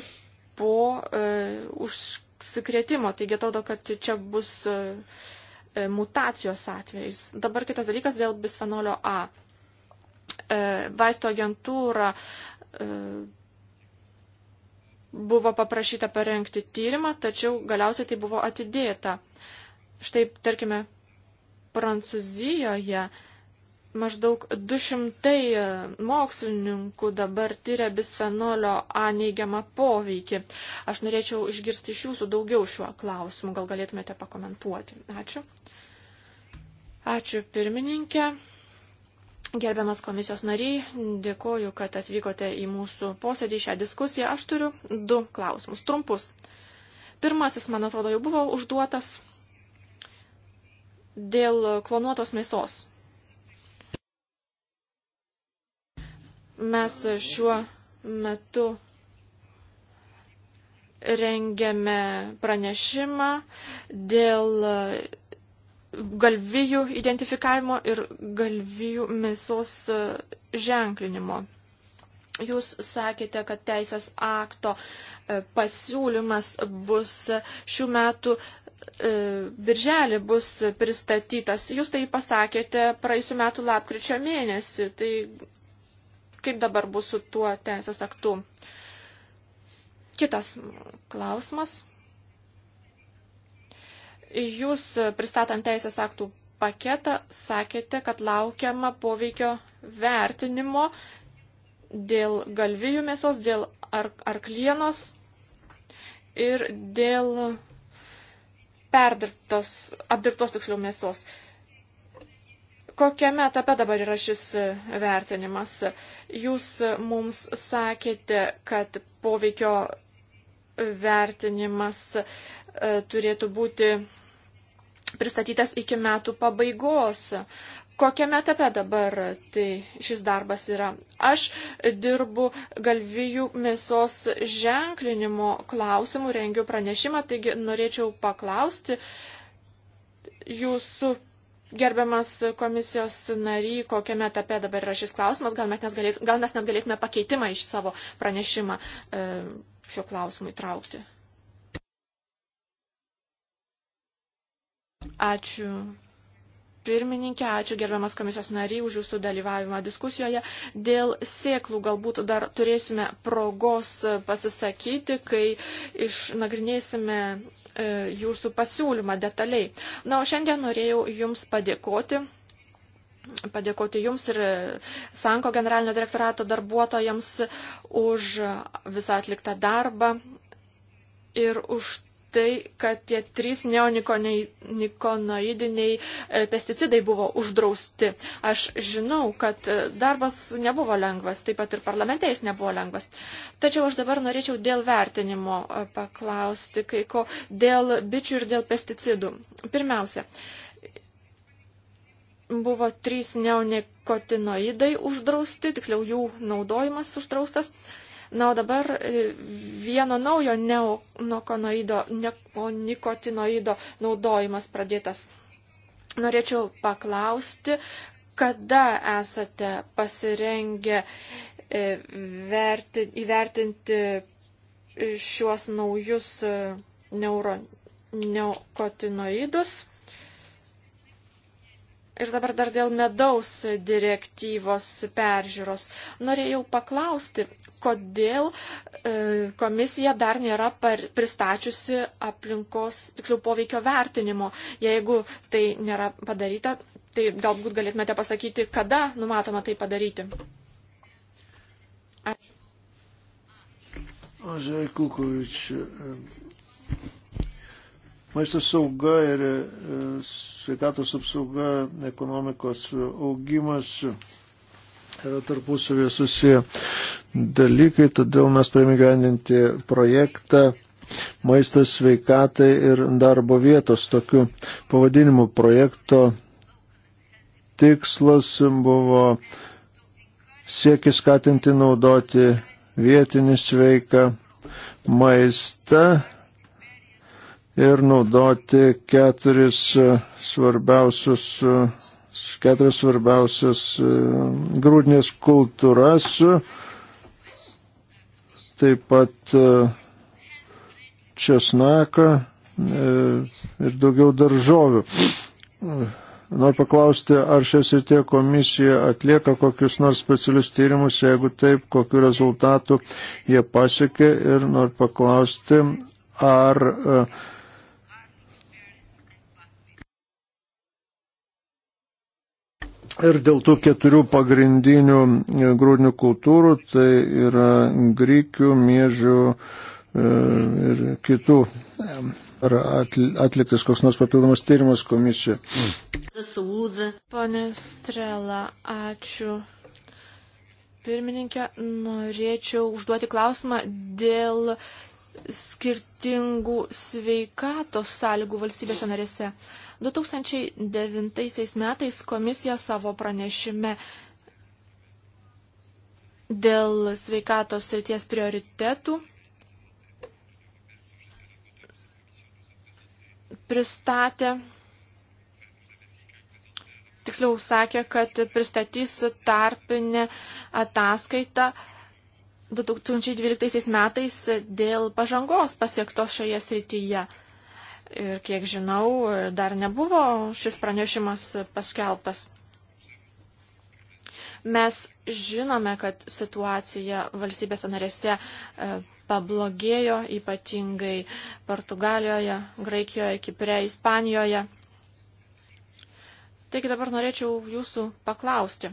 po e, užsikrėtimo. Taigi atrodo, kad čia bus e, mutacijos atvejais. Dabar kitas dalykas dėl bisfenolio A. Vaisto agentūra buvo paprašyta parengti tyrimą, tačiau galiausiai tai buvo atidėta. Štai, tarkime, Prancūzijoje uh, maždaug 200 e, mokslininkų dabar tyria bisfenolio A neigiamą poveikį. Aš norėčiau išgirsti iš jūsų daugiau šiuo klausimu, gal galėtumėte pakomentuoti. Ačiū. Ačiū pirmininkė. Gerbiamas komisijos nariai, dėkoju, kad atvykote į mūsų posėdį šią diskusiją. Aš turiu du klausimus, trumpus. Pirmasis, man atrodo, jau buvo užduotas dėl klonuotos mėsos Mes šiuo metu rengiame pranešimą dėl galvijų identifikavimo ir galvijų mėsos ženklinimo. Jūs sakėte, kad teisės akto e, pasiūlymas bus šių metų e, birželį bus pristatytas. Jūs tai pasakėte praėjusiu metu lapkričio mėnesį. Tai kaip dabar bus su tuo teisės aktu. Kitas klausimas. Jūs pristatant teisės aktų paketą sakėte, kad laukiama poveikio vertinimo dėl galvijų mėsos, dėl ar, arklienos ir dėl perdirbtos, apdirbtos tiksliau mėsos. Uh, Kokiame etape dabar yra šis e, vertinimas? Jūs e, mums sakėte, kad poveikio vertinimas e, turėtų būti pristatytas iki metų pabaigos. Kokiame etape dabar tai šis darbas yra? Aš dirbu galvijų mėsos ženklinimo klausimų, rengiu pranešimą, taigi norėčiau paklausti jūsų Gerbiamas komisijos nary, kokiame etape dabar yra šis klausimas, gal, mes galėt, gal mes net galėtume pakeitimą iš savo pranešimą e, šio klausimu įtraukti. Ačiū pirmininkė, ačiū gerbiamas komisijos nariai už jūsų dalyvavimą diskusijoje. Dėl sėklų galbūt dar turėsime progos pasisakyti, kai išnagrinėsime E, jūsų pasiūlymą detaliai. Na, o šiandien norėjau Jums padėkoti. Padėkoti Jums ir Sanko generalinio direktorato darbuotojams už visą atliktą darbą ir už tai, kad tie trys neonikonoidiniai e, pesticidai buvo uždrausti. Aš žinau, kad e, darbas nebuvo lengvas, taip pat ir parlamente jis nebuvo lengvas. Tačiau aš dabar norėčiau dėl vertinimo e, paklausti kai ko dėl bičių ir dėl pesticidų. Pirmiausia, buvo trys neonikotinoidai uždrausti, tiksliau jų naudojimas uždraustas. Na, o dabar e, vieno naujo neokonoido, neonikotinoido naudojimas pradėtas. Norėčiau paklausti, kada esate pasirengę e, verti, įvertinti šiuos naujus e, neuro, neokotinoidus? Ir dabar dar dėl medaus direktyvos peržiūros. Norėjau paklausti, kodėl e, komisija dar nėra par, pristačiusi aplinkos, tiksliau, poveikio vertinimo. Jeigu tai nėra padaryta, tai galbūt galėtumėte pasakyti, kada numatoma tai padaryti. Ačiū. Aš Kukovič, Maisto sauga ir e, sveikatos apsauga, ekonomikos augimas yra tarpusavėje susiję dalykai, todėl mes paėmė gyvendinti projektą Maistas sveikatai ir darbo vietos tokiu pavadinimu projekto tikslas buvo siekis skatinti naudoti vietinį sveiką maistą ir naudoti keturis e, svarbiausius, e, keturis svarbiausias e, grūdinės kultūras, taip pat česnaką ir daugiau daržovių. Noriu paklausti, ar šias ir tie komisija atlieka kokius nors specialius tyrimus, jeigu taip, kokiu rezultatu jie pasiekė ir noriu paklausti, ar uh, Ir dėl tų keturių pagrindinių e, grūdinių kultūrų, tai yra grykių, miežių e, ir kitų. Ar atliktas koks nors papildomas tyrimas komisija? Pane Strela, ačiū. Pirmininkė, norėčiau užduoti klausimą dėl skirtingų sveikatos sąlygų valstybėse narėse. Uh, 2009 metais komisija savo pranešime dėl sveikatos srities prioritetų pristatė, tiksliau sakė, kad pristatys tarpinę ataskaitą 2012 metais dėl pažangos pasiektos šioje srityje. Ir kiek žinau, dar nebuvo šis pranešimas paskelbtas. Mes žinome, kad situacija valstybėse narėse e, pablogėjo, ypatingai Portugalijoje, Graikijoje, Kipre, Ispanijoje. Taigi dabar norėčiau jūsų paklausti,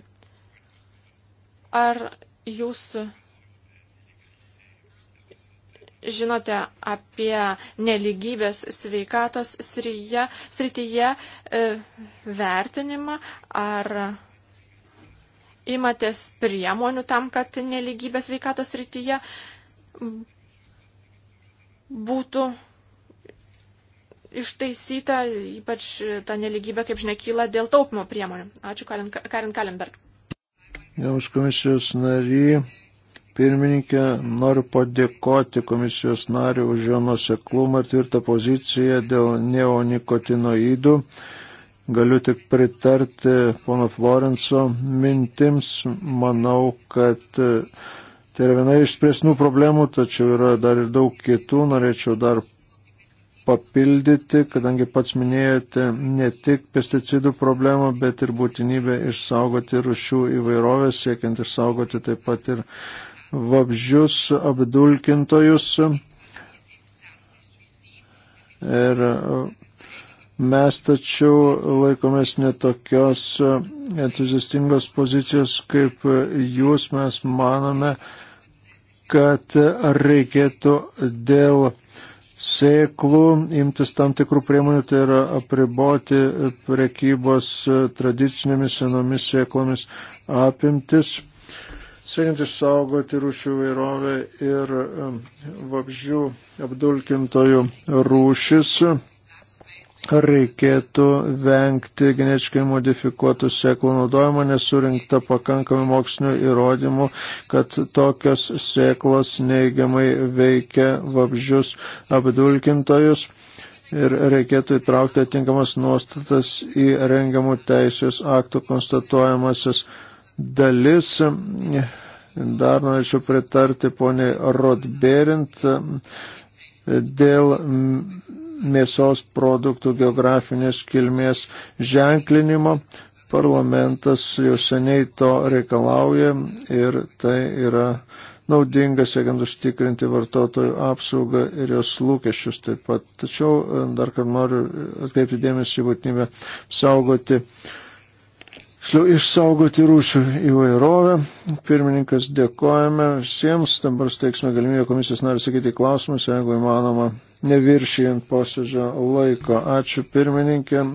ar jūs žinote apie neligybės sveikatos srityje, srityje e, vertinimą, ar imatės priemonių tam, kad neligybės sveikatos srityje būtų ištaisyta, ypač ta neligybė, kaip žinia, kyla dėl taupimo priemonių. Ačiū, Karin Kalenberg. Jums komisijos nariai pirmininkė. Noriu padėkoti komisijos nariu už jo nuseklumą ir tvirtą poziciją dėl neonikotinoidų. Galiu tik pritarti pono Florenco mintims. Manau, kad e, tai yra viena iš presnių problemų, tačiau yra dar ir daug kitų. Norėčiau dar papildyti, kadangi pats minėjote ne tik pesticidų problemą, bet ir būtinybę išsaugoti rušių įvairovę, siekiant išsaugoti taip pat ir vabžius, apdulkintojus. Ir mes tačiau laikomės netokios entuziastingos pozicijos kaip jūs, mes manome, kad reikėtų dėl sėklų imtis tam tikrų priemonių, tai yra apriboti prekybos tradicinėmis senomis sėklomis apimtis siekiant išsaugoti rūšių vairovę ir um, vabzdžių apdulkintojų rūšis, reikėtų vengti genetiškai modifikuotų sėklų naudojimo, nesurinkta pakankamai mokslinio įrodymų, kad tokios sėklos neigiamai veikia vabzdžius apdulkintojus. Ir reikėtų įtraukti atinkamas nuostatas į rengiamų teisės aktų konstatuojamasis dalis. Dar norėčiau pritarti poniai Rodberint dėl mėsos produktų geografinės kilmės ženklinimo. Parlamentas jau seniai to reikalauja ir tai yra naudinga, siekiant užtikrinti vartotojų apsaugą ir jos lūkesčius taip pat. Tačiau dar kartą noriu atkreipti dėmesį į būtinybę saugoti uh, tiksliau išsaugoti rūšių įvairovę. Pirmininkas dėkojame visiems, dabar steiksime galimybę komisijos narių sakyti klausimus, jeigu įmanoma, neviršijant posėdžio laiko. Ačiū pirmininkė,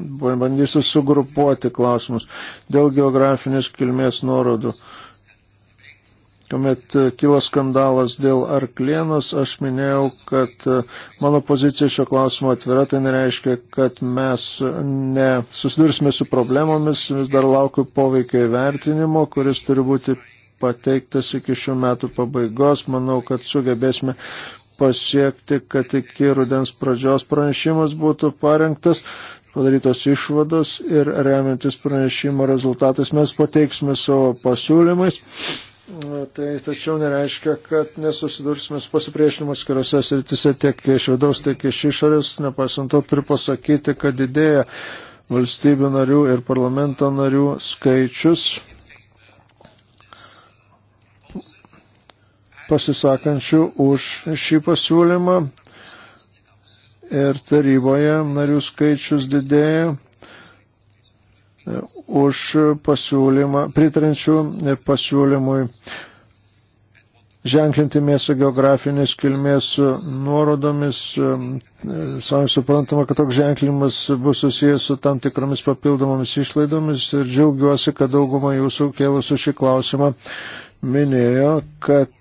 bandysiu sugrupuoti klausimus dėl geografinės kilmės nuorodų kuomet e, kilo skandalas dėl arklienos, aš minėjau, kad e, mano pozicija šio klausimo atvira, tai nereiškia, kad mes nesusidursime su problemomis, vis dar laukiu poveikio įvertinimo, kuris turi būti pateiktas iki šių metų pabaigos. Manau, kad sugebėsime pasiekti, kad iki rudens pradžios pranešimas būtų parengtas padarytos išvados ir remiantis pranešimo rezultatais mes pateiksime savo pasiūlymais. Tai tačiau nereiškia, kad nesusidursime su pasipriešinimu skiriose sritise tiek iš vidaus, tiek iš išorės. Nepaisant to, turiu pasakyti, kad didėja valstybių narių ir parlamento narių skaičius pasisakančių už šį pasiūlymą ir taryboje narių skaičius didėja už pasiūlymą, pritarančių pasiūlymui ženklinti mėsą geografinės kilmės nuorodomis. Savai suprantama, kad toks ženklimas bus susijęs su tam tikromis papildomomis išlaidomis ir džiaugiuosi, kad dauguma jūsų kėlusių šį klausimą minėjo, kad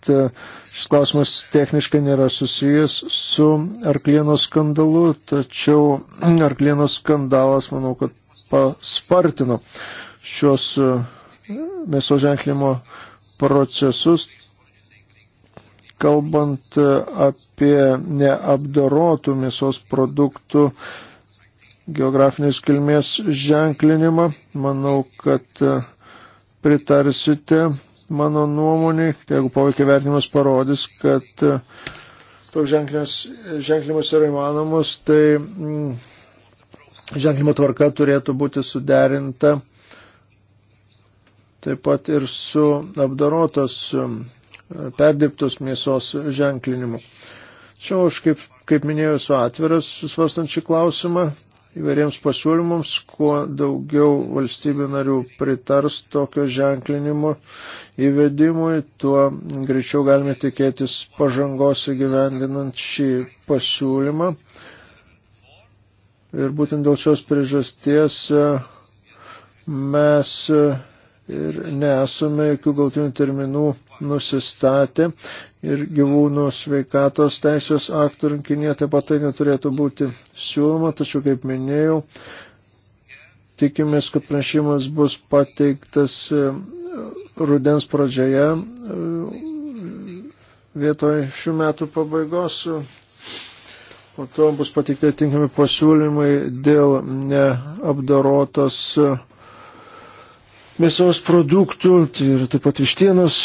šis klausimas techniškai nėra susijęs su arklieno skandalu, tačiau arklieno skandalas, manau, kad paspartino šios e, mėsos ženklimo procesus, kalbant e, apie neapdorotų mėsos produktų geografinės kilmės ženklinimą. Manau, kad e, pritarsite mano nuomonį, jeigu poveikia vertinimas parodys, kad toks ženklinimas yra įmanomas, tai mm, ženklimo tvarka turėtų būti suderinta taip pat ir su apdarotos um, perdirbtos mėsos ženklinimu. Čia aš, kaip, kaip minėjau, esu atviras susvastant šį klausimą įvairiems pasiūlymams, kuo daugiau valstybių narių pritars tokio ženklinimo įvedimui, tuo greičiau galime tikėtis pažangos įgyvendinant šį pasiūlymą. Ir būtent dėl šios priežasties e, mes e, ir nesame jokių galtinių terminų nusistatę ir gyvūnų sveikatos teisės aktų rinkinėje taip pat tai neturėtų būti siūloma, tačiau kaip minėjau, tikimės, kad pranešimas bus pateiktas e, rudens pradžioje vietoj šių metų pabaigos po to bus pateikti atinkami pasiūlymai dėl neapdarotos mėsos produktų, tai yra taip pat vištienos,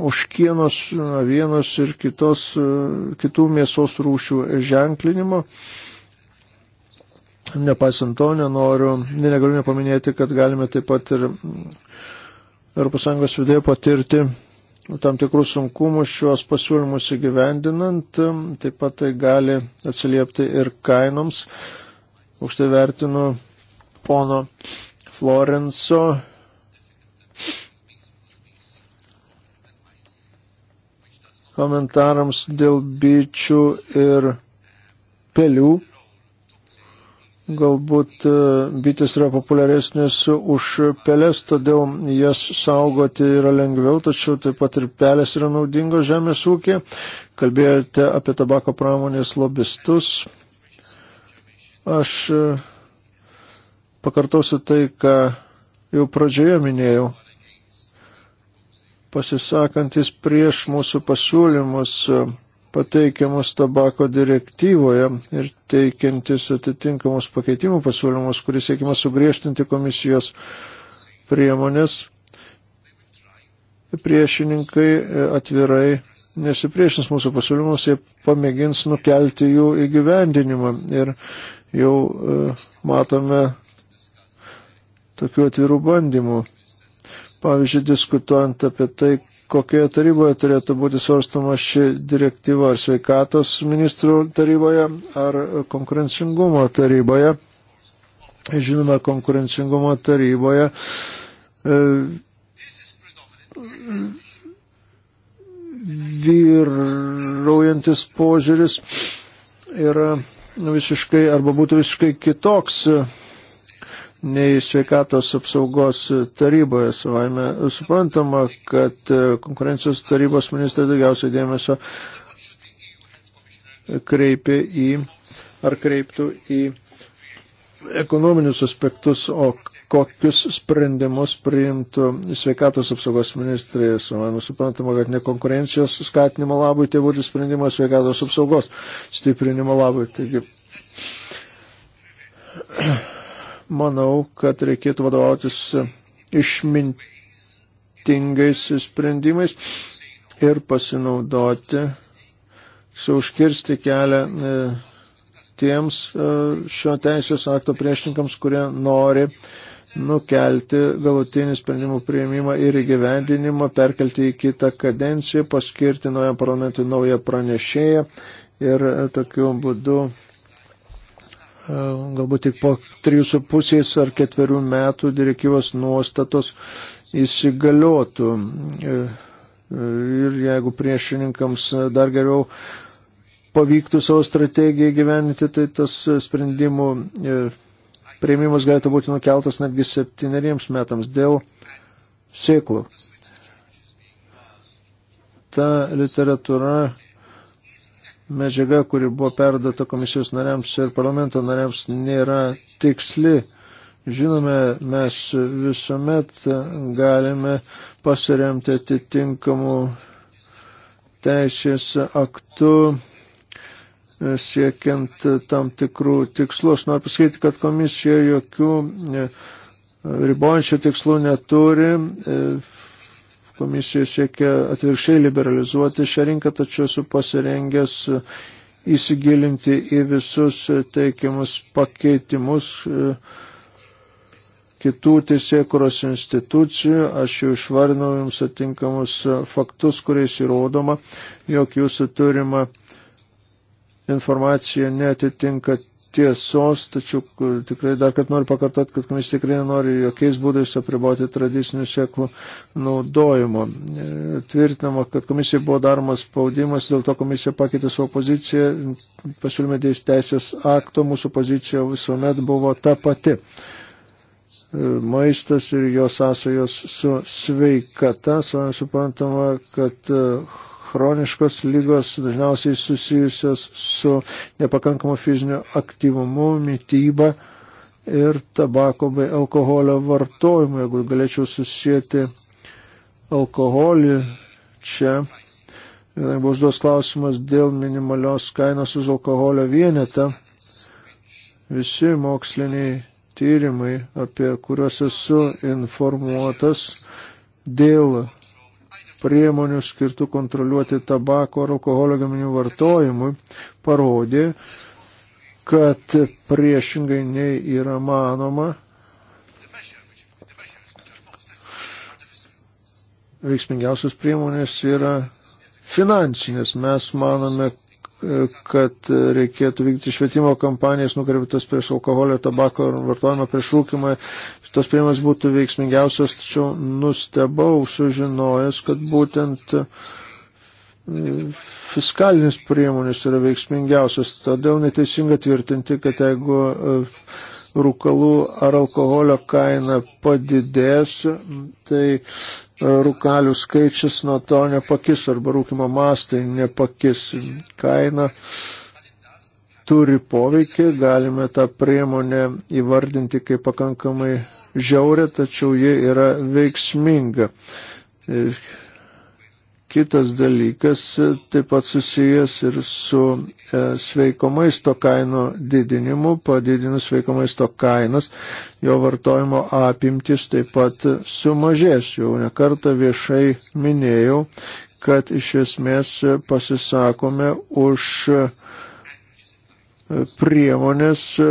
oškienos, avienos ir kitos, kitų mėsos rūšių ženklinimo. Nepaisant to, nenoriu, negaliu nepaminėti, kad galime taip pat ir ES viduje patirti Nu, tam tikrų sunkumų šios pasiūlymus įgyvendinant, taip pat tai gali atsiliepti ir kainoms. Už tai vertinu pono Florenco. komentarams dėl bičių ir pelių. Galbūt e, bitės yra populiaresnės už pelės, todėl jas saugoti yra lengviau, tačiau taip pat ir pelės yra naudingos žemės ūkė. Kalbėjote apie tabako pramonės lobistus. Aš e, pakartosiu tai, ką jau pradžioje minėjau. Pasisakantis prieš mūsų pasiūlymus pateikiamus tabako direktyvoje ir teikiantis atitinkamus pakeitimų pasiūlymus, kuris siekima sugriežtinti komisijos priemonės. Priešininkai e, atvirai nesipriešins mūsų pasiūlymus, jie pamėgins nukelti jų įgyvendinimą. Ir jau uh, matome tokių atvirų bandymų. Pavyzdžiui, diskutuojant apie tai, kokioje taryboje turėtų būti svarstama ši direktyva, ar sveikatos ministrų taryboje, ar konkurencingumo taryboje. Žinoma, konkurencingumo taryboje e, vyraujantis požiūris yra visiškai arba būtų visiškai kitoks nei sveikatos apsaugos taryboje. Savaime suprantama, kad e, konkurencijos tarybos ministrai daugiausiai dėmesio kreipia į ar kreiptų į ekonominius aspektus, o kokius sprendimus priimtų sveikatos apsaugos ministrai. Savame suprantama, kad ne konkurencijos skatinimo labui tai būtų sprendimas sveikatos apsaugos stiprinimo labui. Taigi, manau, kad reikėtų vadovautis išmintingais sprendimais ir pasinaudoti, sauškirsti kelią e, tiems e, šio teisės akto priešinkams, kurie nori nukelti galutinį sprendimų prieimimą ir įgyvendinimą, perkelti į kitą kadenciją, paskirti naujam parlamentui naują pranešėją ir e, tokiu būdu E, galbūt tik po 3,5 ar 4 metų direktyvos nuostatos įsigaliotų. E, e, ir jeigu priešininkams dar geriau pavyktų savo strategiją gyveninti, tai tas sprendimų prieimimas galėtų būti nukeltas netgi septyneriems metams dėl sėklų. Ta literatūra medžiaga, kuri buvo perdata komisijos nariams ir parlamento nariams, nėra tiksli. Žinome, mes visuomet galime pasiremti atitinkamų teisės aktų e, siekiant tam tikrų tikslų. Aš noriu pasakyti, kad komisija jokių e, ribojančių tikslų neturi e, Komisija siekia atvirkščiai liberalizuoti šią rinką, tačiau esu pasirengęs įsigilinti į visus teikiamus pakeitimus e, kitų teisėkuros institucijų. Aš jau išvarinau jums atinkamus faktus, kuriais įrodoma, jog jūsų turima informacija netitinka tiesos, tačiau e, tikrai dar kad noriu pakartoti, kad komisija tikrai nenori jokiais būdais apriboti tradicinių sėklų naudojimo. E, tvirtinama, kad komisija buvo daromas spaudimas, dėl to komisija pakeitė savo poziciją, pasiūlymė dės teisės akto, mūsų pozicija visuomet buvo ta pati. E, maistas ir jo sąsajos su sveikata, savai suprantama, kad chroniškos lygos dažniausiai susijusios su nepakankamu fiziniu aktyvumu, mytyba ir tabako bei alkoholio vartojimu. Jeigu galėčiau susijęti alkoholį čia, kadangi buvo užduos klausimas dėl minimalios kainos už alkoholio vienetą, visi moksliniai tyrimai, apie kuriuos esu informuotas, dėl priemonių skirtų kontroliuoti tabako ar alkoholio gaminių vartojimui parodė, kad priešingai nei yra manoma, veiksmingiausios priemonės yra finansinės. Mes manome, kad reikėtų vykti švietimo kampanijas nukreiptas prieš alkoholio, tabako ir vartojimą prieš rūkimą. Tos priemonės būtų veiksmingiausios, tačiau nustebau sužinojęs, kad būtent fiskalinės priemonės yra veiksmingiausios. Todėl neteisinga tvirtinti, kad jeigu rūkalų ar alkoholio kaina padidės, tai e, rūkalių skaičius nuo to nepakis arba rūkimo mastai nepakis. Kaina turi poveikį, galime tą priemonę įvardinti kaip pakankamai žiaurę, tačiau ji yra veiksminga. E, Kitas dalykas e, taip pat susijęs ir su e, sveiko maisto kainų didinimu, padidinus sveiko maisto kainas, jo vartojimo apimtis taip pat sumažės. Jau nekartą viešai minėjau, kad iš esmės pasisakome už priemonės, e,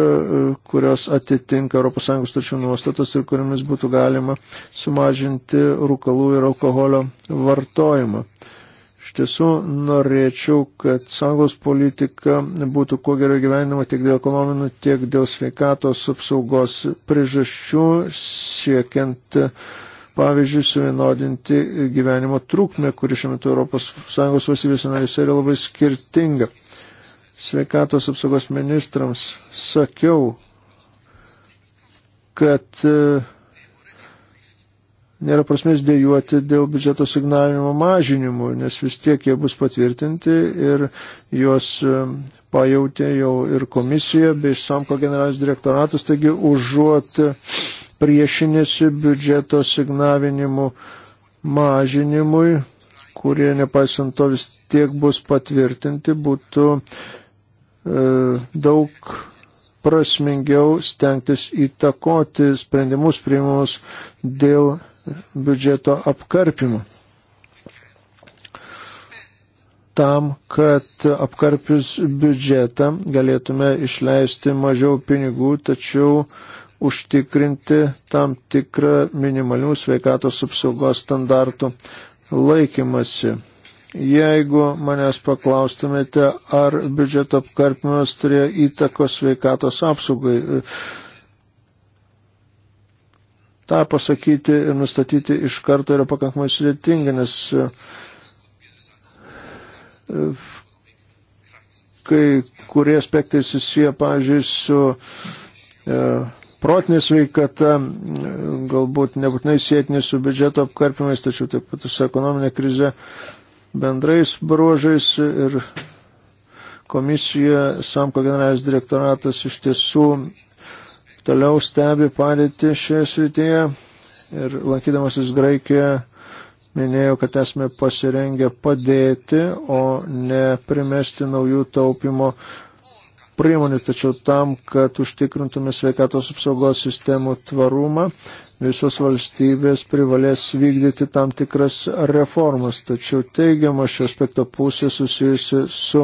kurios atitinka ES tačių nuostatas ir kuriamis būtų galima sumažinti rūkalų ir alkoholio vartojimą. Iš tiesų norėčiau, kad sąjungos politika būtų kuo geriau gyvenimo tiek dėl ekonominių, tiek dėl sveikatos apsaugos priežasčių, siekiant, e, pavyzdžiui, suvienodinti gyvenimo trukmę, kuri šiuo metu ES valstybės narėse yra labai skirtinga sveikatos apsaugos ministrams sakiau, kad e, nėra prasmės dėjoti dėl biudžeto signalinimo mažinimų, nes vis tiek jie bus patvirtinti ir juos e, pajautė jau ir komisija bei Samko generalinis direktoratas, taigi užuot priešinėsi biudžeto signavinimu mažinimui, kurie nepaisant to vis tiek bus patvirtinti, būtų E, daug prasmingiau stengtis įtakoti sprendimus priimamus dėl biudžeto apkarpimo. Tam, kad apkarpius biudžetą galėtume išleisti mažiau pinigų, tačiau užtikrinti tam tikrą minimalių sveikatos apsaugos standartų laikymasi. Jeigu manęs paklaustumėte, ar biudžeto apkarpimas turėjo įtakos sveikatos apsaugai, tą pasakyti ir nustatyti iš karto yra pakankamai sudėtinga, nes kai kurie aspektai susiję, pavyzdžiui, su e, protinė sveikata, galbūt nebūtinai sėtinė su biudžeto apkarpimais, tačiau taip pat su ekonominė krize bendrais bruožais ir komisija, Samko generalinis direktoratas iš tiesų toliau stebi padėtį šioje srityje ir lankydamasis Graikijoje minėjau, kad esame pasirengę padėti, o ne primesti naujų taupimo priemonių, tačiau tam, kad užtikrintume sveikatos apsaugos sistemų tvarumą, visos valstybės privalės vykdyti tam tikras reformas, tačiau teigiama šio aspekto pusė susijusi su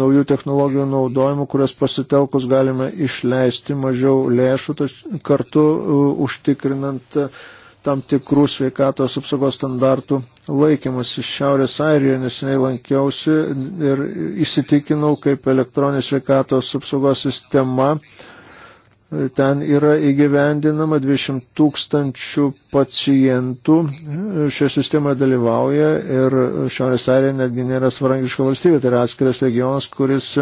naujų technologijų naudojimu, kurias pasitelkus galime išleisti mažiau lėšų, tač, kartu uh, užtikrinant uh, tam tikrų sveikatos apsaugos standartų laikymas. Iš Šiaurės Airijoje neseniai lankiausi ir įsitikinau, kaip elektroninė sveikatos apsaugos sistema uh, Ten yra įgyvendinama 200 tūkstančių pacientų šioje sistemoje dalyvauja ir Šiaurės Airija netgi nėra svarangiška valstybė, tai yra atskiras regionas, kuris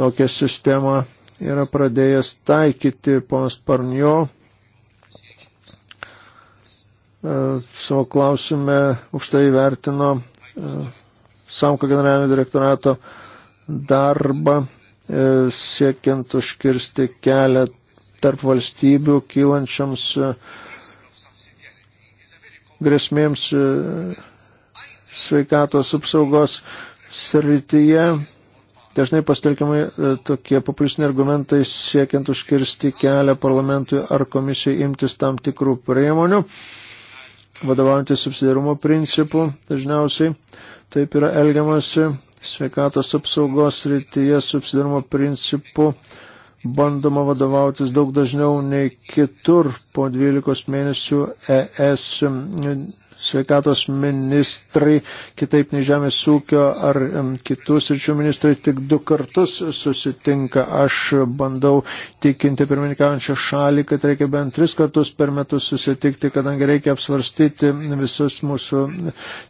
tokią sistemą yra pradėjęs taikyti ponas Parnio e, savo klausime už tai vertino e, Samko generalinio direktorato darbą E, siekiant užkirsti kelią tarp valstybių kylančiams e, grėsmėms e, sveikatos apsaugos srityje. Dažnai pastelkiamai tokie populistiniai argumentai siekiant užkirsti kelią parlamentui ar komisijai imtis tam tikrų priemonių, vadovaujantis subsidiarumo principu dažniausiai taip yra elgiamasi sveikatos apsaugos rytyje subsidarumo principu bandoma vadovautis daug dažniau nei kitur po 12 mėnesių ES sveikatos ministrai, kitaip nei žemės ūkio ar kitus ir šių ministrai tik du kartus susitinka. Aš bandau tikinti pirmininkaujančią šalį, kad reikia bent tris kartus per metus susitikti, kadangi reikia apsvarstyti visus mūsų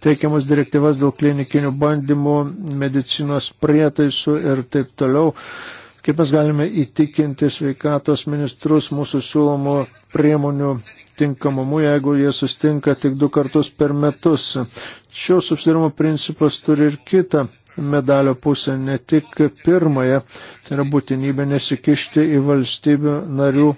teikiamus direktyvas dėl klinikinių bandymų, medicinos prietaisų ir taip toliau. Kaip mes galime įtikinti sveikatos ministrus mūsų siūlomų priemonių tinkamumu, jeigu jie sustinka tik du kartus per metus. Šios subsidirimo principas turi ir kitą medalio pusę, ne tik pirmąją, tai yra būtinybė nesikišti į valstybių narių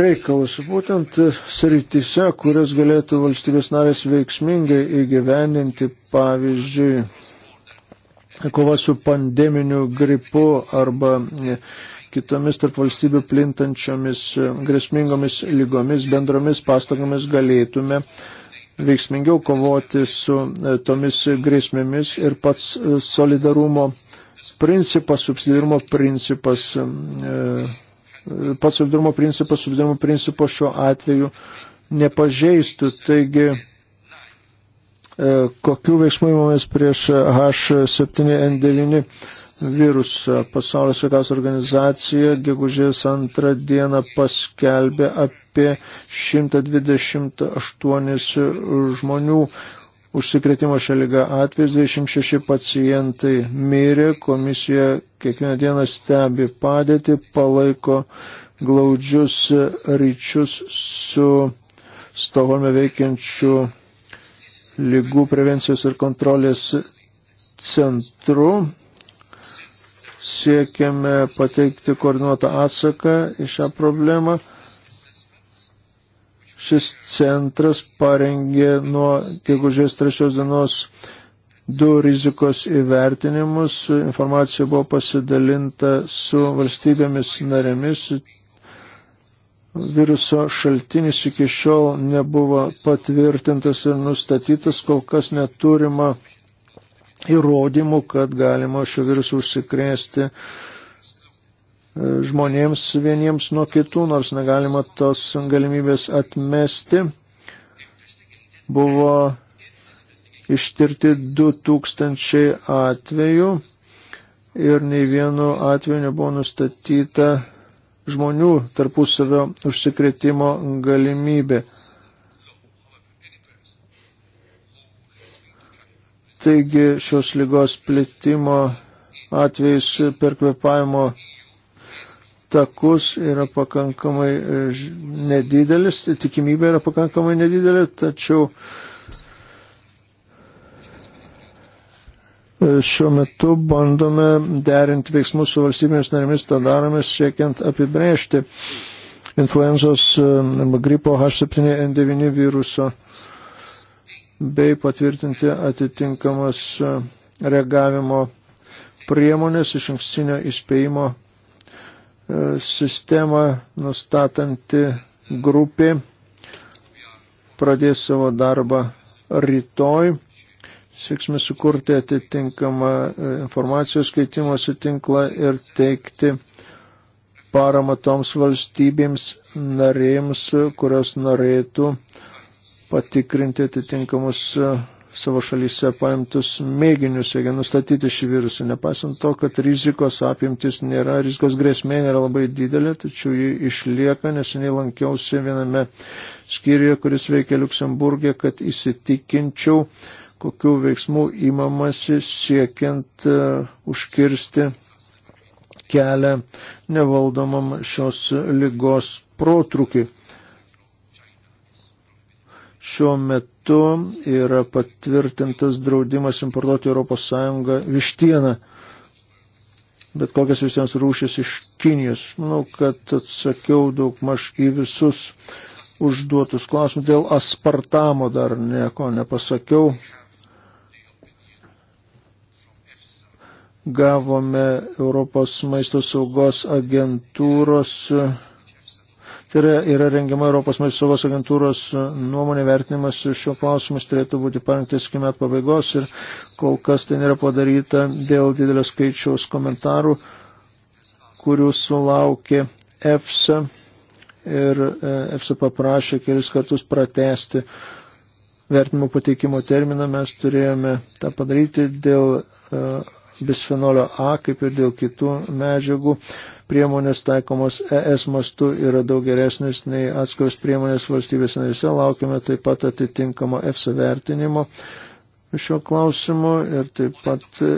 reikalus. Būtent srityse, kurias galėtų valstybės narės veiksmingai įgyveninti, pavyzdžiui, kova su pandeminiu gripu arba e, kitomis tarp valstybių plintančiomis e, grėsmingomis lygomis bendromis pastangomis galėtume veiksmingiau kovoti su e, tomis grėsmėmis ir pats solidarumo principas, subsidiarumo principas, pats solidarumo principas, subsidiarumo principo šiuo atveju nepažeistų. Taigi, E, kokių veiksmų įmomės prieš H7N9 virusą. Pasaulio sveikatos organizacija gegužės antrą dieną paskelbė apie 128 žmonių užsikrėtimo šią lygą atvejus, 26 pacientai mirė, komisija kiekvieną dieną stebi padėtį, palaiko glaudžius ryčius su Stokholme veikiančiu lygų prevencijos ir kontrolės centru. Siekiame pateikti koordinuotą atsaką į šią problemą. Šis centras parengė nuo gegužės trečios dienos du rizikos įvertinimus. Informacija buvo pasidalinta su valstybėmis narėmis, viruso šaltinis iki šiol nebuvo patvirtintas ir nustatytas, kol kas neturima įrodymų, kad galima šio viruso užsikrėsti e, žmonėms vieniems nuo kitų, nors negalima tos galimybės atmesti. Buvo ištirti 2000 atvejų ir nei vienu atveju nebuvo nustatyta žmonių tarpusavio užsikrėtimo galimybė. Taigi šios lygos plitimo atvejais per kvepavimo takus yra pakankamai e, nedidelis, tikimybė yra pakankamai nedidelė, tačiau uh, Šiuo metu bandome derinti veiksmus su valstybėmis narėmis, tą darome siekiant apibrėžti influenzos e, arba gripo H7N9 viruso bei patvirtinti atitinkamas e, reagavimo priemonės iš ankstinio įspėjimo e, sistemą nustatanti grupė pradės savo darbą rytoj sėksime sukurti atitinkamą e, informacijos keitimosi tinklą ir teikti paramą toms valstybėms narėms, kurios norėtų patikrinti atitinkamus e, savo šalyse paimtus mėginius, jeigu nustatyti šį virusą. Nepaisant to, kad rizikos apimtis nėra, rizikos grėsmė nėra labai didelė, tačiau ji išlieka, neseniai lankiausi viename skyriuje, kuris veikia Luksemburgė, kad įsitikinčiau, kokių veiksmų įmamasi siekiant e, užkirsti kelią nevaldomam šios lygos protrukiai. Šiuo metu yra patvirtintas draudimas importuoti ES vištieną, bet kokias visiems rūšės iš Kinijos. Manau, kad atsakiau daug maž į visus užduotus klausimus. Dėl aspartamo dar nieko nepasakiau. gavome Europos maisto saugos agentūros, tai yra, yra rengiama Europos maisto saugos agentūros nuomonė vertinimas šio klausimus turėtų būti parengtas iki metų pabaigos ir kol kas tai nėra padaryta dėl didelio skaičiaus komentarų, kurių sulaukė EFSA ir e, EFSA paprašė kelis kartus pratesti vertinimo pateikimo terminą, mes turėjome tą padaryti dėl e, bisfenolio A, kaip ir dėl kitų medžiagų, priemonės taikomos ES mastu yra daug geresnis nei atskiros priemonės valstybės narise. Laukime taip pat atitinkamo EFSA vertinimo šio klausimo ir taip pat e,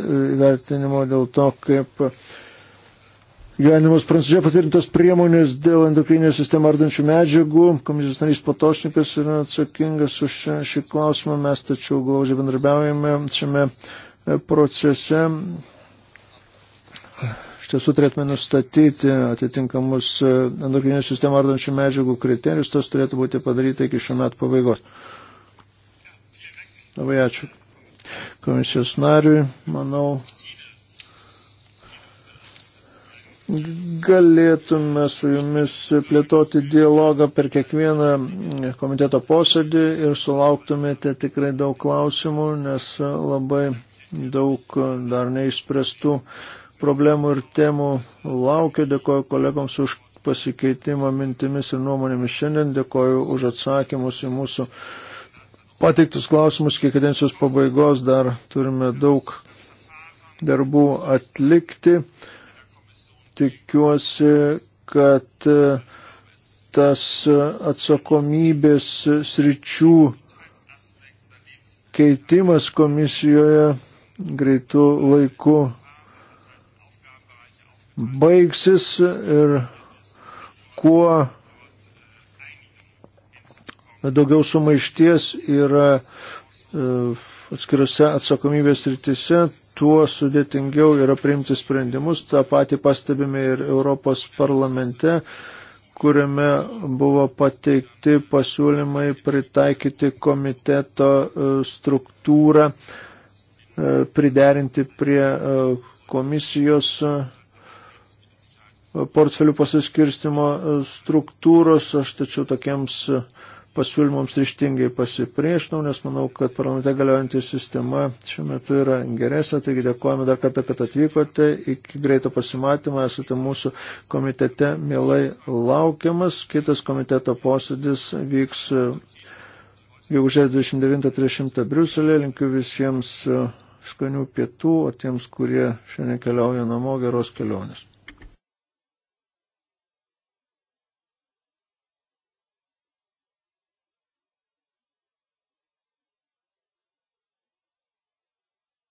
vertinimo dėl to, kaip gyvenimas Prancūzijoje patvirtintos priemonės dėl endokrinio sistemą ardančių medžiagų. Komisijos narys Patošnikas yra atsakingas už šį, šį klausimą. Mes tačiau glaužiai bendrabiaujame šiame procese iš tiesų turėtume nustatyti atitinkamus endokrininių sistemų ardančių medžiagų kriterijus, tas turėtų būti padaryta iki šių metų pabaigos. Labai ačiū komisijos nariui, manau, galėtume su jumis plėtoti dialogą per kiekvieną komiteto posėdį ir sulauktumėte tikrai daug klausimų, nes labai daug dar neišspręstų problemų ir temų laukia. Dėkoju kolegoms už pasikeitimą mintimis ir nuomonėmis šiandien. Dėkoju už atsakymus į mūsų pateiktus klausimus. Iki kadencijos pabaigos dar turime daug darbų atlikti. Tikiuosi, kad e, tas atsakomybės sričių keitimas komisijoje greitų laikų baigsis ir kuo daugiau sumaišties yra e, atskirose atsakomybės rytise, tuo sudėtingiau yra priimti sprendimus. Ta pati pastebime ir Europos parlamente, kuriame buvo pateikti pasiūlymai pritaikyti komiteto e, struktūrą priderinti prie e, komisijos e, portfelių pasiskirstimo e, struktūros. Aš tačiau tokiems pasiūlymams ryštingai pasipriešinau, nes manau, kad parlamente galiojanti sistema šiuo metu yra geresnė. Taigi dėkojame dar kartą, kad atvykote. Iki greito pasimatymo esate mūsų komitete mielai laukiamas. Kitas komiteto posėdis vyks gegužės 29-30 Briuselė. Linkiu visiems skanių pietų, o tiems, kurie šiandien keliauja namo, geros kelionės.